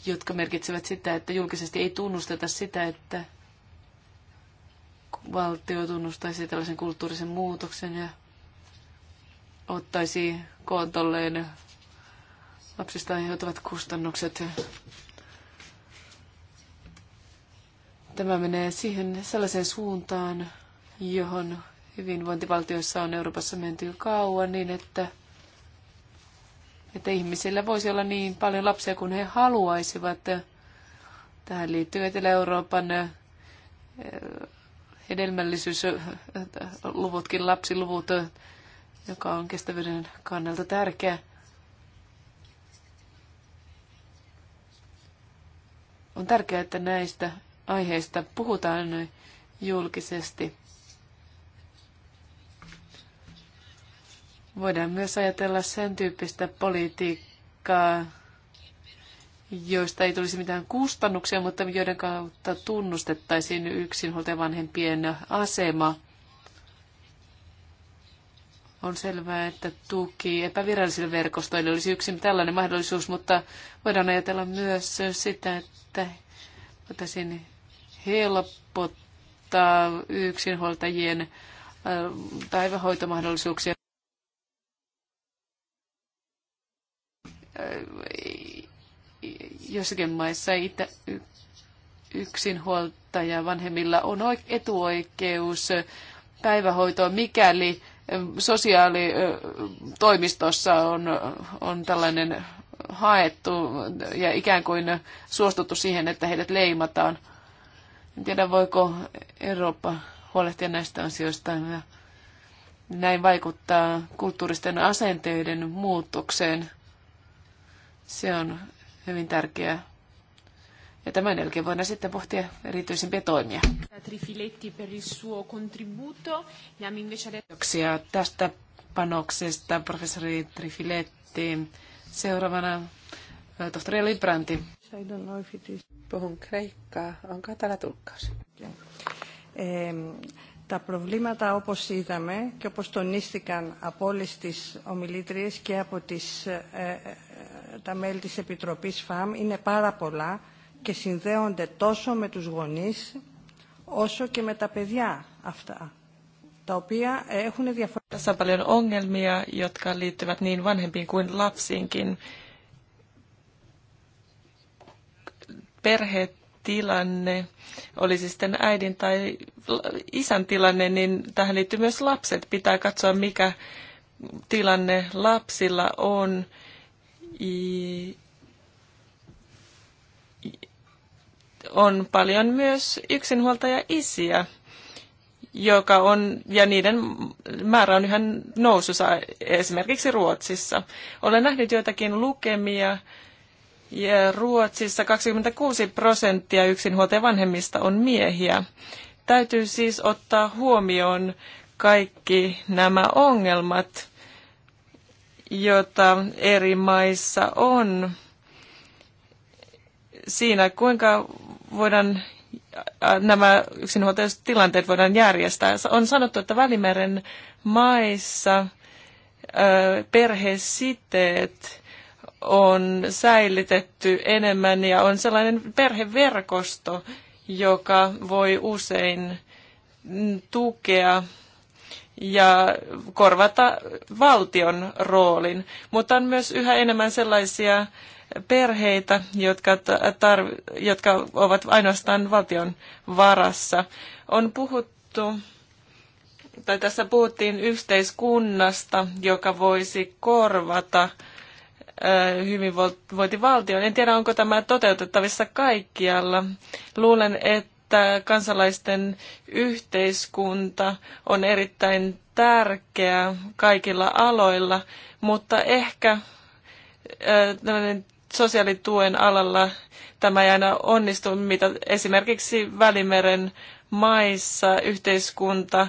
jotka merkitsevät sitä, että julkisesti ei tunnusteta sitä, että valtio tunnustaisi tällaisen kulttuurisen muutoksen ja ottaisi kontolleen lapsista aiheutuvat kustannukset. Tämä menee siihen sellaiseen suuntaan, johon hyvinvointivaltioissa on Euroopassa menty kauan niin, että – että ihmisillä voisi olla niin paljon lapsia kuin he haluaisivat. Tähän liittyy Etelä-Euroopan eh, hedelmällisyysluvutkin, lapsiluvut, eh, joka on kestävyyden kannalta tärkeä. On tärkeää, että näistä aiheista puhutaan julkisesti. Voidaan myös ajatella sen tyyppistä politiikkaa, joista ei tulisi mitään kustannuksia, mutta joiden kautta tunnustettaisiin vanhempien asema. On selvää, että tuki epävirallisille verkostoille olisi yksi tällainen mahdollisuus, mutta voidaan ajatella myös sitä, että voitaisiin helpottaa yksinhuoltajien äh, päivähoitomahdollisuuksia. jossakin maissa itä, yksinhuoltaja vanhemmilla on etuoikeus päivähoitoon, mikäli sosiaalitoimistossa on, on tällainen haettu ja ikään kuin suostuttu siihen, että heidät leimataan. En tiedä, voiko Eurooppa huolehtia näistä asioista. Näin vaikuttaa kulttuuristen asenteiden muutokseen. Se on hyvin tärkeää. Ja tämän jälkeen voidaan sitten pohtia erityisempiä toimia. Kiitoksia tästä panoksesta, professori Trifiletti. Seuraavana tohtori Libranti. Puhun kreikkaa. Onko täällä tulkkaus? Okay τα προβλήματα όπως είδαμε και όπως τονίστηκαν από όλες τις ομιλήτριες και από τις, ε, τα μέλη της Επιτροπής ΦΑΜ είναι πάρα πολλά και συνδέονται τόσο με τους γονείς όσο και με τα παιδιά αυτά, τα οποία έχουν διαφορετικά. Tässä on paljon ongelmia, jotka liittyvät niin vanhempiin kuin lapsiinkin. Perheet tilanne, se sitten äidin tai isän tilanne, niin tähän liittyy myös lapset. Pitää katsoa, mikä tilanne lapsilla on. On paljon myös yksinhuoltaja isiä, joka on, ja niiden määrä on yhä nousussa esimerkiksi Ruotsissa. Olen nähnyt joitakin lukemia, ja Ruotsissa 26 prosenttia vanhemmista on miehiä. Täytyy siis ottaa huomioon kaikki nämä ongelmat, joita eri maissa on siinä, kuinka voidaan äh, nämä yksinhuoltajuustilanteet voidaan järjestää. On sanottu, että Välimeren maissa äh, perhesiteet on säilytetty enemmän ja on sellainen perheverkosto, joka voi usein tukea ja korvata valtion roolin. Mutta on myös yhä enemmän sellaisia perheitä, jotka, tarv- jotka ovat ainoastaan valtion varassa. On puhuttu, tai tässä puhuttiin yhteiskunnasta, joka voisi korvata hyvinvointivaltion. En tiedä, onko tämä toteutettavissa kaikkialla. Luulen, että kansalaisten yhteiskunta on erittäin tärkeä kaikilla aloilla, mutta ehkä sosiaalituen alalla tämä ei aina onnistu, mitä esimerkiksi Välimeren maissa yhteiskunta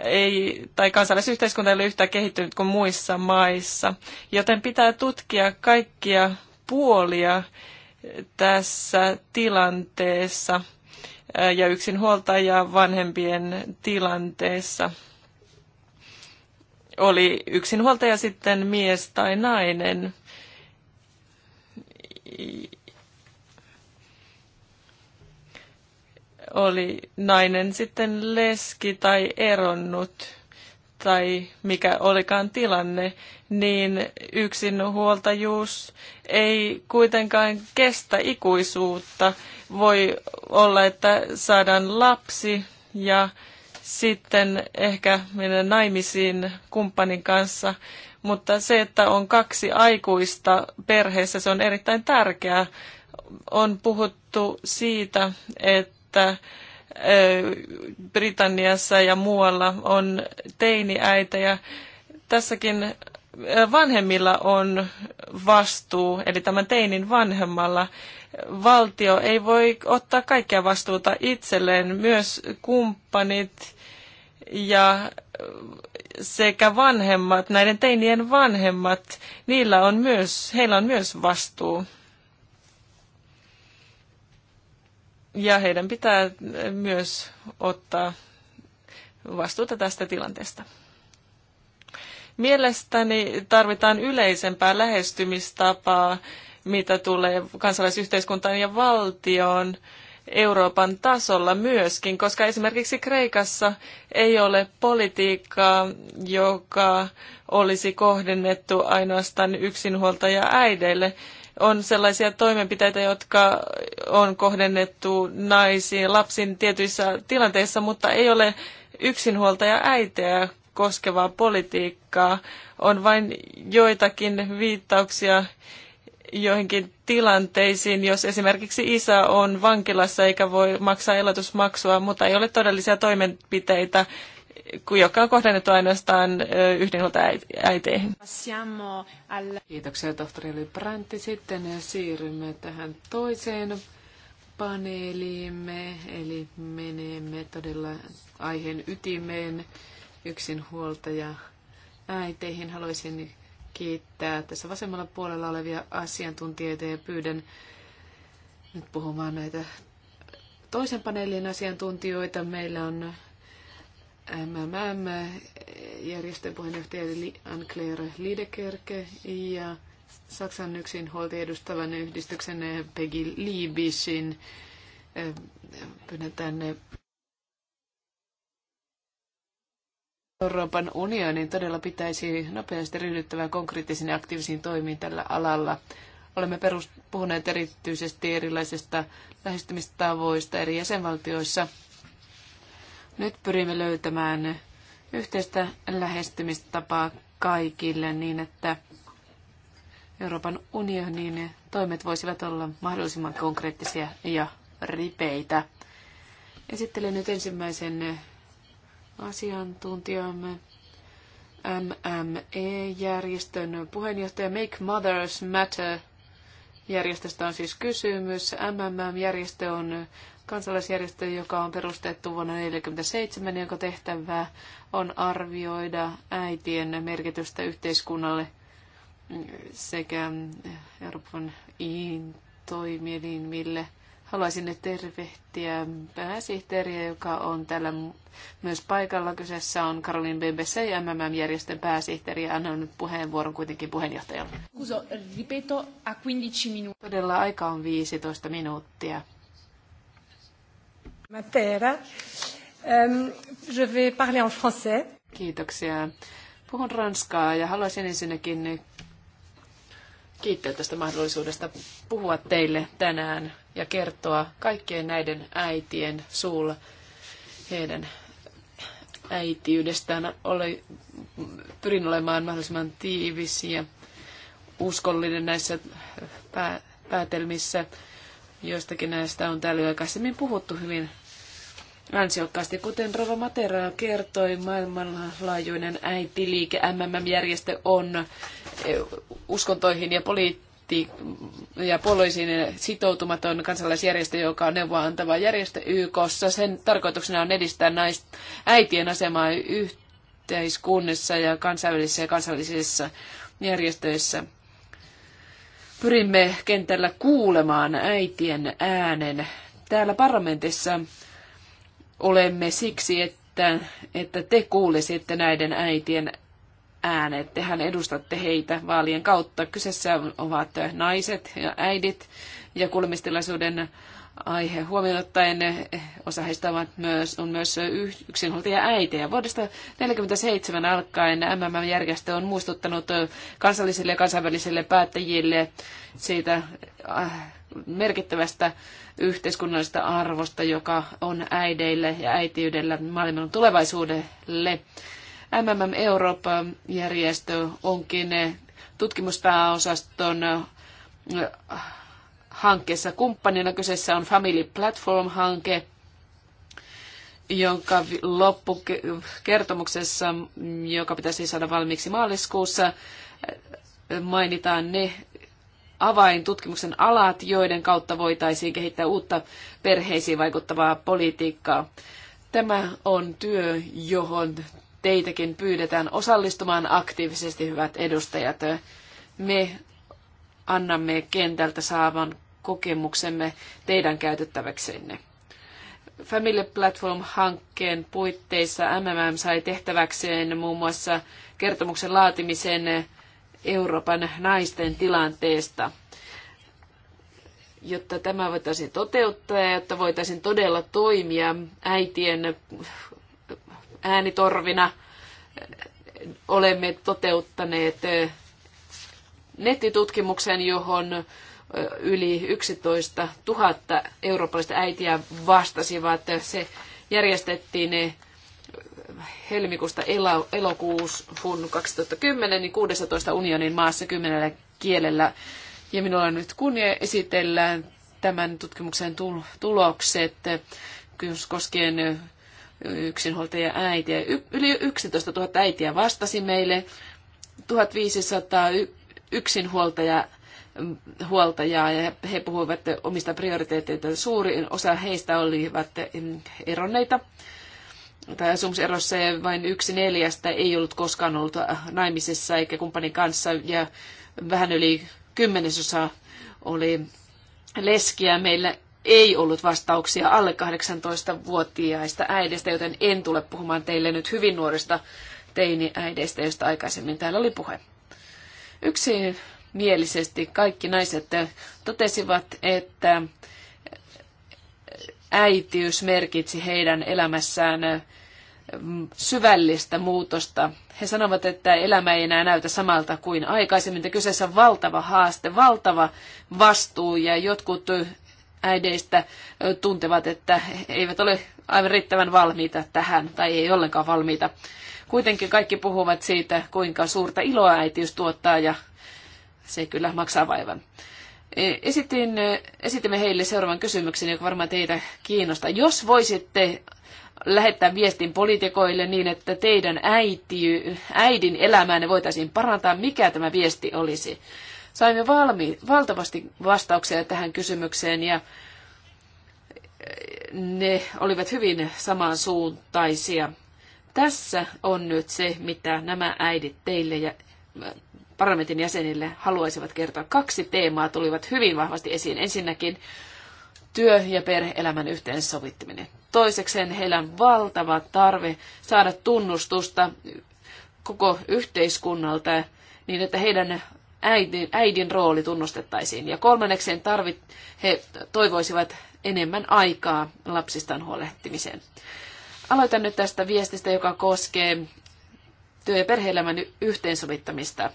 ei, tai kansalaisyhteiskunta ei ole yhtä kehittynyt kuin muissa maissa. Joten pitää tutkia kaikkia puolia tässä tilanteessa äh, ja yksinhuoltaja vanhempien tilanteessa. Oli yksinhuoltaja sitten mies tai nainen oli nainen sitten leski tai eronnut tai mikä olikaan tilanne, niin yksinhuoltajuus ei kuitenkaan kestä ikuisuutta. Voi olla, että saadaan lapsi ja sitten ehkä mennä naimisiin kumppanin kanssa, mutta se, että on kaksi aikuista perheessä, se on erittäin tärkeää. On puhuttu siitä, että että Britanniassa ja muualla on teiniäitejä. Tässäkin vanhemmilla on vastuu, eli tämän teinin vanhemmalla. Valtio ei voi ottaa kaikkea vastuuta itselleen, myös kumppanit ja sekä vanhemmat, näiden teinien vanhemmat, niillä on myös, heillä on myös vastuu. Ja heidän pitää myös ottaa vastuuta tästä tilanteesta. Mielestäni tarvitaan yleisempää lähestymistapaa, mitä tulee kansalaisyhteiskuntaan ja valtioon Euroopan tasolla myöskin, koska esimerkiksi Kreikassa ei ole politiikkaa, joka olisi kohdennettu ainoastaan yksinhuoltaja äideille, on sellaisia toimenpiteitä, jotka on kohdennettu naisiin, lapsiin tietyissä tilanteissa, mutta ei ole yksinhuoltaja äiteä koskevaa politiikkaa. On vain joitakin viittauksia joihinkin tilanteisiin, jos esimerkiksi isä on vankilassa eikä voi maksaa elatusmaksua, mutta ei ole todellisia toimenpiteitä joka on kohdennettu ainoastaan yhden äiteihin. Kiitoksia tohtori Lybrantti. Sitten siirrymme tähän toiseen paneeliimme, eli menemme todella aiheen ytimeen yksinhuoltaja äiteihin. Haluaisin kiittää tässä vasemmalla puolella olevia asiantuntijoita ja pyydän nyt puhumaan näitä toisen paneelin asiantuntijoita. Meillä on MMM-järjestön puheenjohtaja Anne-Claire Liedekerke ja Saksan yksinhuolta edustavan yhdistyksen eh, Peggy Liebischin eh, tänne Euroopan unionin todella pitäisi nopeasti ryhdyttävä konkreettisiin ja aktiivisiin toimiin tällä alalla. Olemme perus, puhuneet erityisesti erilaisista lähestymistavoista eri jäsenvaltioissa – nyt pyrimme löytämään yhteistä lähestymistapaa kaikille niin, että Euroopan unionin toimet voisivat olla mahdollisimman konkreettisia ja ripeitä. Esittelen nyt ensimmäisen asiantuntijamme MME-järjestön puheenjohtaja Make Mothers Matter. Järjestöstä on siis kysymys. MMM-järjestö on kansalaisjärjestö, joka on perustettu vuonna 1947, jonka tehtävää on arvioida äitien merkitystä yhteiskunnalle sekä Euroopan toimielimille. Haluaisin tervehtiä pääsihteeriä, joka on täällä myös paikalla. Kyseessä on Karolin BBC ja MMM-järjestön pääsihteeri. Annan nyt puheenvuoron kuitenkin puheenjohtajalle. ripeto a Todella aika on 15 minuuttia. Matera. Ehm, je vais parler en français. Kiitoksia. Puhun ranskaa ja haluaisin ensinnäkin kiittää tästä mahdollisuudesta puhua teille tänään ja kertoa kaikkien näiden äitien suulla heidän äitiydestään. oli pyrin olemaan mahdollisimman tiivis ja uskollinen näissä päätelmissä. Joistakin näistä on täällä jo aikaisemmin puhuttu hyvin ansiokkaasti. Kuten Rova Matera kertoi, maailmanlaajuinen äitiliike MMM-järjestö on eh, uskontoihin ja poliitti ja poliisiin sitoutumaton kansalaisjärjestö, joka on neuvoa antava järjestö YKssa. Sen tarkoituksena on edistää nais, äitien asemaa yhteiskunnassa ja kansainvälisissä ja kansallisissa järjestöissä. Pyrimme kentällä kuulemaan äitien äänen. Täällä parlamentissa olemme siksi, että, että te kuulisitte näiden äitien äänet. Tehän edustatte heitä vaalien kautta. Kyseessä ovat naiset ja äidit ja kuulemistilaisuuden aihe huomioon ottaen. Osa heistä on myös, on myös yksinhuoltaja äitejä. Vuodesta 1947 alkaen MMM-järjestö on muistuttanut kansallisille ja kansainvälisille päättäjille siitä äh, merkittävästä yhteiskunnallista arvosta, joka on äideille ja äitiydellä maailman tulevaisuudelle. MMM Eurooppa-järjestö onkin tutkimuspääosaston äh, hankkeessa kumppanina. Kyseessä on Family Platform-hanke, jonka loppukertomuksessa, joka pitäisi saada valmiiksi maaliskuussa, mainitaan ne avaintutkimuksen alat, joiden kautta voitaisiin kehittää uutta perheisiin vaikuttavaa politiikkaa. Tämä on työ, johon teitäkin pyydetään osallistumaan aktiivisesti, hyvät edustajat. Me annamme kentältä saavan kokemuksemme teidän käytettäväksenne. Family Platform-hankkeen puitteissa MMM sai tehtäväkseen muun muassa kertomuksen laatimisen Euroopan naisten tilanteesta, jotta tämä voitaisiin toteuttaa ja jotta voitaisiin todella toimia äitien äänitorvina. Olemme toteuttaneet nettitutkimuksen, johon yli 11 000 eurooppalaista äitiä vastasivat. Se järjestettiin helmikuusta elokuuhun 2010 niin 16 unionin maassa kymmenellä kielellä. Ja minulla on nyt kunnia esitellä tämän tutkimuksen tulokset koskien yksinhuoltajia äitiä. Yli 11 000 äitiä vastasi meille, 1500 yksinhuoltaja huoltajaa ja he puhuivat omista prioriteeteista. Suurin osa heistä olivat eronneita tai asumiserossa ja vain yksi neljästä ei ollut koskaan ollut äh, naimisessa eikä kumppanin kanssa ja vähän yli kymmenesosa oli leskiä. Meillä ei ollut vastauksia alle 18-vuotiaista äidestä, joten en tule puhumaan teille nyt hyvin nuorista teiniäideistä, joista aikaisemmin täällä oli puhe. Yksi mielisesti kaikki naiset totesivat, että äitiys merkitsi heidän elämässään syvällistä muutosta. He sanovat, että elämä ei enää näytä samalta kuin aikaisemmin, että kyseessä on valtava haaste, valtava vastuu ja jotkut äideistä tuntevat, että eivät ole aivan riittävän valmiita tähän tai ei ollenkaan valmiita. Kuitenkin kaikki puhuvat siitä, kuinka suurta iloa äitiys tuottaa ja se kyllä maksaa vaivan. E, esitin, e, esitimme heille seuraavan kysymyksen, joka varmaan teitä kiinnostaa. Jos voisitte lähettää viestin poliitikoille niin, että teidän äiti, äidin elämäänne voitaisiin parantaa, mikä tämä viesti olisi? Saimme valmi, valtavasti vastauksia tähän kysymykseen ja ne olivat hyvin samansuuntaisia. Tässä on nyt se, mitä nämä äidit teille ja parlamentin jäsenille haluaisivat kertoa. Kaksi teemaa tulivat hyvin vahvasti esiin. Ensinnäkin työ- ja perhe-elämän yhteensovittaminen. Toisekseen heillä on valtava tarve saada tunnustusta koko yhteiskunnalta niin, että heidän äidin, äidin rooli tunnustettaisiin. Ja kolmannekseen tarvit, he toivoisivat enemmän aikaa lapsistaan huolehtimiseen. Aloitan nyt tästä viestistä, joka koskee työ- ja perhe-elämän yhteensovittamista.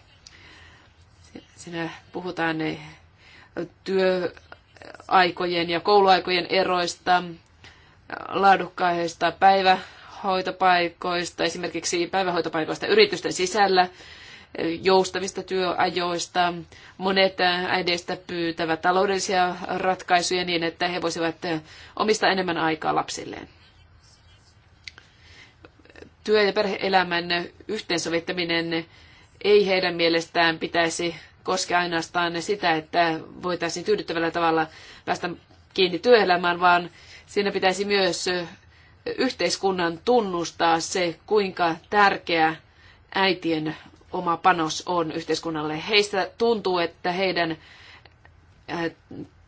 Siinä puhutaan eh, työaikojen ja kouluaikojen eroista, laadukkaista päivähoitopaikoista, esimerkiksi päivähoitopaikoista yritysten sisällä, eh, joustavista työajoista. Monet eh, äideistä pyytävät taloudellisia ratkaisuja niin, että he voisivat omistaa enemmän aikaa lapsilleen. Työ- ja perheelämän yhteensovittaminen ei heidän mielestään pitäisi koske ainoastaan sitä, että voitaisiin tyydyttävällä tavalla päästä kiinni työelämään, vaan siinä pitäisi myös yhteiskunnan tunnustaa se, kuinka tärkeä äitien oma panos on yhteiskunnalle. Heistä tuntuu, että heidän äh,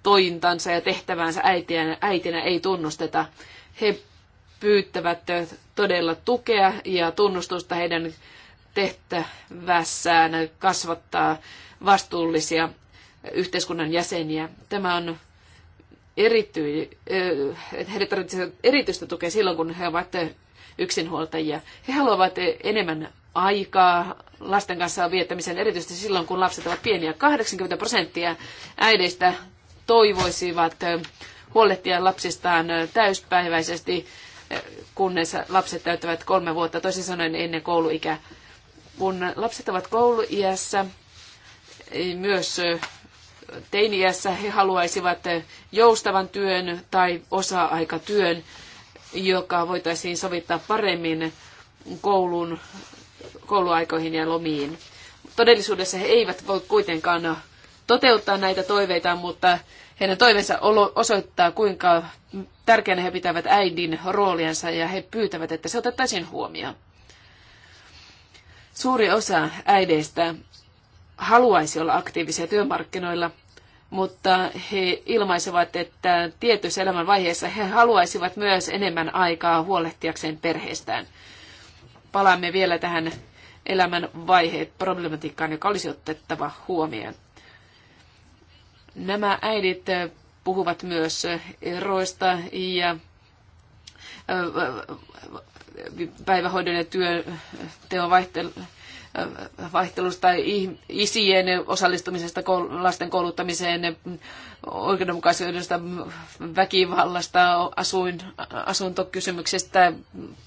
tointansa ja tehtävänsä äitinä, äitinä ei tunnusteta. He pyyttävät todella tukea ja tunnustusta heidän tehtävässään kasvattaa vastuullisia yhteiskunnan jäseniä. Tämä on erity, eh, että heidät erityistä tukea silloin, kun he ovat yksinhuoltajia. He haluavat enemmän aikaa lasten kanssa viettämiseen, erityisesti silloin, kun lapset ovat pieniä. 80 prosenttia äideistä toivoisivat huolehtia lapsistaan täyspäiväisesti, eh, kunnes lapset täyttävät kolme vuotta, toisin sanoen ennen kouluikää. Kun lapset ovat kouluiässä, myös teiniässä he haluaisivat joustavan työn tai osa-aikatyön, joka voitaisiin sovittaa paremmin koulun, kouluaikoihin ja lomiin. Todellisuudessa he eivät voi kuitenkaan toteuttaa näitä toiveita, mutta heidän toiveensa osoittaa, kuinka tärkeänä he pitävät äidin rooliansa ja he pyytävät, että se otettaisiin huomioon. Suuri osa äideistä haluaisi olla aktiivisia työmarkkinoilla, mutta he ilmaisevat, että tietyssä elämän vaiheessa he haluaisivat myös enemmän aikaa huolehtiakseen perheestään. Palaamme vielä tähän elämän vaiheet problematiikkaan, joka olisi otettava huomioon. Nämä äidit puhuvat myös eroista ja päivähoidon ja työteon vaihtelusta, isien osallistumisesta lasten kouluttamiseen, oikeudenmukaisuudesta, väkivallasta, asuin, asuntokysymyksestä,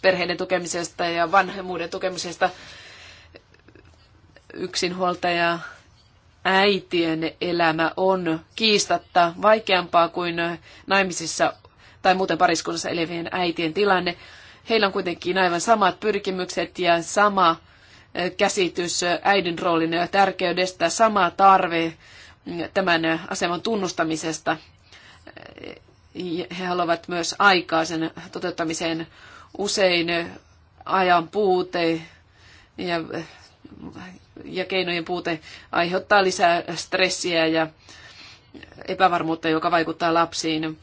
perheiden tukemisesta ja vanhemmuuden tukemisesta, yksinhuoltaja äitien elämä on kiistatta vaikeampaa kuin naimisissa tai muuten pariskunnassa elävien äitien tilanne. Heillä on kuitenkin aivan samat pyrkimykset ja sama eh, käsitys eh, äidin roolin ja tärkeydestä, sama tarve mm, tämän eh, aseman tunnustamisesta. He haluavat myös aikaa sen toteuttamiseen usein ajan puute ja, ja keinojen puute aiheuttaa lisää stressiä ja epävarmuutta, joka vaikuttaa lapsiin.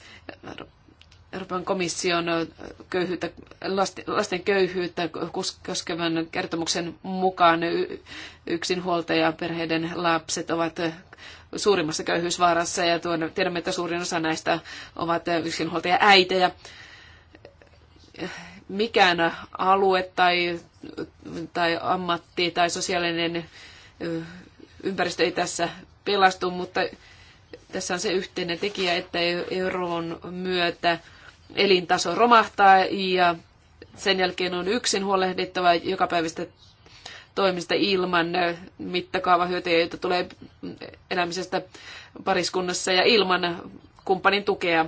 Euroopan komission köyhyyttä, lasten köyhyyttä koskevan kertomuksen mukaan yksinhuoltaja perheiden lapset ovat suurimmassa köyhyysvaarassa ja tuon, tiedämme, että suurin osa näistä ovat yksinhuoltaja äitejä. Mikään alue tai, tai ammatti tai sosiaalinen ympäristö ei tässä pelastu, mutta tässä on se yhteinen tekijä, että euron myötä elintaso romahtaa ja sen jälkeen on yksin huolehdittava jokapäiväistä toimista ilman mittakaavahyötyjä, joita tulee elämisestä pariskunnassa ja ilman kumppanin tukea.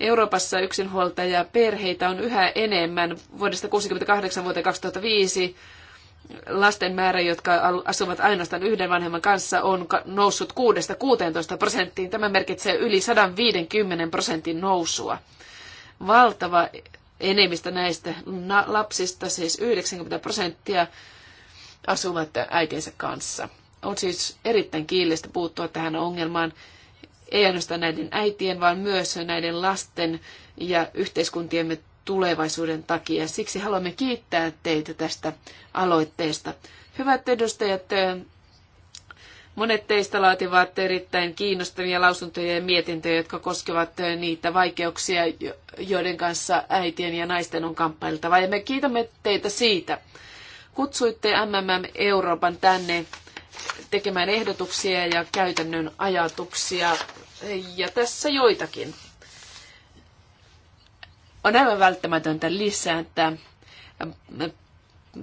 Euroopassa yksinhuoltaja perheitä on yhä enemmän. Vuodesta 1968 vuoteen 2005 lasten määrä, jotka asuvat ainoastaan yhden vanhemman kanssa, on noussut 6-16 prosenttiin. Tämä merkitsee yli 150 prosentin nousua valtava enemmistö näistä lapsista, siis 90 prosenttia, asuvat äitinsä kanssa. On siis erittäin kiillistä puuttua tähän ongelmaan, ei ainoastaan näiden äitien, vaan myös näiden lasten ja yhteiskuntiemme tulevaisuuden takia. Siksi haluamme kiittää teitä tästä aloitteesta. Hyvät edustajat, Monet teistä laativat erittäin kiinnostavia lausuntoja ja mietintöjä, jotka koskevat niitä vaikeuksia, joiden kanssa äitien ja naisten on kamppailtava. Ja me kiitämme teitä siitä. Kutsuitte MMM Euroopan tänne tekemään ehdotuksia ja käytännön ajatuksia. Ja tässä joitakin. On aivan välttämätöntä lisätä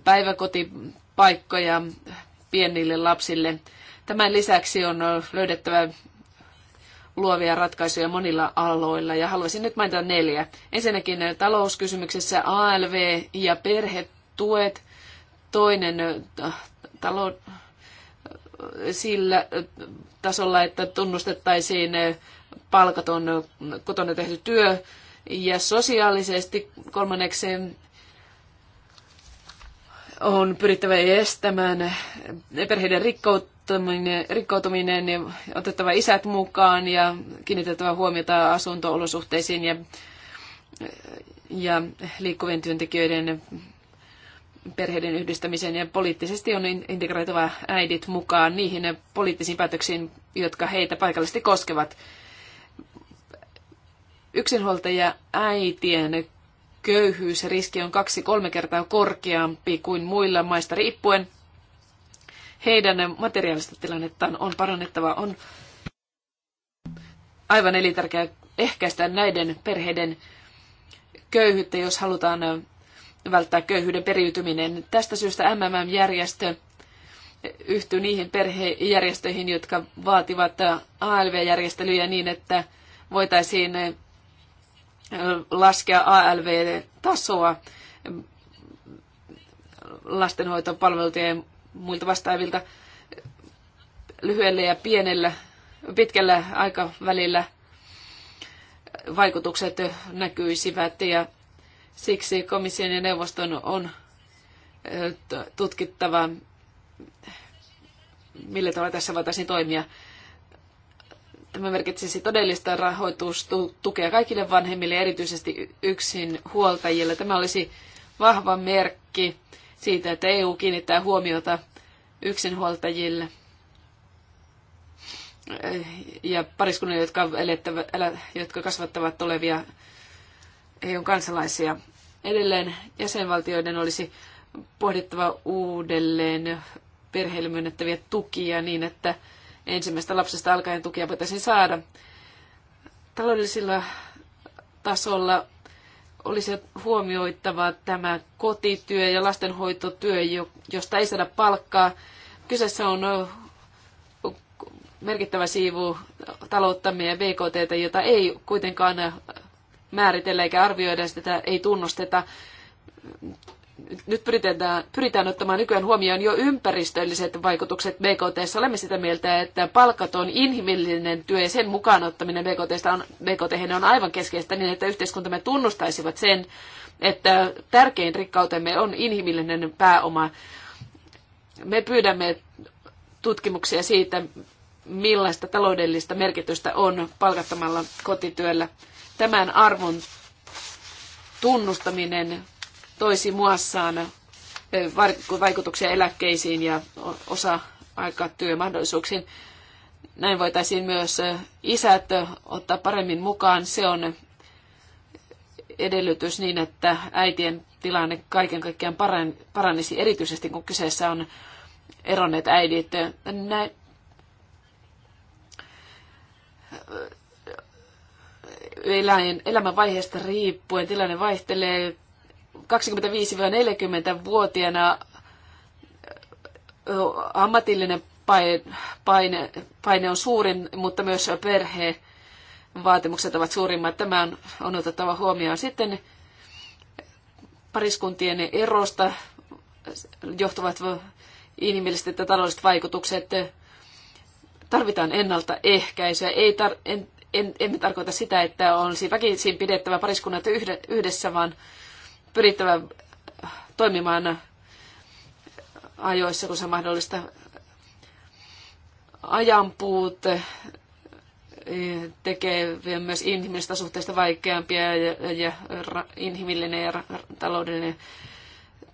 päiväkotipaikkoja pienille lapsille Tämän lisäksi on löydettävä luovia ratkaisuja monilla aloilla ja haluaisin nyt mainita neljä. Ensinnäkin talouskysymyksessä ALV ja perhetuet, toinen äh, talo äh, sillä äh, tasolla, että tunnustettaisiin palkaton kotona tehty työ ja sosiaalisesti kolmanneksi on pyrittävä estämään perheiden rikkoutta rikkoutuminen ja otettava isät mukaan ja kiinnitettävä huomiota asuntoolosuhteisiin ja, ja liikkuvien työntekijöiden perheiden yhdistämiseen ja poliittisesti on integroitava äidit mukaan niihin poliittisiin päätöksiin, jotka heitä paikallisesti koskevat. Yksinhuoltaja äitien köyhyysriski on kaksi-kolme kertaa korkeampi kuin muilla maista riippuen – heidän materiaalista tilannettaan on parannettava. On aivan elintärkeää ehkäistä näiden perheiden köyhyyttä, jos halutaan välttää köyhyyden periytyminen. Tästä syystä MMM-järjestö yhtyy niihin perhejärjestöihin, jotka vaativat ALV-järjestelyjä niin, että voitaisiin laskea ALV-tasoa lastenhoitopalvelujen muilta vastaavilta lyhyellä ja pienellä, pitkällä aikavälillä vaikutukset näkyisivät ja siksi komission ja neuvoston on tutkittava, millä tavalla tässä voitaisiin toimia. Tämä merkitsisi todellista rahoitustukea kaikille vanhemmille, erityisesti yksin huoltajille. Tämä olisi vahva merkki siitä, että EU kiinnittää huomiota yksinhuoltajille ja pariskunnille, jotka, jotka kasvattavat tulevia eu kansalaisia. Edelleen jäsenvaltioiden olisi pohdittava uudelleen perheille myönnettäviä tukia niin, että ensimmäistä lapsesta alkaen tukia voitaisiin saada. Taloudellisilla tasolla olisi huomioittava tämä kotityö ja lastenhoitotyö, josta ei saada palkkaa. Kyseessä on merkittävä siivu talouttamme ja BKT, jota ei kuitenkaan määritellä eikä arvioida, sitä ei tunnusteta nyt pyritään, pyritään ottamaan nykyään huomioon jo ympäristölliset vaikutukset BKT. Olemme sitä mieltä, että palkaton inhimillinen työ ja sen mukaan ottaminen BKT on, BKT on aivan keskeistä niin, että yhteiskuntamme tunnustaisivat sen, että tärkein rikkautemme on inhimillinen pääoma. Me pyydämme tutkimuksia siitä, millaista taloudellista merkitystä on palkattomalla kotityöllä. Tämän arvon tunnustaminen toisi muassaan vaikutuksia eläkkeisiin ja osa aikaa työmahdollisuuksiin. Näin voitaisiin myös isät ottaa paremmin mukaan. Se on edellytys niin, että äitien tilanne kaiken kaikkiaan paranisi, erityisesti kun kyseessä on eronneet äidit. Näin. Elämän vaiheesta riippuen tilanne vaihtelee 25-40-vuotiaana ammatillinen paine, paine on suurin, mutta myös perhe vaatimukset ovat suurimmat. Tämä on, on otettava huomioon. Sitten pariskuntien erosta johtuvat inhimilliset ja taloudelliset vaikutukset. Tarvitaan ennaltaehkäisyä. Ei tar- en, en, emme tarkoita sitä, että olisi väkisin pidettävä pariskunnat yhdessä, vaan pyrittävä äh, toimimaan ajoissa, kun se mahdollista. Ajanpuute eh, tekee myös inhimillistä suhteista vaikeampia ja, ja inhimillinen ja taloudellinen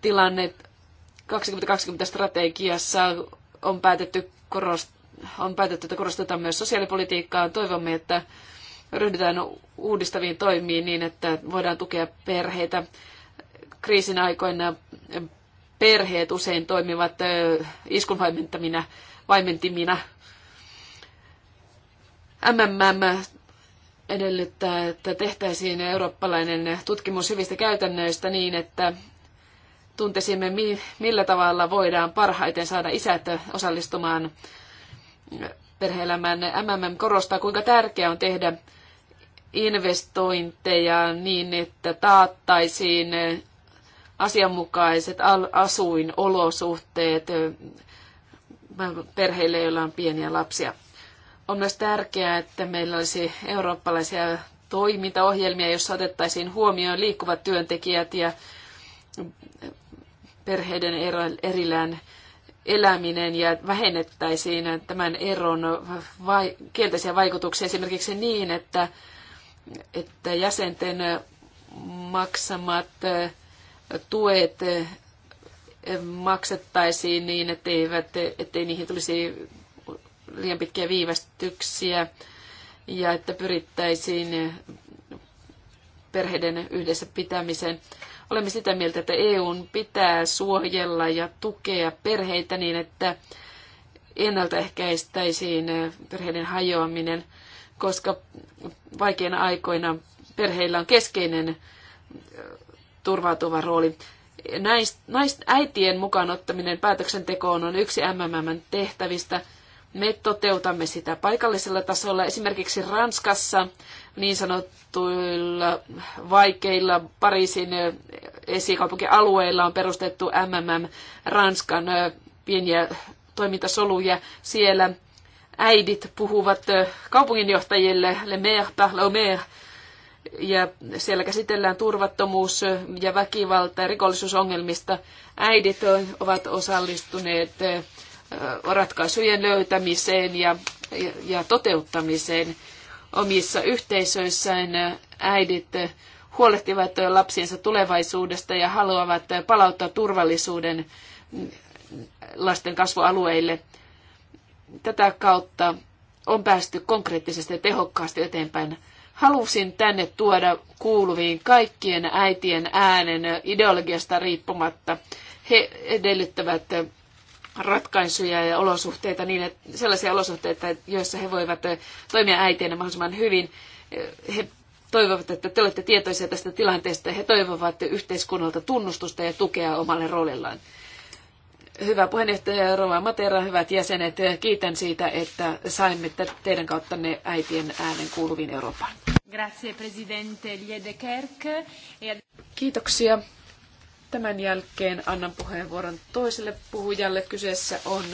tilanne. 2020-strategiassa on päätetty, korost, on päätetty, että korostetaan myös sosiaalipolitiikkaa. Toivomme, että ryhdytään uudistaviin toimiin niin, että voidaan tukea perheitä kriisin aikoina perheet usein toimivat iskun vaimentamina, vaimentimina. MMM edellyttää, että tehtäisiin eurooppalainen tutkimus hyvistä käytännöistä niin, että tuntisimme, millä tavalla voidaan parhaiten saada isät osallistumaan perheelämään. MMM korostaa, kuinka tärkeää on tehdä investointeja niin, että taattaisiin asianmukaiset asuinolosuhteet perheille, joilla on pieniä lapsia. On myös tärkeää, että meillä olisi eurooppalaisia toimintaohjelmia, joissa otettaisiin huomioon liikkuvat työntekijät ja perheiden erillään eläminen ja vähennettäisiin tämän eron vai, kielteisiä vaikutuksia esimerkiksi niin, että, että jäsenten maksamat tuet maksettaisiin niin, etteivät, ettei niihin tulisi liian pitkiä viivästyksiä ja että pyrittäisiin perheiden yhdessä pitämiseen. Olemme sitä mieltä, että EUn pitää suojella ja tukea perheitä niin, että ennaltaehkäistäisiin perheiden hajoaminen, koska vaikeina aikoina perheillä on keskeinen turvautuva rooli. Näist, näist, äitien mukaan ottaminen päätöksentekoon on yksi MMMn tehtävistä. Me toteutamme sitä paikallisella tasolla, esimerkiksi Ranskassa niin sanottuilla vaikeilla Pariisin esikaupunkialueilla on perustettu MMM Ranskan pieniä toimintasoluja siellä. Äidit puhuvat kaupunginjohtajille, le maire par le maire, ja siellä käsitellään turvattomuus ja väkivalta ja rikollisuusongelmista. Äidit ovat osallistuneet ratkaisujen löytämiseen ja, ja, ja toteuttamiseen omissa yhteisöissään. Äidit huolehtivat lapsiensa tulevaisuudesta ja haluavat palauttaa turvallisuuden lasten kasvualueille. Tätä kautta on päästy konkreettisesti ja tehokkaasti eteenpäin Halusin tänne tuoda kuuluviin kaikkien äitien äänen ideologiasta riippumatta. He edellyttävät ratkaisuja ja olosuhteita, niin että sellaisia olosuhteita, joissa he voivat toimia äitienä mahdollisimman hyvin. He toivovat, että te olette tietoisia tästä tilanteesta ja he toivovat yhteiskunnalta tunnustusta ja tukea omalle roolillaan. Hyvä puheenjohtaja Rova Matera, hyvät jäsenet, kiitän siitä, että saimme teidän ne äitien äänen kuuluviin Eurooppaan. E- Kiitoksia. Tämän jälkeen annan puheenvuoron toiselle puhujalle. Kyseessä on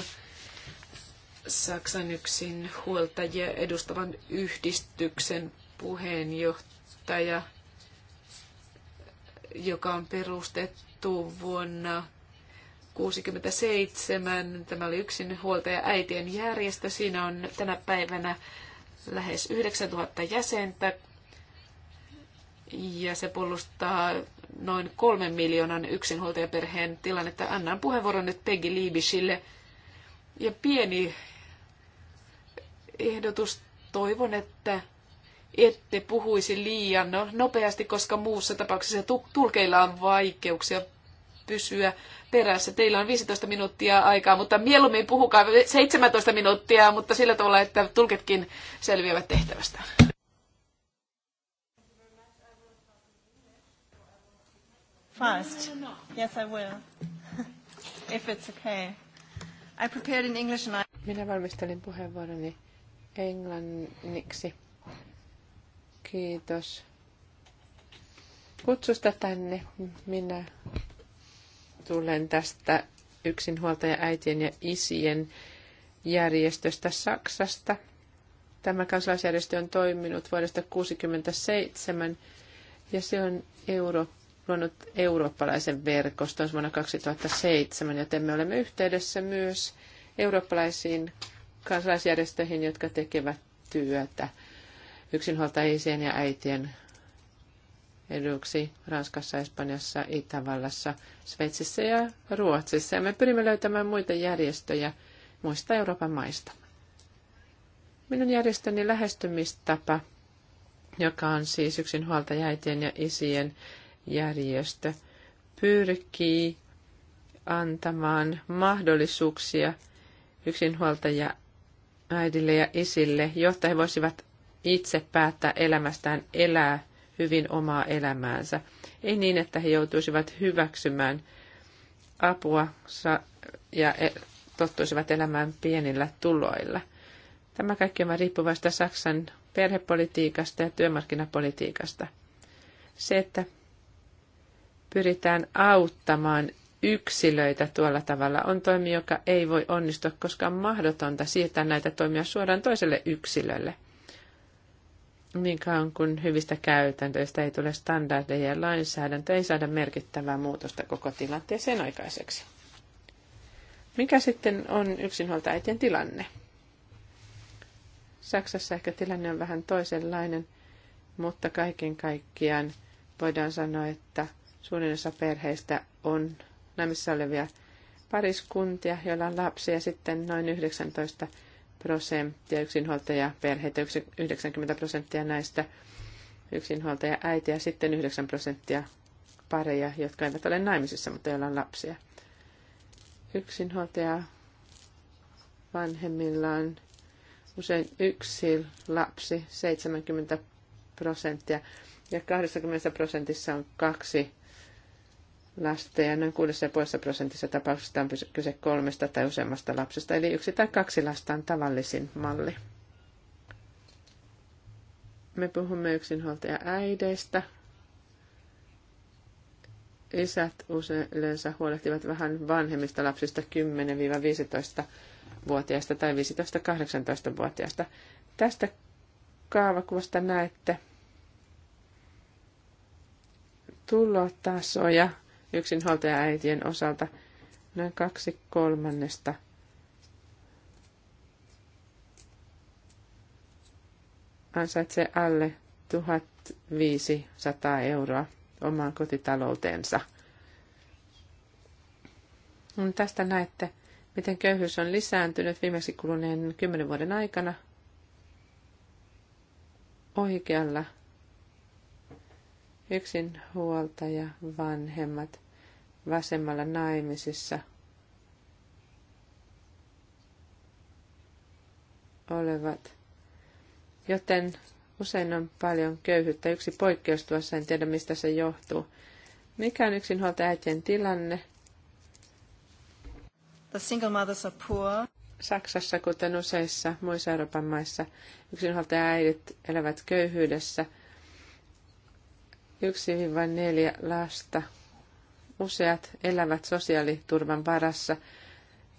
Saksan yksin huoltajia edustavan yhdistyksen puheenjohtaja, joka on perustettu vuonna 67. Tämä oli yksin huoltaja äitien järjestö. Siinä on tänä päivänä lähes 9000 jäsentä. Ja se puolustaa noin kolmen miljoonan yksinhuoltajaperheen tilannetta. Annan puheenvuoron nyt Peggy Liibisille. Ja pieni ehdotus. Toivon, että ette puhuisi liian nopeasti, koska muussa tapauksessa tulkeilla on vaikeuksia pysyä perässä. Teillä on 15 minuuttia aikaa, mutta mieluummin puhukaa 17 minuuttia, mutta sillä tavalla, että tulketkin selviävät tehtävästä. Fast. Yes, I will. If it's okay. I prepared in English and I... Minä valmistelin puheenvuoroni englanniksi. Kiitos kutsusta tänne. Minä tulen tästä yksinhuoltaja-äitien ja isien järjestöstä Saksasta. Tämä kansalaisjärjestö on toiminut vuodesta 1967 ja se on euro, luonut eurooppalaisen verkoston vuonna 2007, joten me olemme yhteydessä myös eurooppalaisiin kansalaisjärjestöihin, jotka tekevät työtä yksinhuoltajien ja äitien eduksi Ranskassa, Espanjassa, Itävallassa, Sveitsissä ja Ruotsissa. Ja me pyrimme löytämään muita järjestöjä muista Euroopan maista. Minun järjestöni lähestymistapa, joka on siis yksin huoltajäitien ja isien järjestö, pyrkii antamaan mahdollisuuksia yksinhuoltaja äidille ja isille, jotta he voisivat itse päättää elämästään elää hyvin omaa elämäänsä. Ei niin, että he joutuisivat hyväksymään apua ja e- tottuisivat elämään pienillä tuloilla. Tämä kaikki on riippuvasta Saksan perhepolitiikasta ja työmarkkinapolitiikasta. Se, että pyritään auttamaan yksilöitä tuolla tavalla, on toimi, joka ei voi onnistua, koska on mahdotonta siirtää näitä toimia suoraan toiselle yksilölle – niin kauan kuin hyvistä käytäntöistä ei tule standardeja ja lainsäädäntö ei saada merkittävää muutosta koko tilanteeseen aikaiseksi. Mikä sitten on yksinhuoltajien tilanne? Saksassa ehkä tilanne on vähän toisenlainen, mutta kaiken kaikkiaan voidaan sanoa, että suurin osa perheistä on naimissa olevia pariskuntia, joilla on lapsia, sitten noin 19 prosenttia perheitä 90 prosenttia näistä yksinhuoltaja äiti ja sitten 9 prosenttia pareja, jotka eivät ole naimisissa, mutta joilla on lapsia. Yksinhuoltaja vanhemmilla on usein yksi lapsi, 70 prosenttia, ja 20 prosentissa on kaksi lasta ja noin 6,5 prosentissa tapauksista on kyse kolmesta tai useammasta lapsesta, eli yksi tai kaksi lasta on tavallisin malli. Me puhumme yksinhuoltaja äideistä. Isät yleensä huolehtivat vähän vanhemmista lapsista 10-15-vuotiaista tai 15-18-vuotiaista. Tästä kaavakuvasta näette tulotasoja yksinhuoltajaäitien osalta noin kaksi kolmannesta ansaitsee alle 1500 euroa omaan kotitalouteensa. No, tästä näette, miten köyhyys on lisääntynyt viimeksi kuluneen kymmenen vuoden aikana. Oikealla yksin huoltaja, vanhemmat, vasemmalla naimisissa olevat. Joten usein on paljon köyhyyttä. Yksi poikkeus tuossa, en tiedä mistä se johtuu. Mikä on yksinhuoltajien tilanne? The single mothers are poor. Saksassa, kuten useissa muissa Euroopan maissa, äidit elävät köyhyydessä – 1-4 lasta. Useat elävät sosiaaliturvan varassa,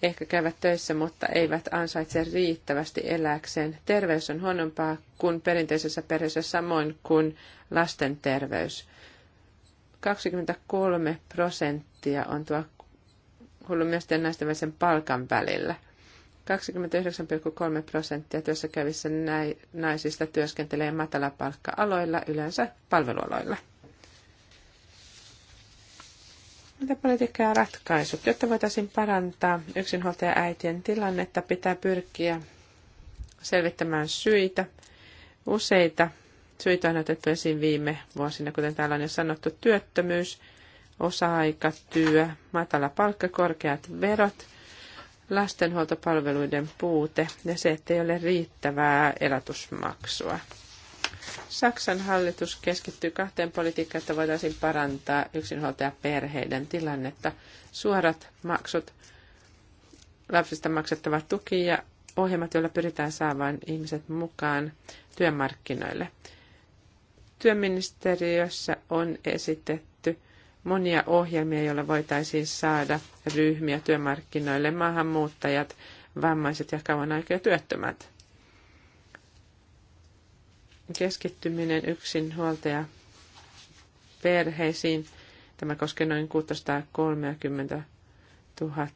ehkä käyvät töissä, mutta eivät ansaitse riittävästi eläkseen. Terveys on huonompaa kuin perinteisessä perheessä samoin kuin lasten terveys. 23 prosenttia on tuo ja naisten välisen palkan välillä – 29,3 prosenttia työssä kävissä naisista työskentelee matalapalkka-aloilla, yleensä palvelualoilla. Mitä politiikka ja ratkaisut? Jotta voitaisiin parantaa yksinhuoltaja-äitien tilannetta, pitää pyrkiä selvittämään syitä. Useita syitä on otettu esiin viime vuosina, kuten täällä on jo sanottu, työttömyys, osa-aikatyö, matala palkka, korkeat verot – lastenhuoltopalveluiden puute ja se, että ei ole riittävää elatusmaksua. Saksan hallitus keskittyy kahteen politiikkaan, että voitaisiin parantaa yksinhuoltajaperheiden tilannetta. Suorat maksut, lapsista maksettava tuki ja ohjelmat, joilla pyritään saamaan ihmiset mukaan työmarkkinoille. Työministeriössä on esitetty monia ohjelmia, joilla voitaisiin saada ryhmiä työmarkkinoille, maahanmuuttajat, vammaiset ja kauan aikaa työttömät. Keskittyminen yksin huoltaja perheisiin. Tämä koskee noin 630 000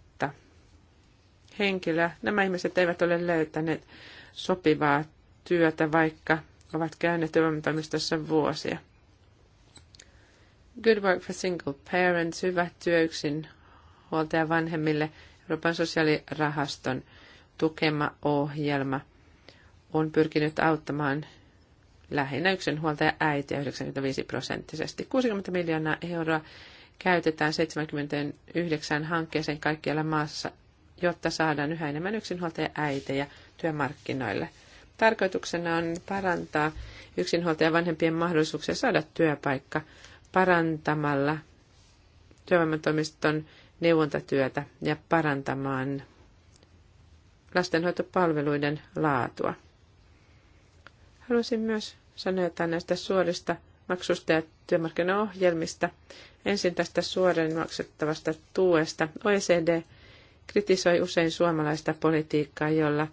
henkilöä. Nämä ihmiset eivät ole löytäneet sopivaa työtä, vaikka ovat käyneet työvoimatoimistossa vuosia – Good Work for Single Parents, hyvä työ yksin huoltaja vanhemmille, Euroopan sosiaalirahaston tukema ohjelma on pyrkinyt auttamaan lähinnä yksinhuoltaja äitiä 95 prosenttisesti. 60 miljoonaa euroa käytetään 79 hankkeeseen kaikkialla maassa, jotta saadaan yhä enemmän yksinhuoltaja äitejä työmarkkinoille. Tarkoituksena on parantaa yksinhuoltaja vanhempien mahdollisuuksia saada työpaikka parantamalla työvoimatoimiston neuvontatyötä ja parantamaan lastenhoitopalveluiden laatua. Haluaisin myös sanoa jotain näistä suorista maksusta ja työmarkkinaohjelmista. Ensin tästä suoraan maksettavasta tuesta. OECD kritisoi usein suomalaista politiikkaa, jolla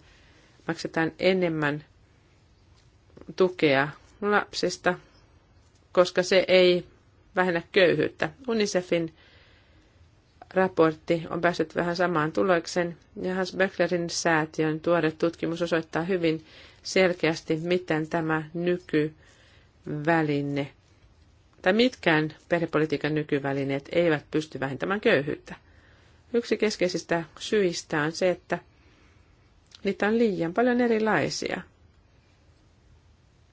maksetaan enemmän tukea lapsista, koska se ei vähennä köyhyyttä. UNICEFin raportti on päässyt vähän samaan tulokseen, ja Hans Becklerin säätiön tuore tutkimus osoittaa hyvin selkeästi, miten tämä nykyväline, tai mitkään perhepolitiikan nykyvälineet eivät pysty vähentämään köyhyyttä. Yksi keskeisistä syistä on se, että niitä on liian paljon erilaisia.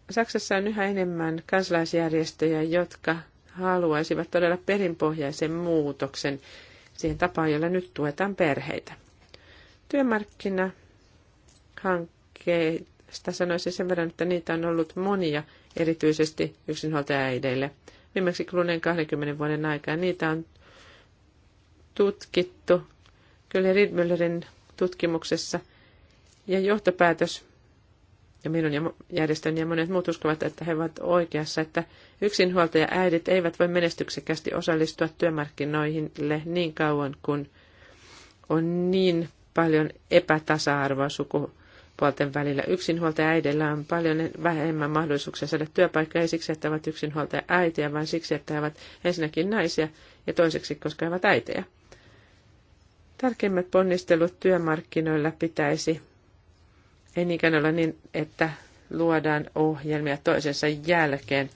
Saksassa on yhä enemmän kansalaisjärjestöjä, jotka haluaisivat todella perinpohjaisen muutoksen siihen tapaan, jolla nyt tuetaan perheitä. Työmarkkinahankkeista sanoisin sen verran, että niitä on ollut monia, erityisesti yksinhuoltajaäideille. Viimeksi kuluneen 20 vuoden aikana niitä on tutkittu, kyllä Riedmüllerin tutkimuksessa, ja johtopäätös ja minun järjestöni järjestön ja monet muut uskovat, että he ovat oikeassa, että yksinhuoltaja äidit eivät voi menestyksekkästi osallistua työmarkkinoille niin kauan kun on niin paljon epätasa-arvoa sukupuolten välillä. Yksinhuoltaja äidillä on paljon vähemmän mahdollisuuksia saada työpaikkaa, ei siksi, että ovat yksinhuoltaja äitiä, vaan siksi, että he ovat ensinnäkin naisia ja toiseksi, koska he ovat äitejä. Tärkeimmät ponnistelut työmarkkinoilla pitäisi ei niinkään ole niin, että luodaan ohjelmia toisensa jälkeen,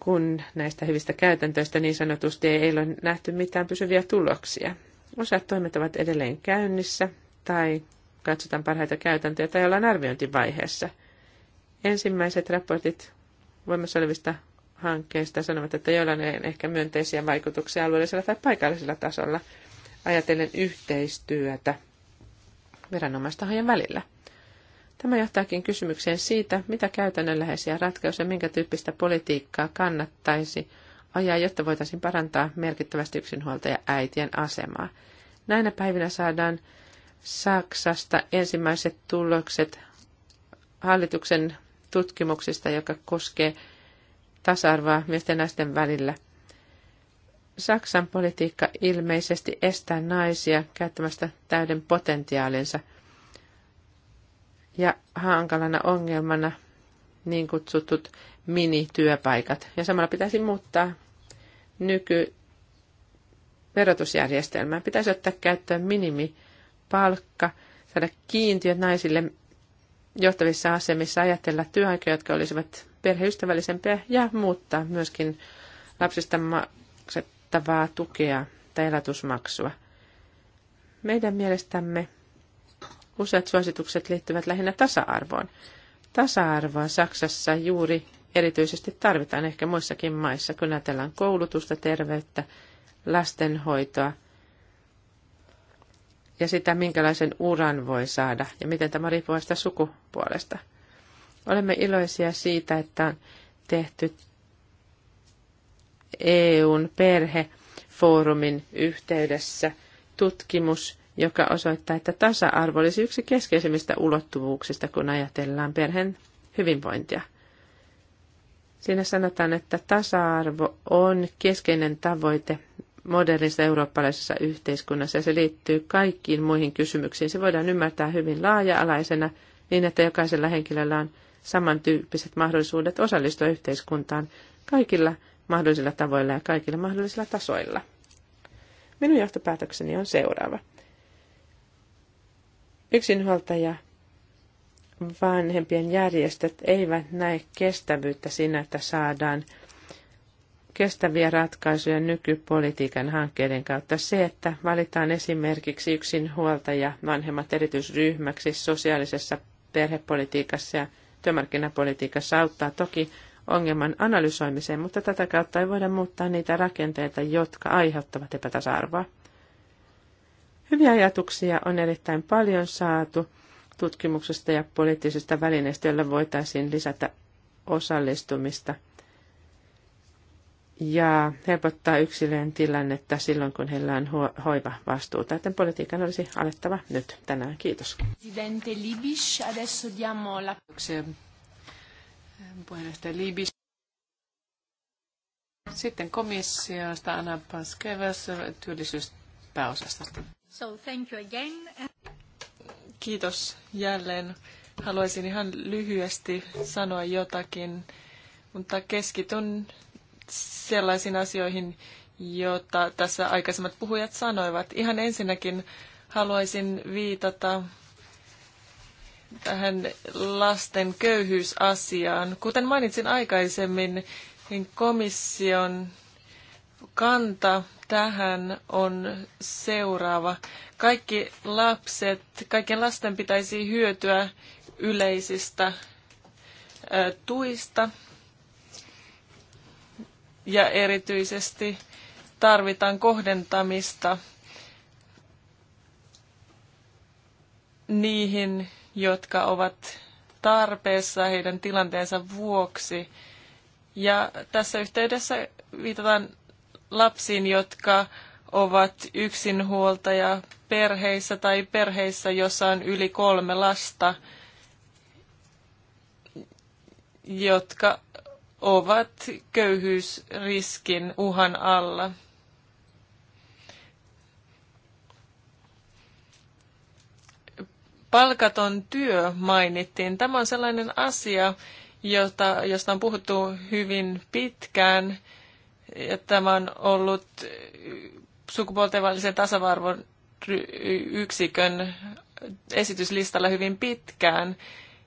kun näistä hyvistä käytäntöistä niin sanotusti ei ole nähty mitään pysyviä tuloksia. Osat toimet ovat edelleen käynnissä tai katsotaan parhaita käytäntöjä tai ollaan arviointivaiheessa. Ensimmäiset raportit voimassa olevista hankkeista sanovat, että joillain on ehkä myönteisiä vaikutuksia alueellisella tai paikallisella tasolla ajatellen yhteistyötä – viranomaistahojen välillä. Tämä johtaakin kysymykseen siitä, mitä käytännönläheisiä ratkaisuja, minkä tyyppistä politiikkaa kannattaisi ajaa, jotta voitaisiin parantaa merkittävästi yksinhuoltaja äitien asemaa. Näinä päivinä saadaan Saksasta ensimmäiset tulokset hallituksen tutkimuksista, joka koskee tasa-arvoa miesten ja naisten välillä – Saksan politiikka ilmeisesti estää naisia käyttämästä täyden potentiaalinsa. Ja hankalana ongelmana niin kutsutut minityöpaikat. Ja samalla pitäisi muuttaa nyky verotusjärjestelmää. Pitäisi ottaa käyttöön minimipalkka, saada kiintiöt naisille johtavissa asemissa, ajatella työaikoja, jotka olisivat perheystävällisempiä ja muuttaa myöskin lapsista maksettu kattavaa tukea tai elatusmaksua. Meidän mielestämme useat suositukset liittyvät lähinnä tasa-arvoon. Tasa-arvoa Saksassa juuri erityisesti tarvitaan ehkä muissakin maissa, kun ajatellaan koulutusta, terveyttä, lastenhoitoa ja sitä, minkälaisen uran voi saada ja miten tämä riippuu sitä sukupuolesta. Olemme iloisia siitä, että on tehty EUn perhefoorumin yhteydessä tutkimus, joka osoittaa, että tasa-arvo olisi yksi keskeisimmistä ulottuvuuksista, kun ajatellaan perheen hyvinvointia. Siinä sanotaan, että tasa-arvo on keskeinen tavoite modernissa eurooppalaisessa yhteiskunnassa ja se liittyy kaikkiin muihin kysymyksiin. Se voidaan ymmärtää hyvin laaja-alaisena niin, että jokaisella henkilöllä on samantyyppiset mahdollisuudet osallistua yhteiskuntaan. Kaikilla mahdollisilla tavoilla ja kaikilla mahdollisilla tasoilla. Minun johtopäätökseni on seuraava. Yksinhuoltaja vanhempien järjestöt eivät näe kestävyyttä siinä, että saadaan kestäviä ratkaisuja nykypolitiikan hankkeiden kautta. Se, että valitaan esimerkiksi yksinhuoltaja vanhemmat erityisryhmäksi sosiaalisessa perhepolitiikassa ja työmarkkinapolitiikassa auttaa toki, ongelman analysoimiseen, mutta tätä kautta ei voida muuttaa niitä rakenteita, jotka aiheuttavat epätasa-arvoa. Hyviä ajatuksia on erittäin paljon saatu tutkimuksesta ja poliittisesta välineistä, joilla voitaisiin lisätä osallistumista ja helpottaa yksilöjen tilannetta silloin, kun heillä on ho- hoiva vastuuta. Joten politiikan olisi alettava nyt tänään. Kiitos. Presidente adesso diamo la puheenjohtaja Libis. Sitten komissiosta Anna Paskevas työllisyyspääosasta. So thank you again. Kiitos jälleen. Haluaisin ihan lyhyesti sanoa jotakin, mutta keskityn sellaisiin asioihin, joita tässä aikaisemmat puhujat sanoivat. Ihan ensinnäkin haluaisin viitata tähän lasten köyhyysasiaan. Kuten mainitsin aikaisemmin, niin komission kanta tähän on seuraava. Kaikki lapset, kaikkien lasten pitäisi hyötyä yleisistä tuista ja erityisesti tarvitaan kohdentamista niihin jotka ovat tarpeessa heidän tilanteensa vuoksi. Ja tässä yhteydessä viitataan lapsiin, jotka ovat yksinhuoltaja perheissä tai perheissä, jossa on yli kolme lasta, jotka ovat köyhyysriskin uhan alla. Palkaton työ mainittiin. Tämä on sellainen asia, jota, josta on puhuttu hyvin pitkään. Ja tämä on ollut sukupuolten välisen tasa yksikön esityslistalla hyvin pitkään.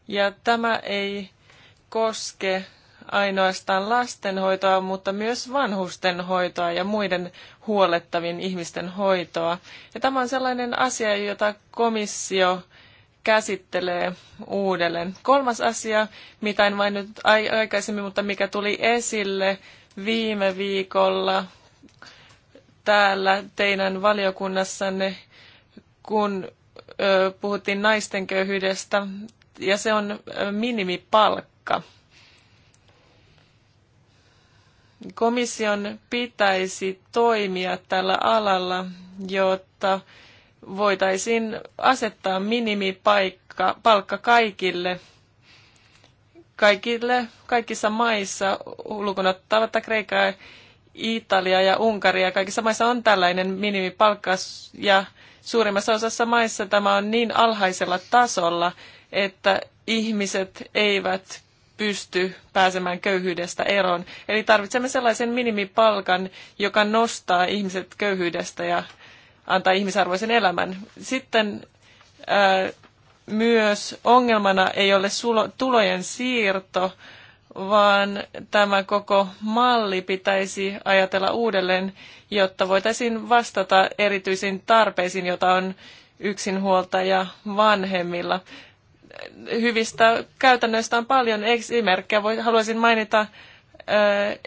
Ja tämä ei koske ainoastaan lastenhoitoa, mutta myös vanhustenhoitoa ja muiden huolettavien ihmisten hoitoa. Ja tämä on sellainen asia, jota komissio käsittelee uudelleen. Kolmas asia, mitä en vain nyt aikaisemmin, mutta mikä tuli esille viime viikolla täällä teidän valiokunnassanne, kun ö, puhuttiin naisten köyhyydestä, ja se on minimipalkka. Komission pitäisi toimia tällä alalla, jotta voitaisiin asettaa minimipaikka, palkka kaikille, kaikille, kaikissa maissa, ulkunottavatta Kreikkaa, Italia ja Unkaria. Kaikissa maissa on tällainen minimipalkka ja suurimmassa osassa maissa tämä on niin alhaisella tasolla, että ihmiset eivät pysty pääsemään köyhyydestä eroon. Eli tarvitsemme sellaisen minimipalkan, joka nostaa ihmiset köyhyydestä ja antaa ihmisarvoisen elämän. Sitten ää, äh, myös ongelmana ei ole sulo, tulojen siirto, vaan tämä koko malli pitäisi ajatella uudelleen, jotta voitaisiin vastata erityisiin tarpeisiin, joita on yksinhuoltaja vanhemmilla. Hyvistä käytännöistä on paljon esimerkkejä. Haluaisin mainita äh,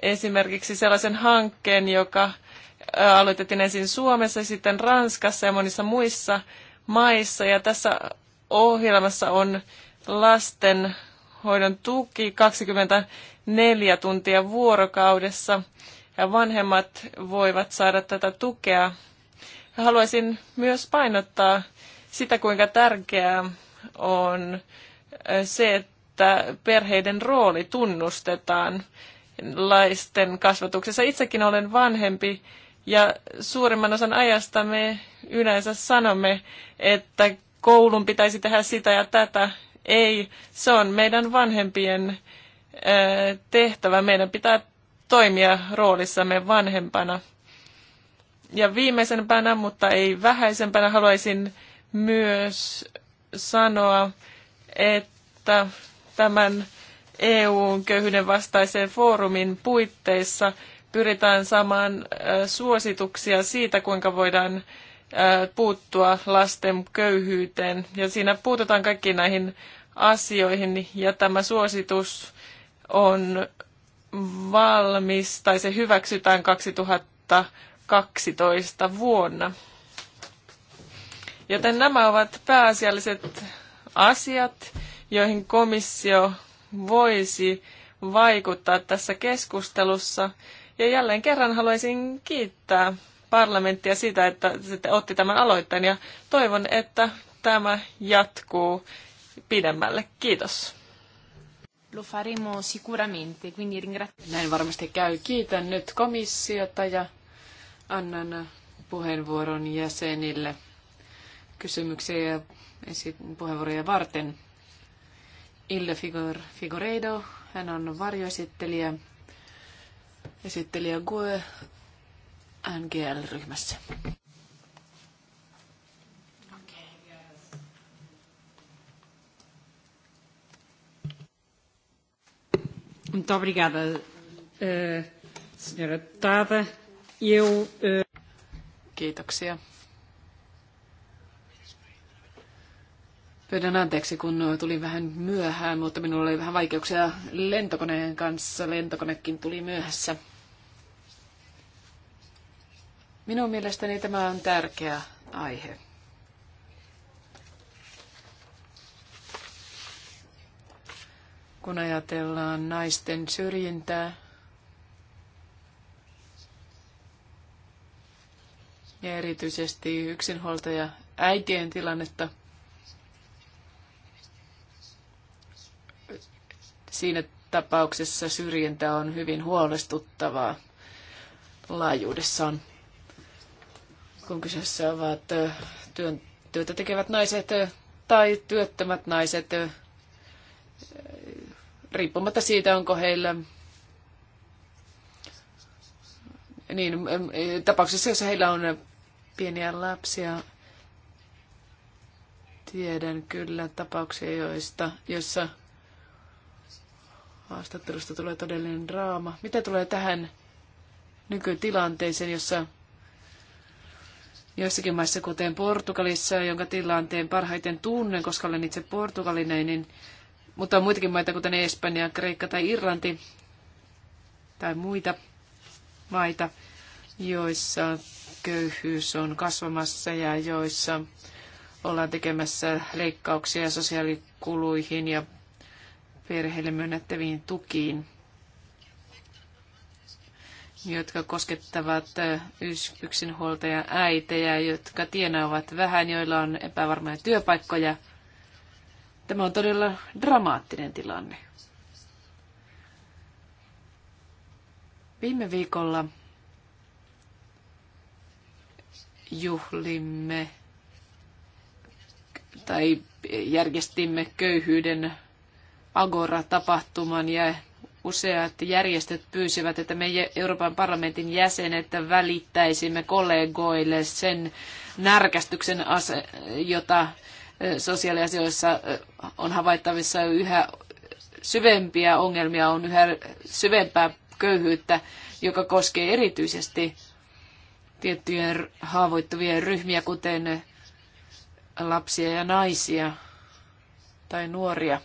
esimerkiksi sellaisen hankkeen, joka aloitettiin ensin Suomessa, sitten Ranskassa ja monissa muissa maissa. Ja tässä ohjelmassa on lastenhoidon tuki 24 tuntia vuorokaudessa ja vanhemmat voivat saada tätä tukea. Haluaisin myös painottaa sitä, kuinka tärkeää on se, että perheiden rooli tunnustetaan laisten kasvatuksessa. Itsekin olen vanhempi ja suurimman osan ajasta me yleensä sanomme, että koulun pitäisi tehdä sitä ja tätä. Ei, se on meidän vanhempien tehtävä. Meidän pitää toimia roolissamme vanhempana. Ja viimeisempänä, mutta ei vähäisempänä, haluaisin myös sanoa, että tämän EU-köyhyyden vastaisen foorumin puitteissa – pyritään saamaan suosituksia siitä, kuinka voidaan puuttua lasten köyhyyteen. Ja siinä puututaan kaikkiin näihin asioihin ja tämä suositus on valmis tai se hyväksytään 2012 vuonna. Joten nämä ovat pääasialliset asiat, joihin komissio voisi vaikuttaa tässä keskustelussa ja jälleen kerran haluaisin kiittää parlamenttia siitä, että sitten otti tämän aloitteen ja toivon, että tämä jatkuu pidemmälle. Kiitos. Lo faremo sicuramente, quindi ringrazio. Näin varmasti käy. Kiitän nyt komissiota ja annan puheenvuoron jäsenille kysymyksiä ja puheenvuoroja varten. Ille Figureido, hän on varjoesittelijä esittelijä Gue NGL-ryhmässä. Muito obrigada, uh, senhora deputada. Eu, eh, Kiitoksia. Pyydän anteeksi, kun tulin vähän myöhään, mutta minulla oli vähän vaikeuksia lentokoneen kanssa. Lentokonekin tuli myöhässä. Minun mielestäni tämä on tärkeä aihe. Kun ajatellaan naisten syrjintää ja erityisesti yksinhuoltaja äitien tilannetta, siinä tapauksessa syrjintä on hyvin huolestuttavaa laajuudessaan kun kyseessä ovat työn, työtä tekevät naiset tai työttömät naiset, riippumatta siitä, onko heillä niin, tapauksessa, jos heillä on pieniä lapsia, tiedän kyllä tapauksia, joista, joissa haastattelusta tulee todellinen draama. Mitä tulee tähän nykytilanteeseen, jossa joissakin maissa, kuten Portugalissa, jonka tilanteen parhaiten tunnen, koska olen itse portugalineinen, mutta on muitakin maita, kuten Espanja, Kreikka tai Irlanti, tai muita maita, joissa köyhyys on kasvamassa ja joissa ollaan tekemässä leikkauksia sosiaalikuluihin ja perheille myönnettäviin tukiin jotka koskettavat yksinhuoltaja äitejä, jotka tienaavat vähän, joilla on epävarmoja työpaikkoja. Tämä on todella dramaattinen tilanne. Viime viikolla juhlimme tai järjestimme köyhyyden agora-tapahtuman ja useat järjestöt pyysivät, että me Euroopan parlamentin jäsenet välittäisimme kollegoille sen närkästyksen, jota sosiaaliasioissa on havaittavissa yhä syvempiä ongelmia, on yhä syvempää köyhyyttä, joka koskee erityisesti tiettyjä haavoittuvia ryhmiä, kuten lapsia ja naisia tai nuoria.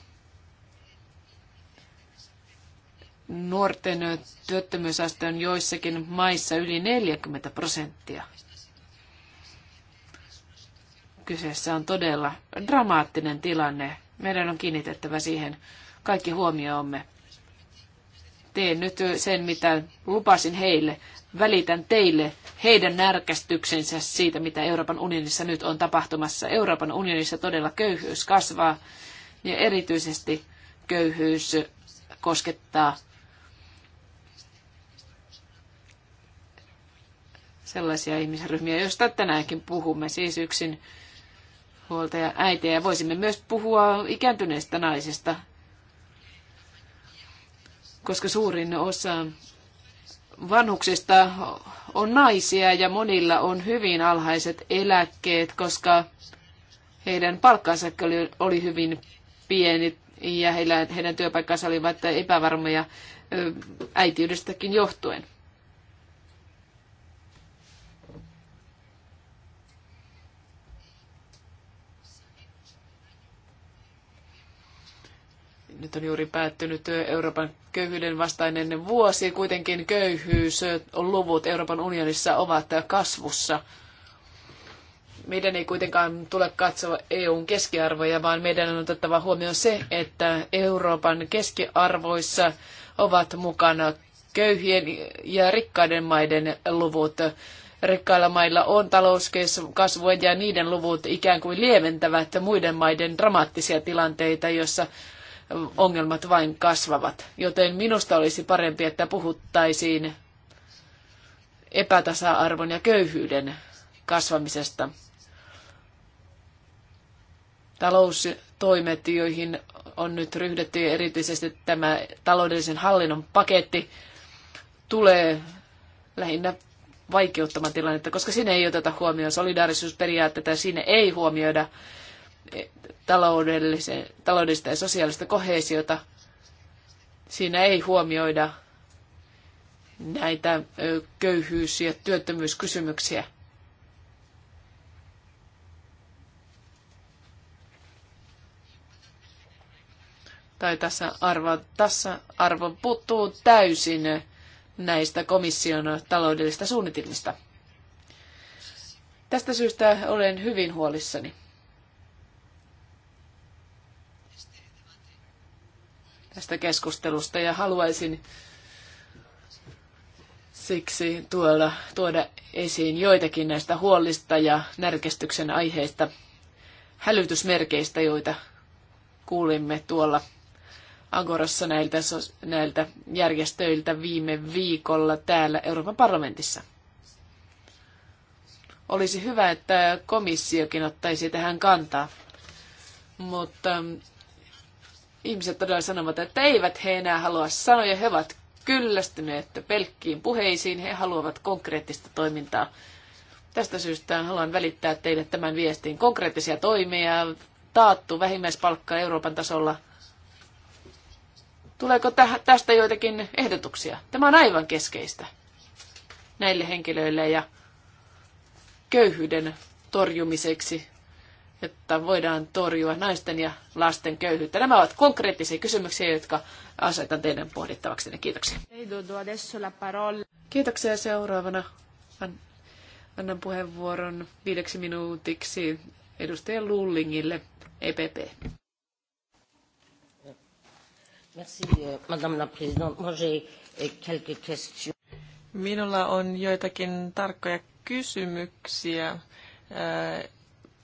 Nuorten työttömyysaste on joissakin maissa yli 40 prosenttia. Kyseessä on todella dramaattinen tilanne. Meidän on kiinnitettävä siihen kaikki huomioomme. Teen nyt sen, mitä lupasin heille. Välitän teille heidän närkästyksensä siitä, mitä Euroopan unionissa nyt on tapahtumassa. Euroopan unionissa todella köyhyys kasvaa ja erityisesti köyhyys koskettaa sellaisia ihmisryhmiä, joista tänäänkin puhumme, siis yksin huoltaja äitiä. Ja voisimme myös puhua ikääntyneistä naisista, koska suurin osa vanhuksista on naisia ja monilla on hyvin alhaiset eläkkeet, koska heidän palkkansa oli, hyvin pieni ja heidän työpaikkansa olivat epävarmoja äitiydestäkin johtuen. nyt on juuri päättynyt Euroopan köyhyyden vastainen vuosi. Kuitenkin on luvut Euroopan unionissa ovat kasvussa. Meidän ei kuitenkaan tule katsoa EUn keskiarvoja, vaan meidän on otettava huomioon se, että Euroopan keskiarvoissa ovat mukana köyhien ja rikkaiden maiden luvut. Rikkailla mailla on talouskasvua ja niiden luvut ikään kuin lieventävät muiden maiden dramaattisia tilanteita, jossa ongelmat vain kasvavat. Joten minusta olisi parempi, että puhuttaisiin epätasa-arvon ja köyhyyden kasvamisesta. Taloustoimet, joihin on nyt ryhdytty ja erityisesti tämä taloudellisen hallinnon paketti, tulee lähinnä vaikeuttamaan tilannetta, koska siinä ei oteta huomioon solidaarisuusperiaatteita ja siinä ei huomioida taloudellista ja sosiaalista kohesiota. Siinä ei huomioida näitä köyhyys- ja työttömyyskysymyksiä. Tai tässä arvo, tässä arvo puuttuu täysin näistä komission taloudellista suunnitelmista. Tästä syystä olen hyvin huolissani. tästä keskustelusta ja haluaisin siksi tuolla, tuoda esiin joitakin näistä huolista ja närkestyksen aiheista, hälytysmerkeistä, joita kuulimme tuolla Agorassa näiltä, näiltä järjestöiltä viime viikolla täällä Euroopan parlamentissa. Olisi hyvä, että komissiokin ottaisi tähän kantaa, mutta Ihmiset todella sanovat, että eivät he enää halua sanoja, he ovat kyllästyneet pelkkiin puheisiin, he haluavat konkreettista toimintaa. Tästä syystä haluan välittää teille tämän viestin. Konkreettisia toimia, taattu vähimmäispalkka Euroopan tasolla. Tuleeko tästä joitakin ehdotuksia? Tämä on aivan keskeistä näille henkilöille ja köyhyyden torjumiseksi jotta voidaan torjua naisten ja lasten köyhyyttä? Nämä ovat konkreettisia kysymyksiä, jotka asetan teidän pohdittavaksi. Kiitoksia. Kiitoksia seuraavana. Annan puheenvuoron viideksi minuutiksi edustaja Lullingille, EPP. Minulla on joitakin tarkkoja kysymyksiä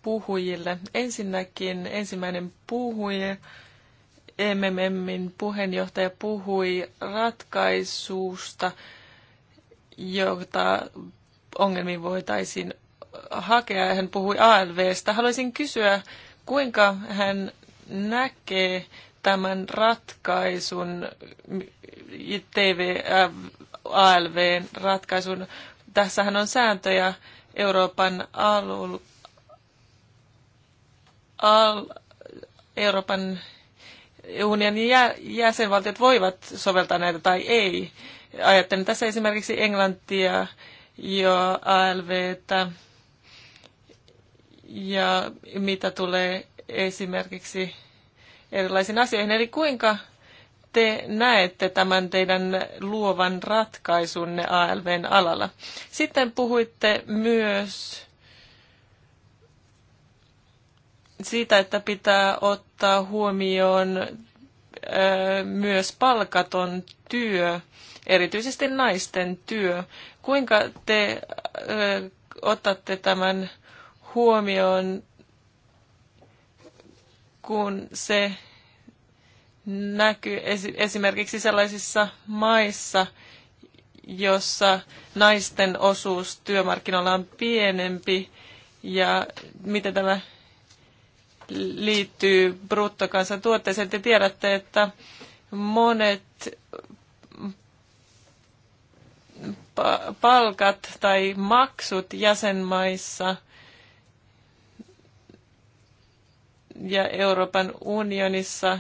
puhujille. Ensinnäkin ensimmäinen puhuja, MMMin puheenjohtaja, puhui ratkaisusta, jota ongelmiin voitaisiin hakea, hän puhui ALVstä. Haluaisin kysyä, kuinka hän näkee tämän ratkaisun, TV, ALVn ratkaisun. Tässähän on sääntöjä Euroopan alueella Euroopan unionin jäsenvaltiot voivat soveltaa näitä tai ei. Ajattelen tässä esimerkiksi Englantia ja ALVtä ja mitä tulee esimerkiksi erilaisiin asioihin. Eli kuinka te näette tämän teidän luovan ratkaisunne ALVn alalla? Sitten puhuitte myös siitä, että pitää ottaa huomioon myös palkaton työ, erityisesti naisten työ. Kuinka te otatte tämän huomioon, kun se näkyy esimerkiksi sellaisissa maissa, jossa naisten osuus työmarkkinoilla on pienempi ja miten tämä liittyy bruttokansantuotteeseen. Te tiedätte, että monet palkat tai maksut jäsenmaissa ja Euroopan unionissa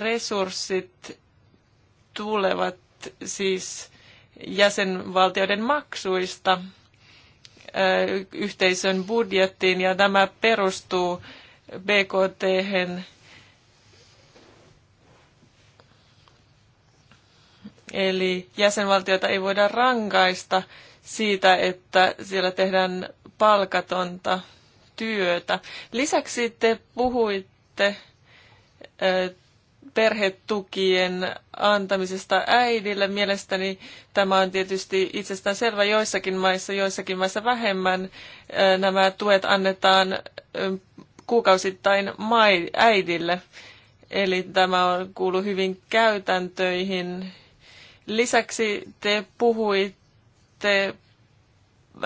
resurssit tulevat siis jäsenvaltioiden maksuista yhteisön budjettiin ja tämä perustuu BKT. Eli jäsenvaltioita ei voida rangaista siitä, että siellä tehdään palkatonta työtä. Lisäksi te puhuitte perhetukien antamisesta äidille. Mielestäni tämä on tietysti itsestään selvä joissakin maissa, joissakin maissa vähemmän. Nämä tuet annetaan kuukausittain mai, äidille. Eli tämä on kuulu hyvin käytäntöihin. Lisäksi te puhuitte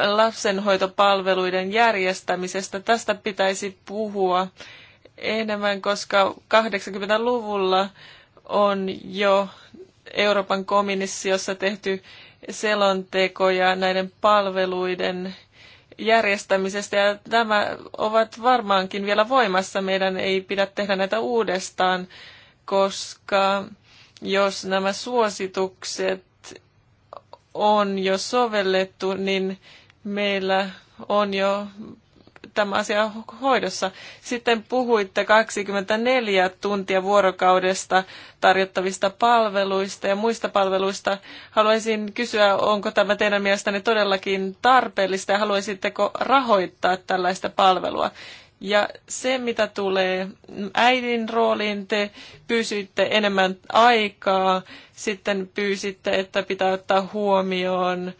lapsenhoitopalveluiden järjestämisestä. Tästä pitäisi puhua enemmän, koska 80-luvulla on jo Euroopan komissiossa tehty selontekoja näiden palveluiden järjestämisestä ja tämä ovat varmaankin vielä voimassa. Meidän ei pidä tehdä näitä uudestaan, koska jos nämä suositukset on jo sovellettu, niin meillä on jo tämä asia hoidossa. Sitten puhuitte 24 tuntia vuorokaudesta tarjottavista palveluista ja muista palveluista. Haluaisin kysyä, onko tämä teidän mielestänne todellakin tarpeellista ja haluaisitteko rahoittaa tällaista palvelua? Ja se, mitä tulee äidin rooliin, te pyysitte enemmän aikaa, sitten pyysitte, että pitää ottaa huomioon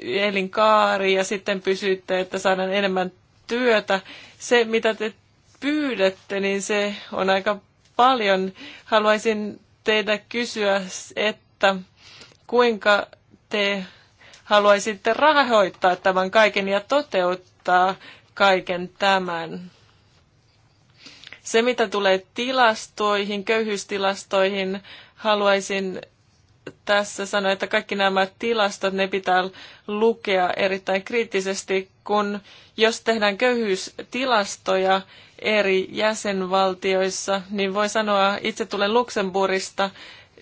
elinkaari ja sitten pysytte, että saadaan enemmän työtä. Se, mitä te pyydätte, niin se on aika paljon. Haluaisin teitä kysyä, että kuinka te haluaisitte rahoittaa tämän kaiken ja toteuttaa kaiken tämän. Se, mitä tulee tilastoihin, köyhyystilastoihin, haluaisin tässä sanoi, että kaikki nämä tilastot, ne pitää lukea erittäin kriittisesti, kun jos tehdään köyhyystilastoja eri jäsenvaltioissa, niin voi sanoa, itse tulen Luxemburista,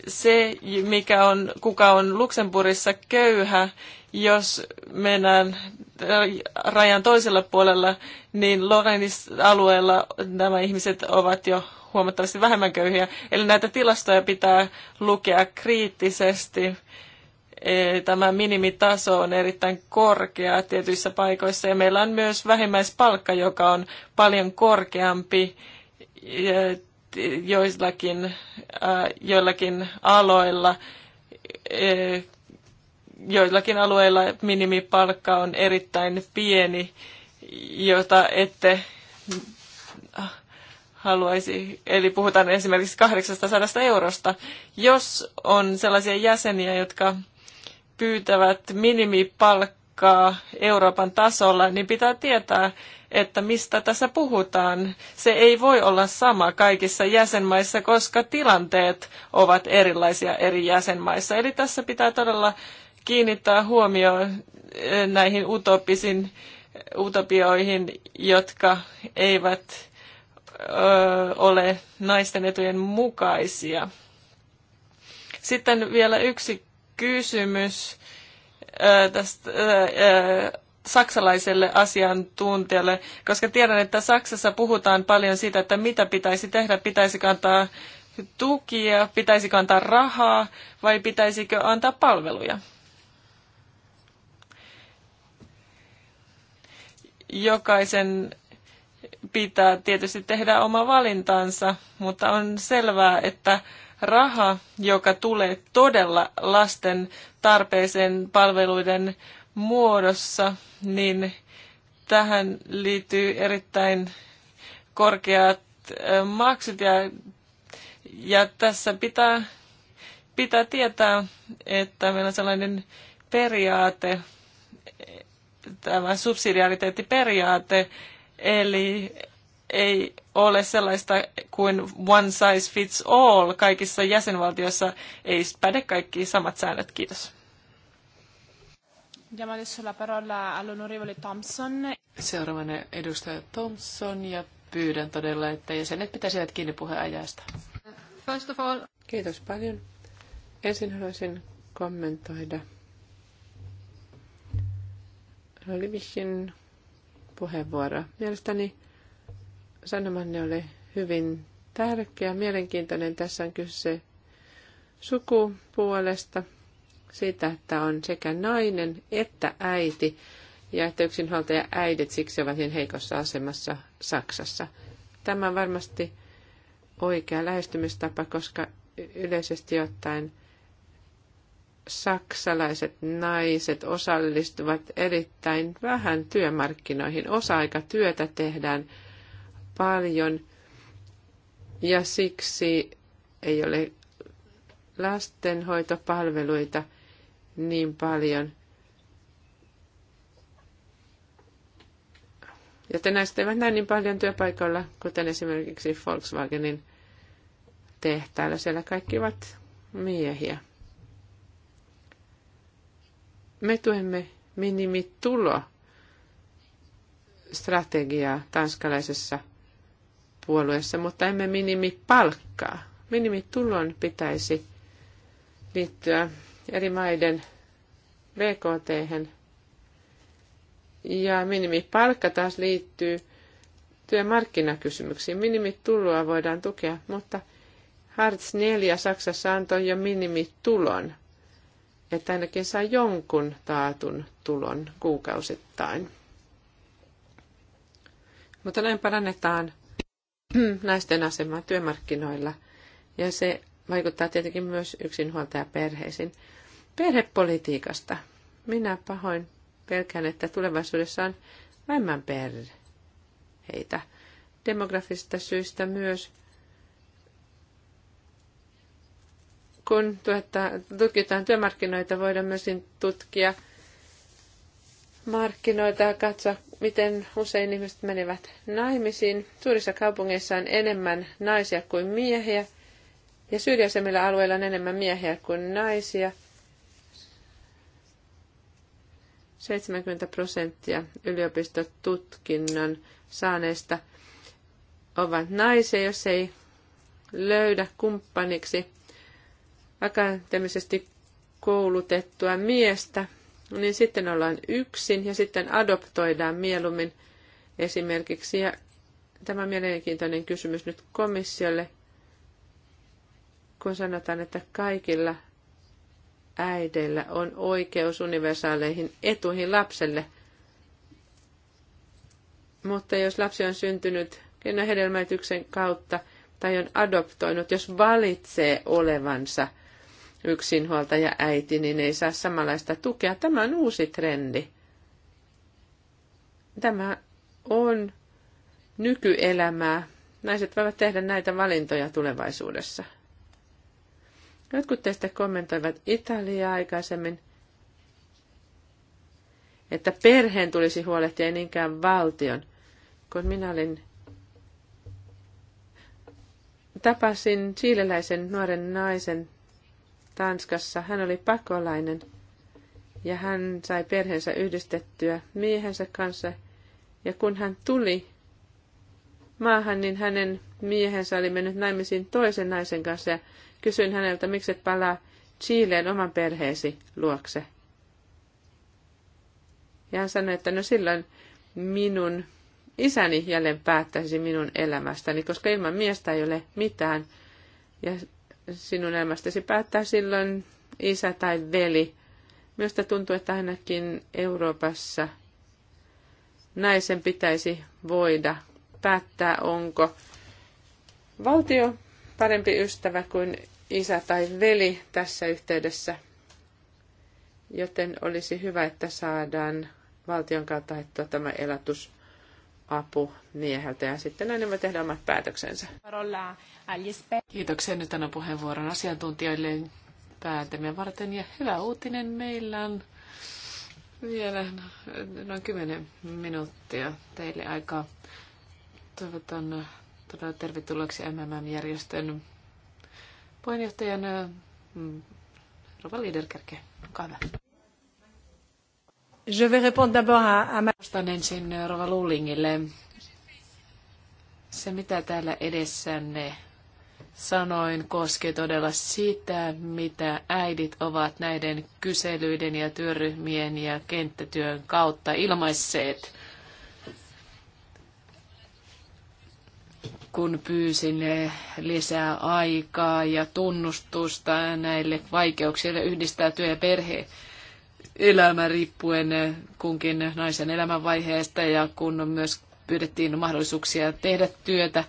se, mikä on, kuka on Luxemburissa köyhä, jos mennään rajan toisella puolella, niin lorenis alueella nämä ihmiset ovat jo huomattavasti vähemmän köyhiä. Eli näitä tilastoja pitää lukea kriittisesti. E, tämä minimitaso on erittäin korkea tietyissä paikoissa ja meillä on myös vähimmäispalkka, joka on paljon korkeampi e, joillakin, joillakin aloilla. E, joillakin alueilla minimipalkka on erittäin pieni, jota ette haluaisi, eli puhutaan esimerkiksi 800 eurosta. Jos on sellaisia jäseniä, jotka pyytävät minimipalkkaa Euroopan tasolla, niin pitää tietää, että mistä tässä puhutaan. Se ei voi olla sama kaikissa jäsenmaissa, koska tilanteet ovat erilaisia eri jäsenmaissa. Eli tässä pitää todella kiinnittää huomioon eh, näihin utopisiin utopioihin, jotka eivät ole naisten etujen mukaisia. Sitten vielä yksi kysymys tästä saksalaiselle asiantuntijalle, koska tiedän, että Saksassa puhutaan paljon siitä, että mitä pitäisi tehdä, pitäisi kantaa tukia, pitäisi kantaa rahaa vai pitäisikö antaa palveluja? Jokaisen pitää tietysti tehdä oma valintansa, mutta on selvää, että raha, joka tulee todella lasten tarpeeseen palveluiden muodossa, niin tähän liittyy erittäin korkeat maksut ja, ja tässä pitää, pitää tietää, että meillä on sellainen periaate, tämä subsidiariteettiperiaate, Eli ei ole sellaista kuin one size fits all kaikissa jäsenvaltioissa. Ei päde kaikki samat säännöt. Kiitos. Diamo adesso la parola all'onorevole Thompson. Seuraavana edustaja Thompson ja pyydän todella, että jäsenet pitäisivät kiinni puheenajasta. First of all... Kiitos paljon. Ensin haluaisin kommentoida Livihin puheenvuoroa. Mielestäni sanomanne oli hyvin tärkeä, mielenkiintoinen. Tässä on kyse sukupuolesta, siitä, että on sekä nainen että äiti, ja että yksinhuoltaja äidit siksi ovat niin heikossa asemassa Saksassa. Tämä on varmasti oikea lähestymistapa, koska yleisesti ottaen – saksalaiset naiset osallistuvat erittäin vähän työmarkkinoihin. Osa-aikatyötä tehdään paljon ja siksi ei ole lastenhoitopalveluita niin paljon. Joten näistä eivät näe niin paljon työpaikoilla, kuten esimerkiksi Volkswagenin tehtäällä. Siellä kaikki ovat miehiä. Me tuemme minimitulo strategiaa tanskalaisessa puolueessa, mutta emme minimipalkkaa. Minimitulon pitäisi liittyä eri maiden BKT. hen Ja minimipalkka taas liittyy työmarkkinakysymyksiin. Minimituloa voidaan tukea, mutta Hartz 4 Saksassa antoi jo minimitulon että ainakin saa jonkun taatun tulon kuukausittain. Mutta näin parannetaan naisten asemaa työmarkkinoilla ja se vaikuttaa tietenkin myös yksinhuoltajaperheisiin. Perhepolitiikasta. Minä pahoin pelkään, että tulevaisuudessa on vähemmän perheitä. Demografista syystä myös kun tuota, tutkitaan työmarkkinoita, voidaan myös tutkia markkinoita ja katsoa, miten usein ihmiset menevät naimisiin. Suurissa kaupungeissa on enemmän naisia kuin miehiä ja syrjäisemmillä alueilla on enemmän miehiä kuin naisia. 70 prosenttia yliopistotutkinnon saaneista ovat naisia, jos ei löydä kumppaniksi akateemisesti koulutettua miestä, niin sitten ollaan yksin ja sitten adoptoidaan mieluummin esimerkiksi. Ja tämä on mielenkiintoinen kysymys nyt komissiolle, kun sanotaan, että kaikilla äideillä on oikeus universaaleihin etuihin lapselle. Mutta jos lapsi on syntynyt kenen hedelmätyksen kautta tai on adoptoinut, jos valitsee olevansa – yksinhuoltaja äiti, niin ei saa samanlaista tukea. Tämä on uusi trendi. Tämä on nykyelämää. Naiset voivat tehdä näitä valintoja tulevaisuudessa. Jotkut teistä kommentoivat Italiaa aikaisemmin, että perheen tulisi huolehtia ei niinkään valtion. Kun minä olin tapasin siileläisen nuoren naisen Tanskassa. Hän oli pakolainen ja hän sai perheensä yhdistettyä miehensä kanssa. Ja kun hän tuli maahan, niin hänen miehensä oli mennyt naimisiin toisen naisen kanssa ja kysyin häneltä, miksi et palaa Chileen oman perheesi luokse. Ja hän sanoi, että no silloin minun isäni jälleen päättäisi minun elämästäni, koska ilman miestä ei ole mitään. Ja sinun elämästäsi päättää silloin isä tai veli. Minusta tuntuu, että ainakin Euroopassa naisen pitäisi voida päättää, onko valtio parempi ystävä kuin isä tai veli tässä yhteydessä. Joten olisi hyvä, että saadaan valtion kautta tämä elatus apu mieheltä ja sitten näin voi tehdä omat päätöksensä. Kiitoksia nyt tänä puheenvuoron asiantuntijoille päätämme varten ja hyvä uutinen meillä on vielä noin 10 minuuttia teille aikaa. Toivotan todella tervetulleeksi MMM-järjestön puheenjohtajan mm, Rova Liederkärke. Olkaa hyvä. Je vais répondre d'abord à, à ma... Vastaan ensin Rova Lullingille. Se, mitä täällä edessänne sanoin, koskee todella sitä, mitä äidit ovat näiden kyselyiden ja työryhmien ja kenttätyön kautta ilmaisseet. Kun pyysin lisää aikaa ja tunnustusta näille vaikeuksille yhdistää työ ja perhe, elämä riippuen kunkin naisen elämänvaiheesta ja kun myös pyydettiin mahdollisuuksia tehdä työtä,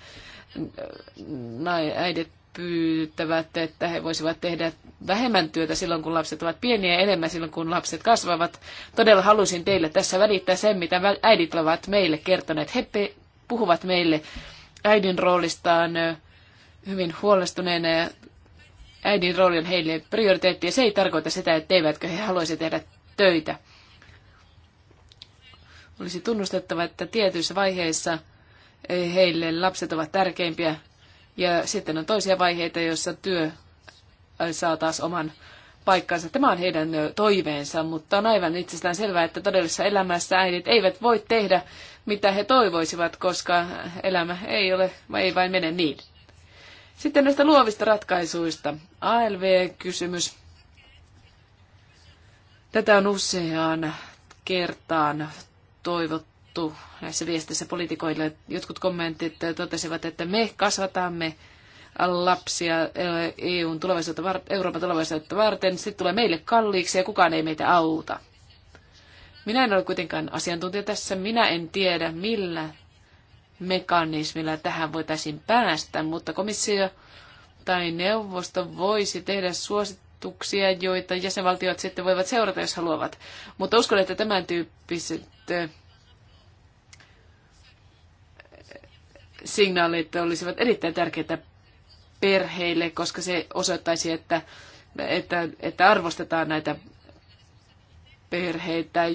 äidit pyytävät, että he voisivat tehdä vähemmän työtä silloin, kun lapset ovat pieniä ja enemmän silloin, kun lapset kasvavat. Todella halusin teille tässä välittää sen, mitä äidit ovat meille kertoneet. He puhuvat meille äidin roolistaan hyvin huolestuneena ja äidin rooli on heille prioriteetti ja se ei tarkoita sitä, että eivätkö he haluaisi tehdä töitä. Olisi tunnustettava, että tietyissä vaiheissa eh, heille lapset ovat tärkeimpiä ja sitten on toisia vaiheita, joissa työ eh, saa taas oman paikkansa. Tämä on heidän eh, toiveensa, mutta on aivan itsestään selvää, että todellisessa elämässä äidit eivät voi tehdä, mitä he toivoisivat, koska elämä ei ole, ei vain mene niin. Sitten näistä luovista ratkaisuista. ALV-kysymys. Tätä on useaan kertaan toivottu näissä viesteissä poliitikoille. Jotkut kommentit totesivat, että me kasvatamme lapsia EUn tulevaisuutta, Euroopan tulevaisuutta varten. Sitten tulee meille kalliiksi ja kukaan ei meitä auta. Minä en ole kuitenkaan asiantuntija tässä. Minä en tiedä, millä mekanismilla tähän voitaisiin päästä, mutta komissio tai neuvosto voisi tehdä suosituksia suosituksia, joita jäsenvaltiot sitten voivat seurata, jos haluavat. Mutta uskon, että tämän tyyppiset eh, signaalit olisivat erittäin tärkeitä perheille, koska se osoittaisi, että, että, että arvostetaan näitä perheitä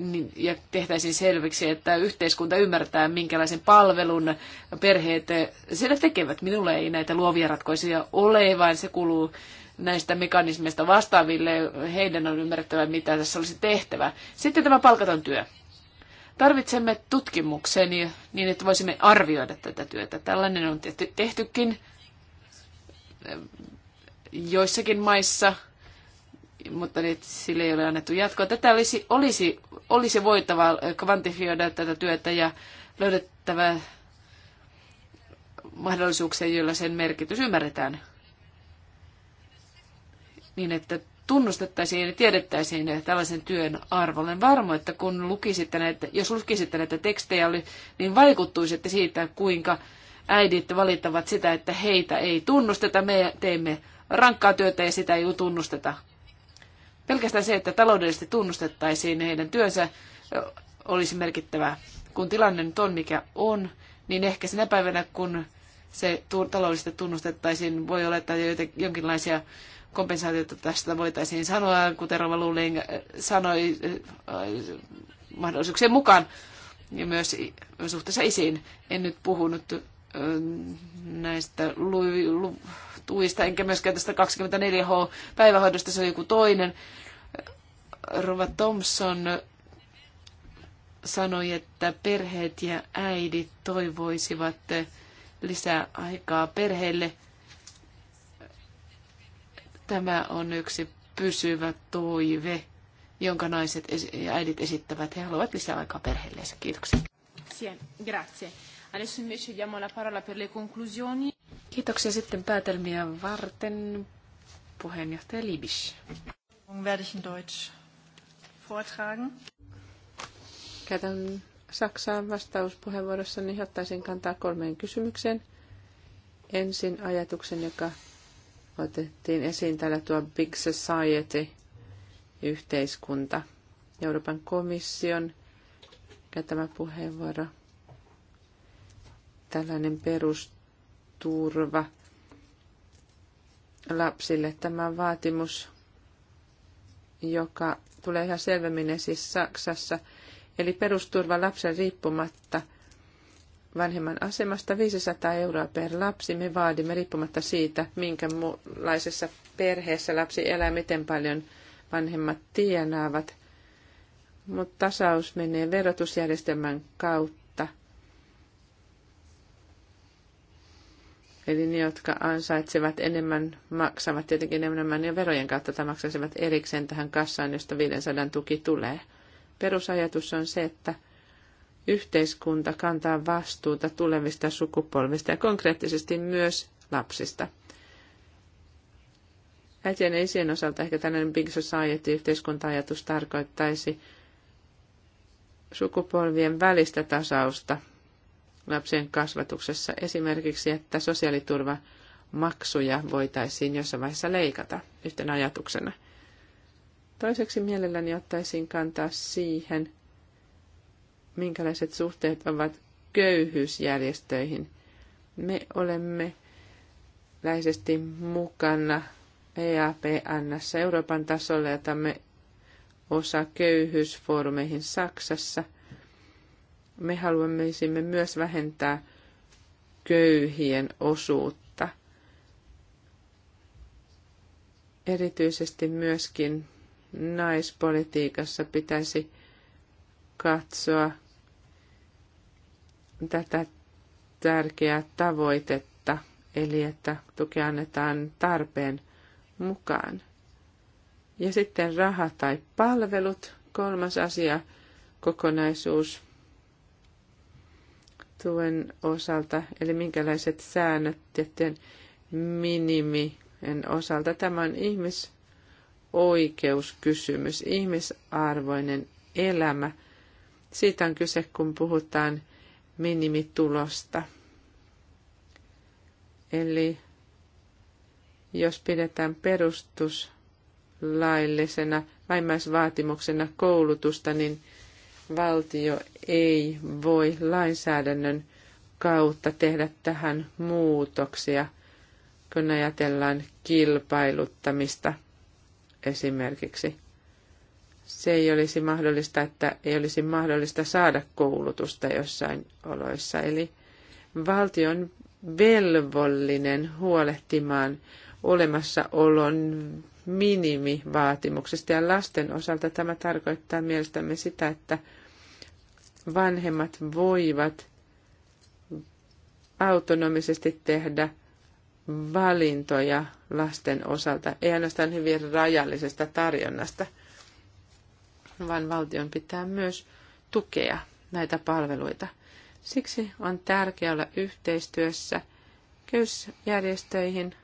niin, ja tehtäisiin selväksi, että yhteiskunta ymmärtää, minkälaisen palvelun perheet eh, siellä tekevät. Minulle ei näitä luovia ratkaisuja ole, vaan se kuuluu näistä mekanismeista vastaaville. Heidän on ymmärrettävä, mitä tässä olisi tehtävä. Sitten tämä palkaton työ. Tarvitsemme tutkimuksen niin, että voisimme arvioida tätä työtä. Tällainen on tehtykin joissakin maissa – mutta sille ei ole annettu jatkoa. Tätä olisi, olisi, olisi voitava kvantifioida tätä työtä ja löydettävä mahdollisuuksia, joilla sen merkitys ymmärretään. Niin, että tunnustettaisiin ja tiedettäisiin tällaisen työn arvo. Olen varma, että kun lukisitte näitä, jos lukisitte näitä tekstejä, niin vaikuttuisitte siitä, kuinka äidit valittavat sitä, että heitä ei tunnusteta. Me teemme rankkaa työtä ja sitä ei tunnusteta. Pelkästään se, että taloudellisesti tunnustettaisiin heidän työnsä, olisi merkittävää. Kun tilanne nyt on mikä on, niin ehkä sinä päivänä, kun se taloudellisesti tunnustettaisiin, voi olla, että jonkinlaisia kompensaatioita tästä voitaisiin sanoa, kuten Rova Luling sanoi mahdollisuuksien mukaan, ja myös suhteessa isiin. En nyt puhunut näistä lu- lu- tuista, enkä myöskään tästä 24H päivähoidosta, se on joku toinen. Rova Thompson sanoi, että perheet ja äidit toivoisivat lisää aikaa perheille. Tämä on yksi pysyvä toive, jonka naiset ja äidit esittävät. He haluavat lisää aikaa perheelleensä. Kiitoksia. Grazie. Adesso invece diamo la parola per le conclusioni. Kiitoksia sitten päätelmiä varten. Puheenjohtaja Libisch. Werde Käytän vastauspuheenvuorossani ottaisin kantaa kolmeen kysymykseen. Ensin ajatuksen, joka otettiin esiin täällä tuo Big Society-yhteiskunta. Euroopan komission käyttämä puheenvuoro. Tällainen perust turva lapsille. Tämä vaatimus, joka tulee ihan selvemmin siis Saksassa, eli perusturva lapsen riippumatta vanhemman asemasta 500 euroa per lapsi. Me vaadimme riippumatta siitä, minkälaisessa perheessä lapsi elää, miten paljon vanhemmat tienaavat. Mutta tasaus menee verotusjärjestelmän kautta Eli ne, jotka ansaitsevat enemmän, maksavat tietenkin enemmän ja verojen kautta tai maksaisivat erikseen tähän kassaan, josta 500 tuki tulee. Perusajatus on se, että yhteiskunta kantaa vastuuta tulevista sukupolvista ja konkreettisesti myös lapsista. Äitien ja isien osalta ehkä tällainen Big Society-yhteiskunta-ajatus tarkoittaisi sukupolvien välistä tasausta lapsen kasvatuksessa esimerkiksi, että sosiaaliturvamaksuja voitaisiin jossain vaiheessa leikata yhtenä ajatuksena. Toiseksi mielelläni ottaisin kantaa siihen, minkälaiset suhteet ovat köyhyysjärjestöihin. Me olemme läheisesti mukana EAPNssä Euroopan tasolla, jota me osa köyhyysfoorumeihin Saksassa – me haluamme myös vähentää köyhien osuutta. Erityisesti myöskin naispolitiikassa pitäisi katsoa tätä tärkeää tavoitetta, eli että tukea annetaan tarpeen mukaan. Ja sitten raha tai palvelut, kolmas asia, kokonaisuus – tuen osalta, eli minkälaiset säännöt tiettyjen minimien osalta. Tämä on ihmisoikeuskysymys, ihmisarvoinen elämä. Siitä on kyse, kun puhutaan minimitulosta. Eli jos pidetään perustuslaillisena vaimaisvaatimuksena koulutusta, niin valtio ei voi lainsäädännön kautta tehdä tähän muutoksia, kun ajatellaan kilpailuttamista esimerkiksi. Se ei olisi mahdollista, että ei olisi mahdollista saada koulutusta jossain oloissa. Eli valtio on velvollinen huolehtimaan olemassaolon minimivaatimuksesta. Ja lasten osalta tämä tarkoittaa mielestämme sitä, että vanhemmat voivat autonomisesti tehdä valintoja lasten osalta, ei ainoastaan hyvin rajallisesta tarjonnasta, vaan valtion pitää myös tukea näitä palveluita. Siksi on tärkeää olla yhteistyössä köysjärjestöihin.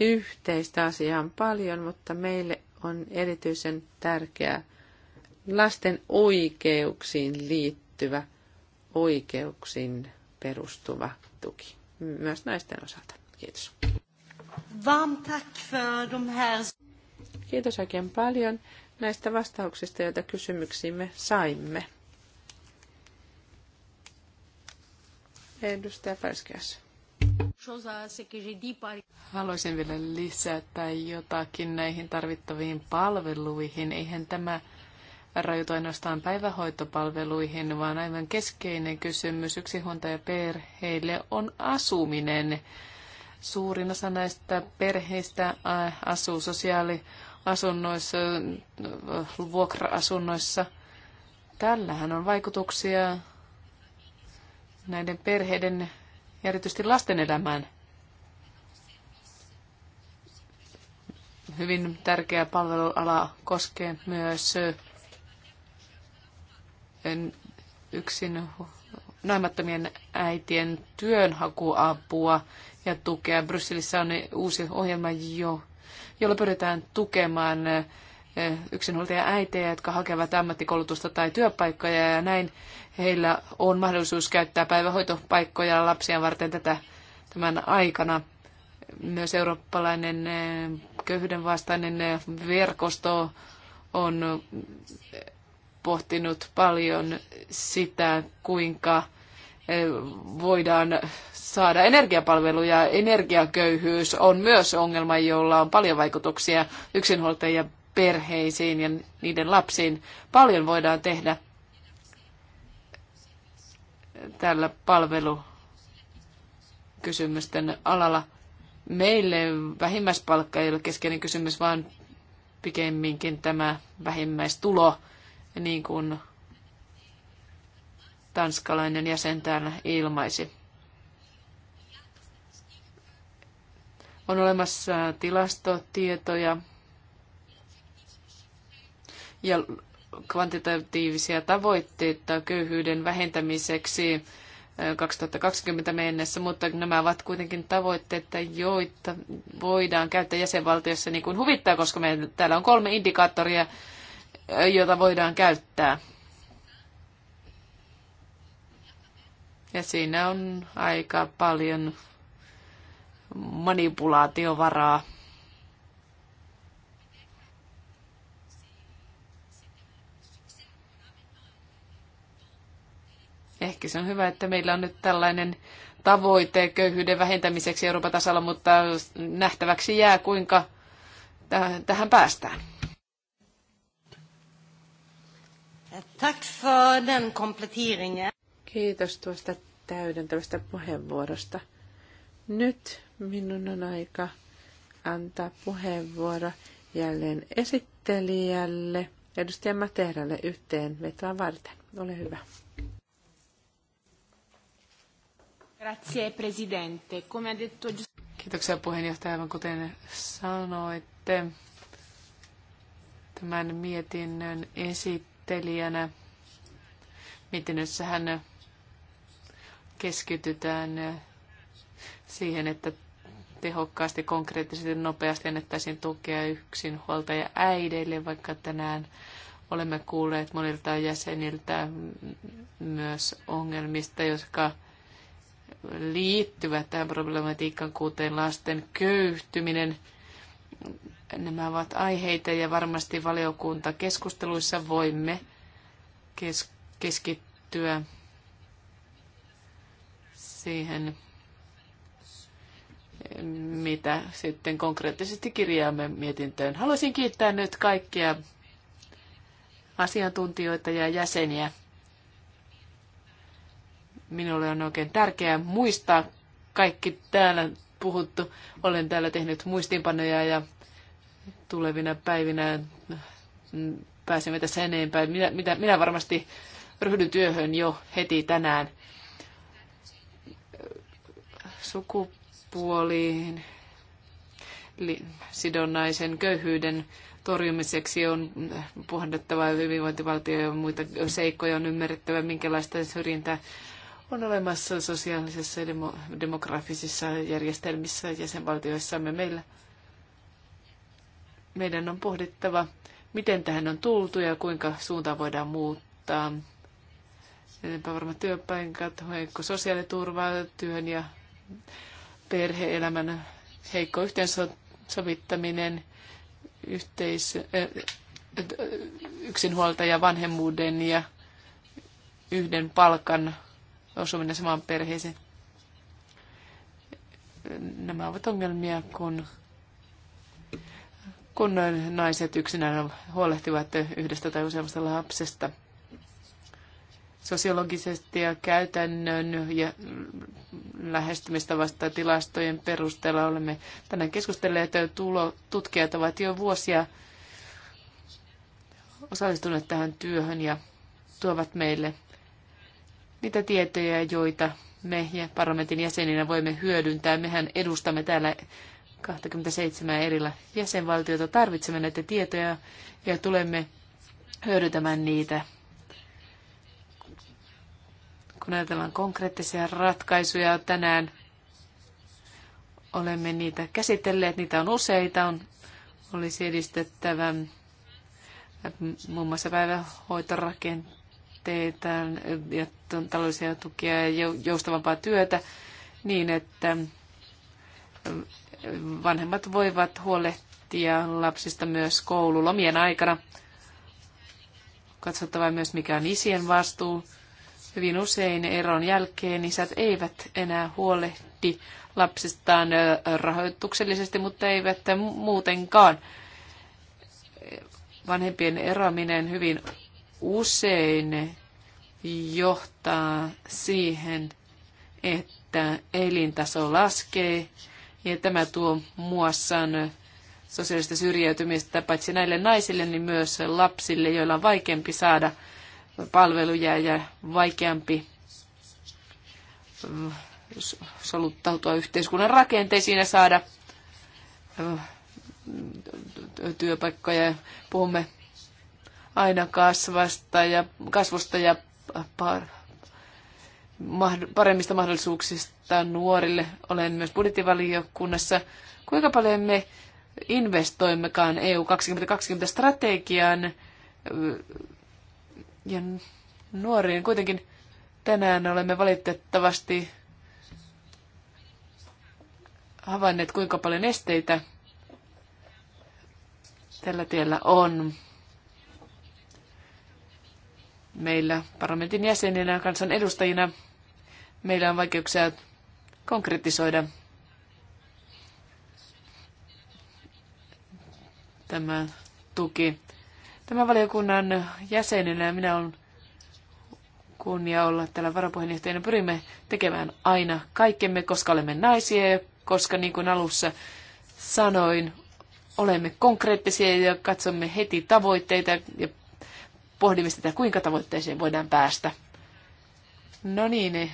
Yhteistä asiaa on paljon, mutta meille on erityisen tärkeää – lasten oikeuksiin liittyvä, oikeuksiin perustuva tuki. Myös naisten osalta. Kiitos. Kiitos oikein paljon näistä vastauksista, joita kysymyksiimme saimme. Edustaja Pärskäs. Haluaisin vielä lisätä jotakin näihin tarvittaviin palveluihin. Eihän tämä rajoitu ainoastaan päivähoitopalveluihin, vaan aivan keskeinen kysymys yksinhuoltajaperheille on asuminen. Suurin osa näistä perheistä äh, asuu sosiaaliasunnoissa, vuokra-asunnoissa. Tällähän on vaikutuksia näiden perheiden ja erityisesti lasten elämään. Hyvin tärkeä palveluala koskee myös yksin naimattomien äitien työnhakuapua ja tukea. Brysselissä on uusi ohjelma, jo, jolla pyritään tukemaan eh, yksinhuoltajia äitejä, jotka hakevat ammattikoulutusta tai työpaikkoja ja näin heillä on mahdollisuus käyttää päivähoitopaikkoja lapsia varten tätä tämän aikana. Myös eurooppalainen eh, köyhyyden vastainen eh, verkosto on pohtinut paljon sitä, kuinka eh, voidaan saada energiapalveluja. Energiaköyhyys on myös ongelma, jolla on paljon vaikutuksia yksinhuoltajia perheisiin ja niiden lapsiin. Paljon voidaan tehdä tällä palvelukysymysten alalla. Meille vähimmäispalkka ei ole keskeinen kysymys, vaan pikemminkin tämä vähimmäistulo – niin kuin tanskalainen jäsen täällä ilmaisi. On olemassa tilastotietoja ja kvantitatiivisia tavoitteita köyhyyden vähentämiseksi 2020 eh, mennessä, mutta nämä ovat kuitenkin tavoitteita, joita voidaan käyttää jäsenvaltiossa niin kuin huvittaa, koska meillä täällä on kolme indikaattoria, jota voidaan käyttää. Ja siinä on aika paljon manipulaatiovaraa. Ehkä se on hyvä, että meillä on nyt tällainen tavoite köyhyyden vähentämiseksi Euroopan tasolla, mutta nähtäväksi jää, kuinka tähän päästään. Tack för den kompletteringen. Kiitos tuosta täydentävästä puheenvuorosta. Nyt minun on aika antaa puheenvuoro jälleen esittelijälle, edustaja Materalle vetoa varten. Ole hyvä. Grazie presidente. Come ha detto Kiitoksia puheenjohtaja, aivan kuten sanoitte. Tämän mietinnön esittelijä esittelijänä. Mietinnössähän keskitytään siihen, että tehokkaasti, konkreettisesti ja nopeasti annettaisiin tukea yksinhuoltaja äideille, vaikka tänään olemme kuulleet monilta jäseniltä myös ongelmista, jotka liittyvät tähän problematiikkaan, kuten lasten köyhtyminen. Nämä ovat aiheita ja varmasti valiokunta keskusteluissa voimme kes- keskittyä siihen, mitä sitten konkreettisesti kirjaamme mietintöön. Haluaisin kiittää nyt kaikkia asiantuntijoita ja jäseniä. Minulle on oikein tärkeää muistaa kaikki täällä puhuttu. Olen täällä tehnyt muistiinpanoja ja tulevina päivinä pääsemme tässä eteenpäin. Minä, mitä, minä varmasti ryhdyn työhön jo heti tänään. Sukupuoliin sidonnaisen köyhyyden torjumiseksi on puhdettava hyvinvointivaltio ja muita seikkoja on ymmärrettävä, minkälaista syrjintää on olemassa sosiaalisessa ja demografisissa järjestelmissä jäsenvaltioissamme meillä meidän on pohdittava, miten tähän on tultu ja kuinka suuntaa voidaan muuttaa. varmaan työpaikat, heikko sosiaaliturva, työn ja perheelämän heikko yhteensovittaminen, yhteis, eh, yksinhuoltaja vanhemmuuden ja yhden palkan osuminen samaan perheeseen. Nämä ovat ongelmia, kun kun naiset yksinään huolehtivat yhdestä tai useammasta lapsesta. Sosiologisesti ja käytännön ja lähestymistavasta tilastojen perusteella olemme tänään keskustelleet. Tulo, tutkijat ovat jo vuosia osallistuneet tähän työhön ja tuovat meille niitä tietoja, joita me ja parlamentin jäseninä voimme hyödyntää. Mehän edustamme täällä 27 erillä jäsenvaltiota. Tarvitsemme näitä tietoja ja tulemme hyödyntämään niitä. Kun ajatellaan konkreettisia ratkaisuja tänään, olemme niitä käsitelleet. Niitä on useita. On, olisi edistettävä muun muassa päivähoitorakenteita ja taloudellisia tukia ja joustavampaa työtä niin, että vanhemmat voivat huolehtia lapsista myös koululomien aikana. Katsottava myös, mikä on isien vastuu. Hyvin usein eron jälkeen isät eivät enää huolehti lapsistaan rahoituksellisesti, mutta eivät muutenkaan. Vanhempien eroaminen hyvin usein johtaa siihen, että elintaso laskee ja tämä tuo muassaan sosiaalista syrjäytymistä paitsi näille naisille, niin myös lapsille, joilla on vaikeampi saada palveluja ja vaikeampi mm, soluttautua yhteiskunnan rakenteisiin ja saada mm, työpaikkoja. Puhumme aina kasvasta ja, kasvusta ja paremmista mahdollisuuksista nuorille. Olen myös budjettivaliokunnassa. Kuinka paljon me investoimmekaan EU 2020 strategiaan ja nuoriin. Kuitenkin tänään olemme valitettavasti havainneet, kuinka paljon esteitä tällä tiellä on. Meillä parlamentin jäseninä ja kansan edustajina meillä on vaikeuksia konkretisoida tämä tuki. Tämä valiokunnan jäsenenä minä olen kunnia olla täällä varapuheenjohtajana. Pyrimme tekemään aina kaikkemme, koska olemme naisia ja koska niin kuin alussa sanoin, olemme konkreettisia ja katsomme heti tavoitteita ja pohdimme sitä, kuinka tavoitteeseen voidaan päästä. No niin,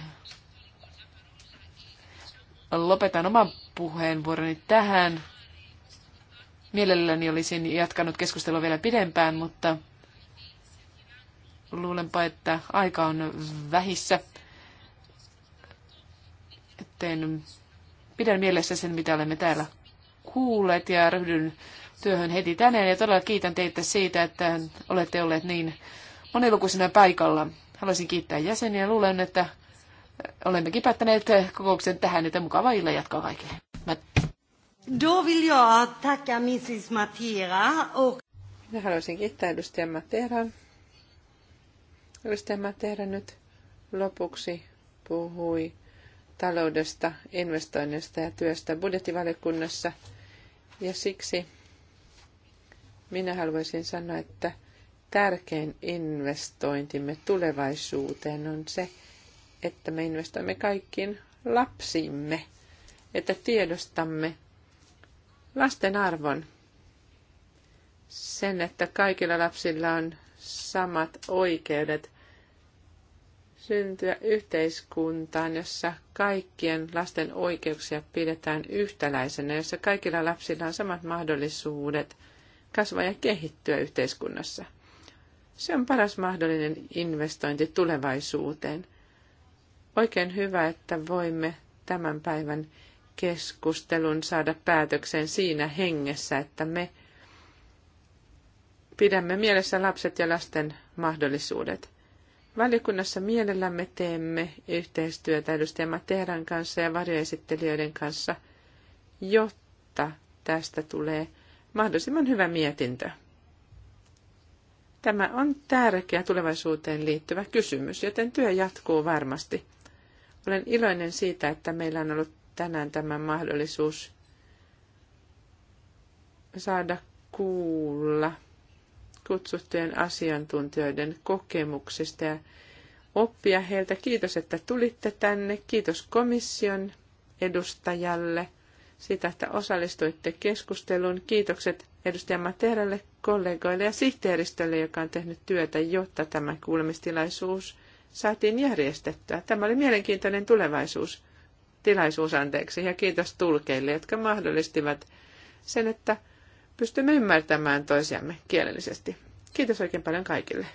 lopetan oman puheenvuoroni tähän. Mielelläni olisin jatkanut keskustelua vielä pidempään, mutta luulenpa, että aika on vähissä. Joten pidän mielessä sen, mitä olemme täällä kuulleet ja ryhdyn työhön heti tänään. Ja todella kiitän teitä siitä, että olette olleet niin monilukuisena paikalla. Haluaisin kiittää jäseniä. Luulen, että Olemmekin päättäneet kokouksen tähän, että mukava illa jatkaa kaikille. Mä... Då vill jag tacka Mrs. Matera och... Minä haluaisin kiittää edustaja Matera. Edustaja Matera nyt lopuksi puhui taloudesta, investoinnista ja työstä budjettivaliokunnassa. Ja siksi minä haluaisin sanoa, että tärkein investointimme tulevaisuuteen on se, että me investoimme kaikkiin lapsiimme, että tiedostamme lasten arvon, sen, että kaikilla lapsilla on samat oikeudet syntyä yhteiskuntaan, jossa kaikkien lasten oikeuksia pidetään yhtäläisenä, jossa kaikilla lapsilla on samat mahdollisuudet kasvaa ja kehittyä yhteiskunnassa. Se on paras mahdollinen investointi tulevaisuuteen. Oikein hyvä, että voimme tämän päivän keskustelun saada päätökseen siinä hengessä, että me pidämme mielessä lapset ja lasten mahdollisuudet. Valiokunnassa mielellämme teemme yhteistyötä edustaja Materan kanssa ja varjoesittelijöiden kanssa, jotta tästä tulee mahdollisimman hyvä mietintö. Tämä on tärkeä tulevaisuuteen liittyvä kysymys, joten työ jatkuu varmasti. Olen iloinen siitä, että meillä on ollut tänään tämä mahdollisuus saada kuulla kutsuttujen asiantuntijoiden kokemuksista ja oppia heiltä. Kiitos, että tulitte tänne. Kiitos komission edustajalle siitä, että osallistuitte keskusteluun. Kiitokset edustaja Materalle, kollegoille ja sihteeristölle, joka on tehnyt työtä, jotta tämä kuulemistilaisuus saatiin järjestettyä. Tämä oli mielenkiintoinen tulevaisuus, tilaisuus anteeksi, ja kiitos tulkeille, jotka mahdollistivat sen, että pystymme ymmärtämään toisiamme kielellisesti. Kiitos oikein paljon kaikille.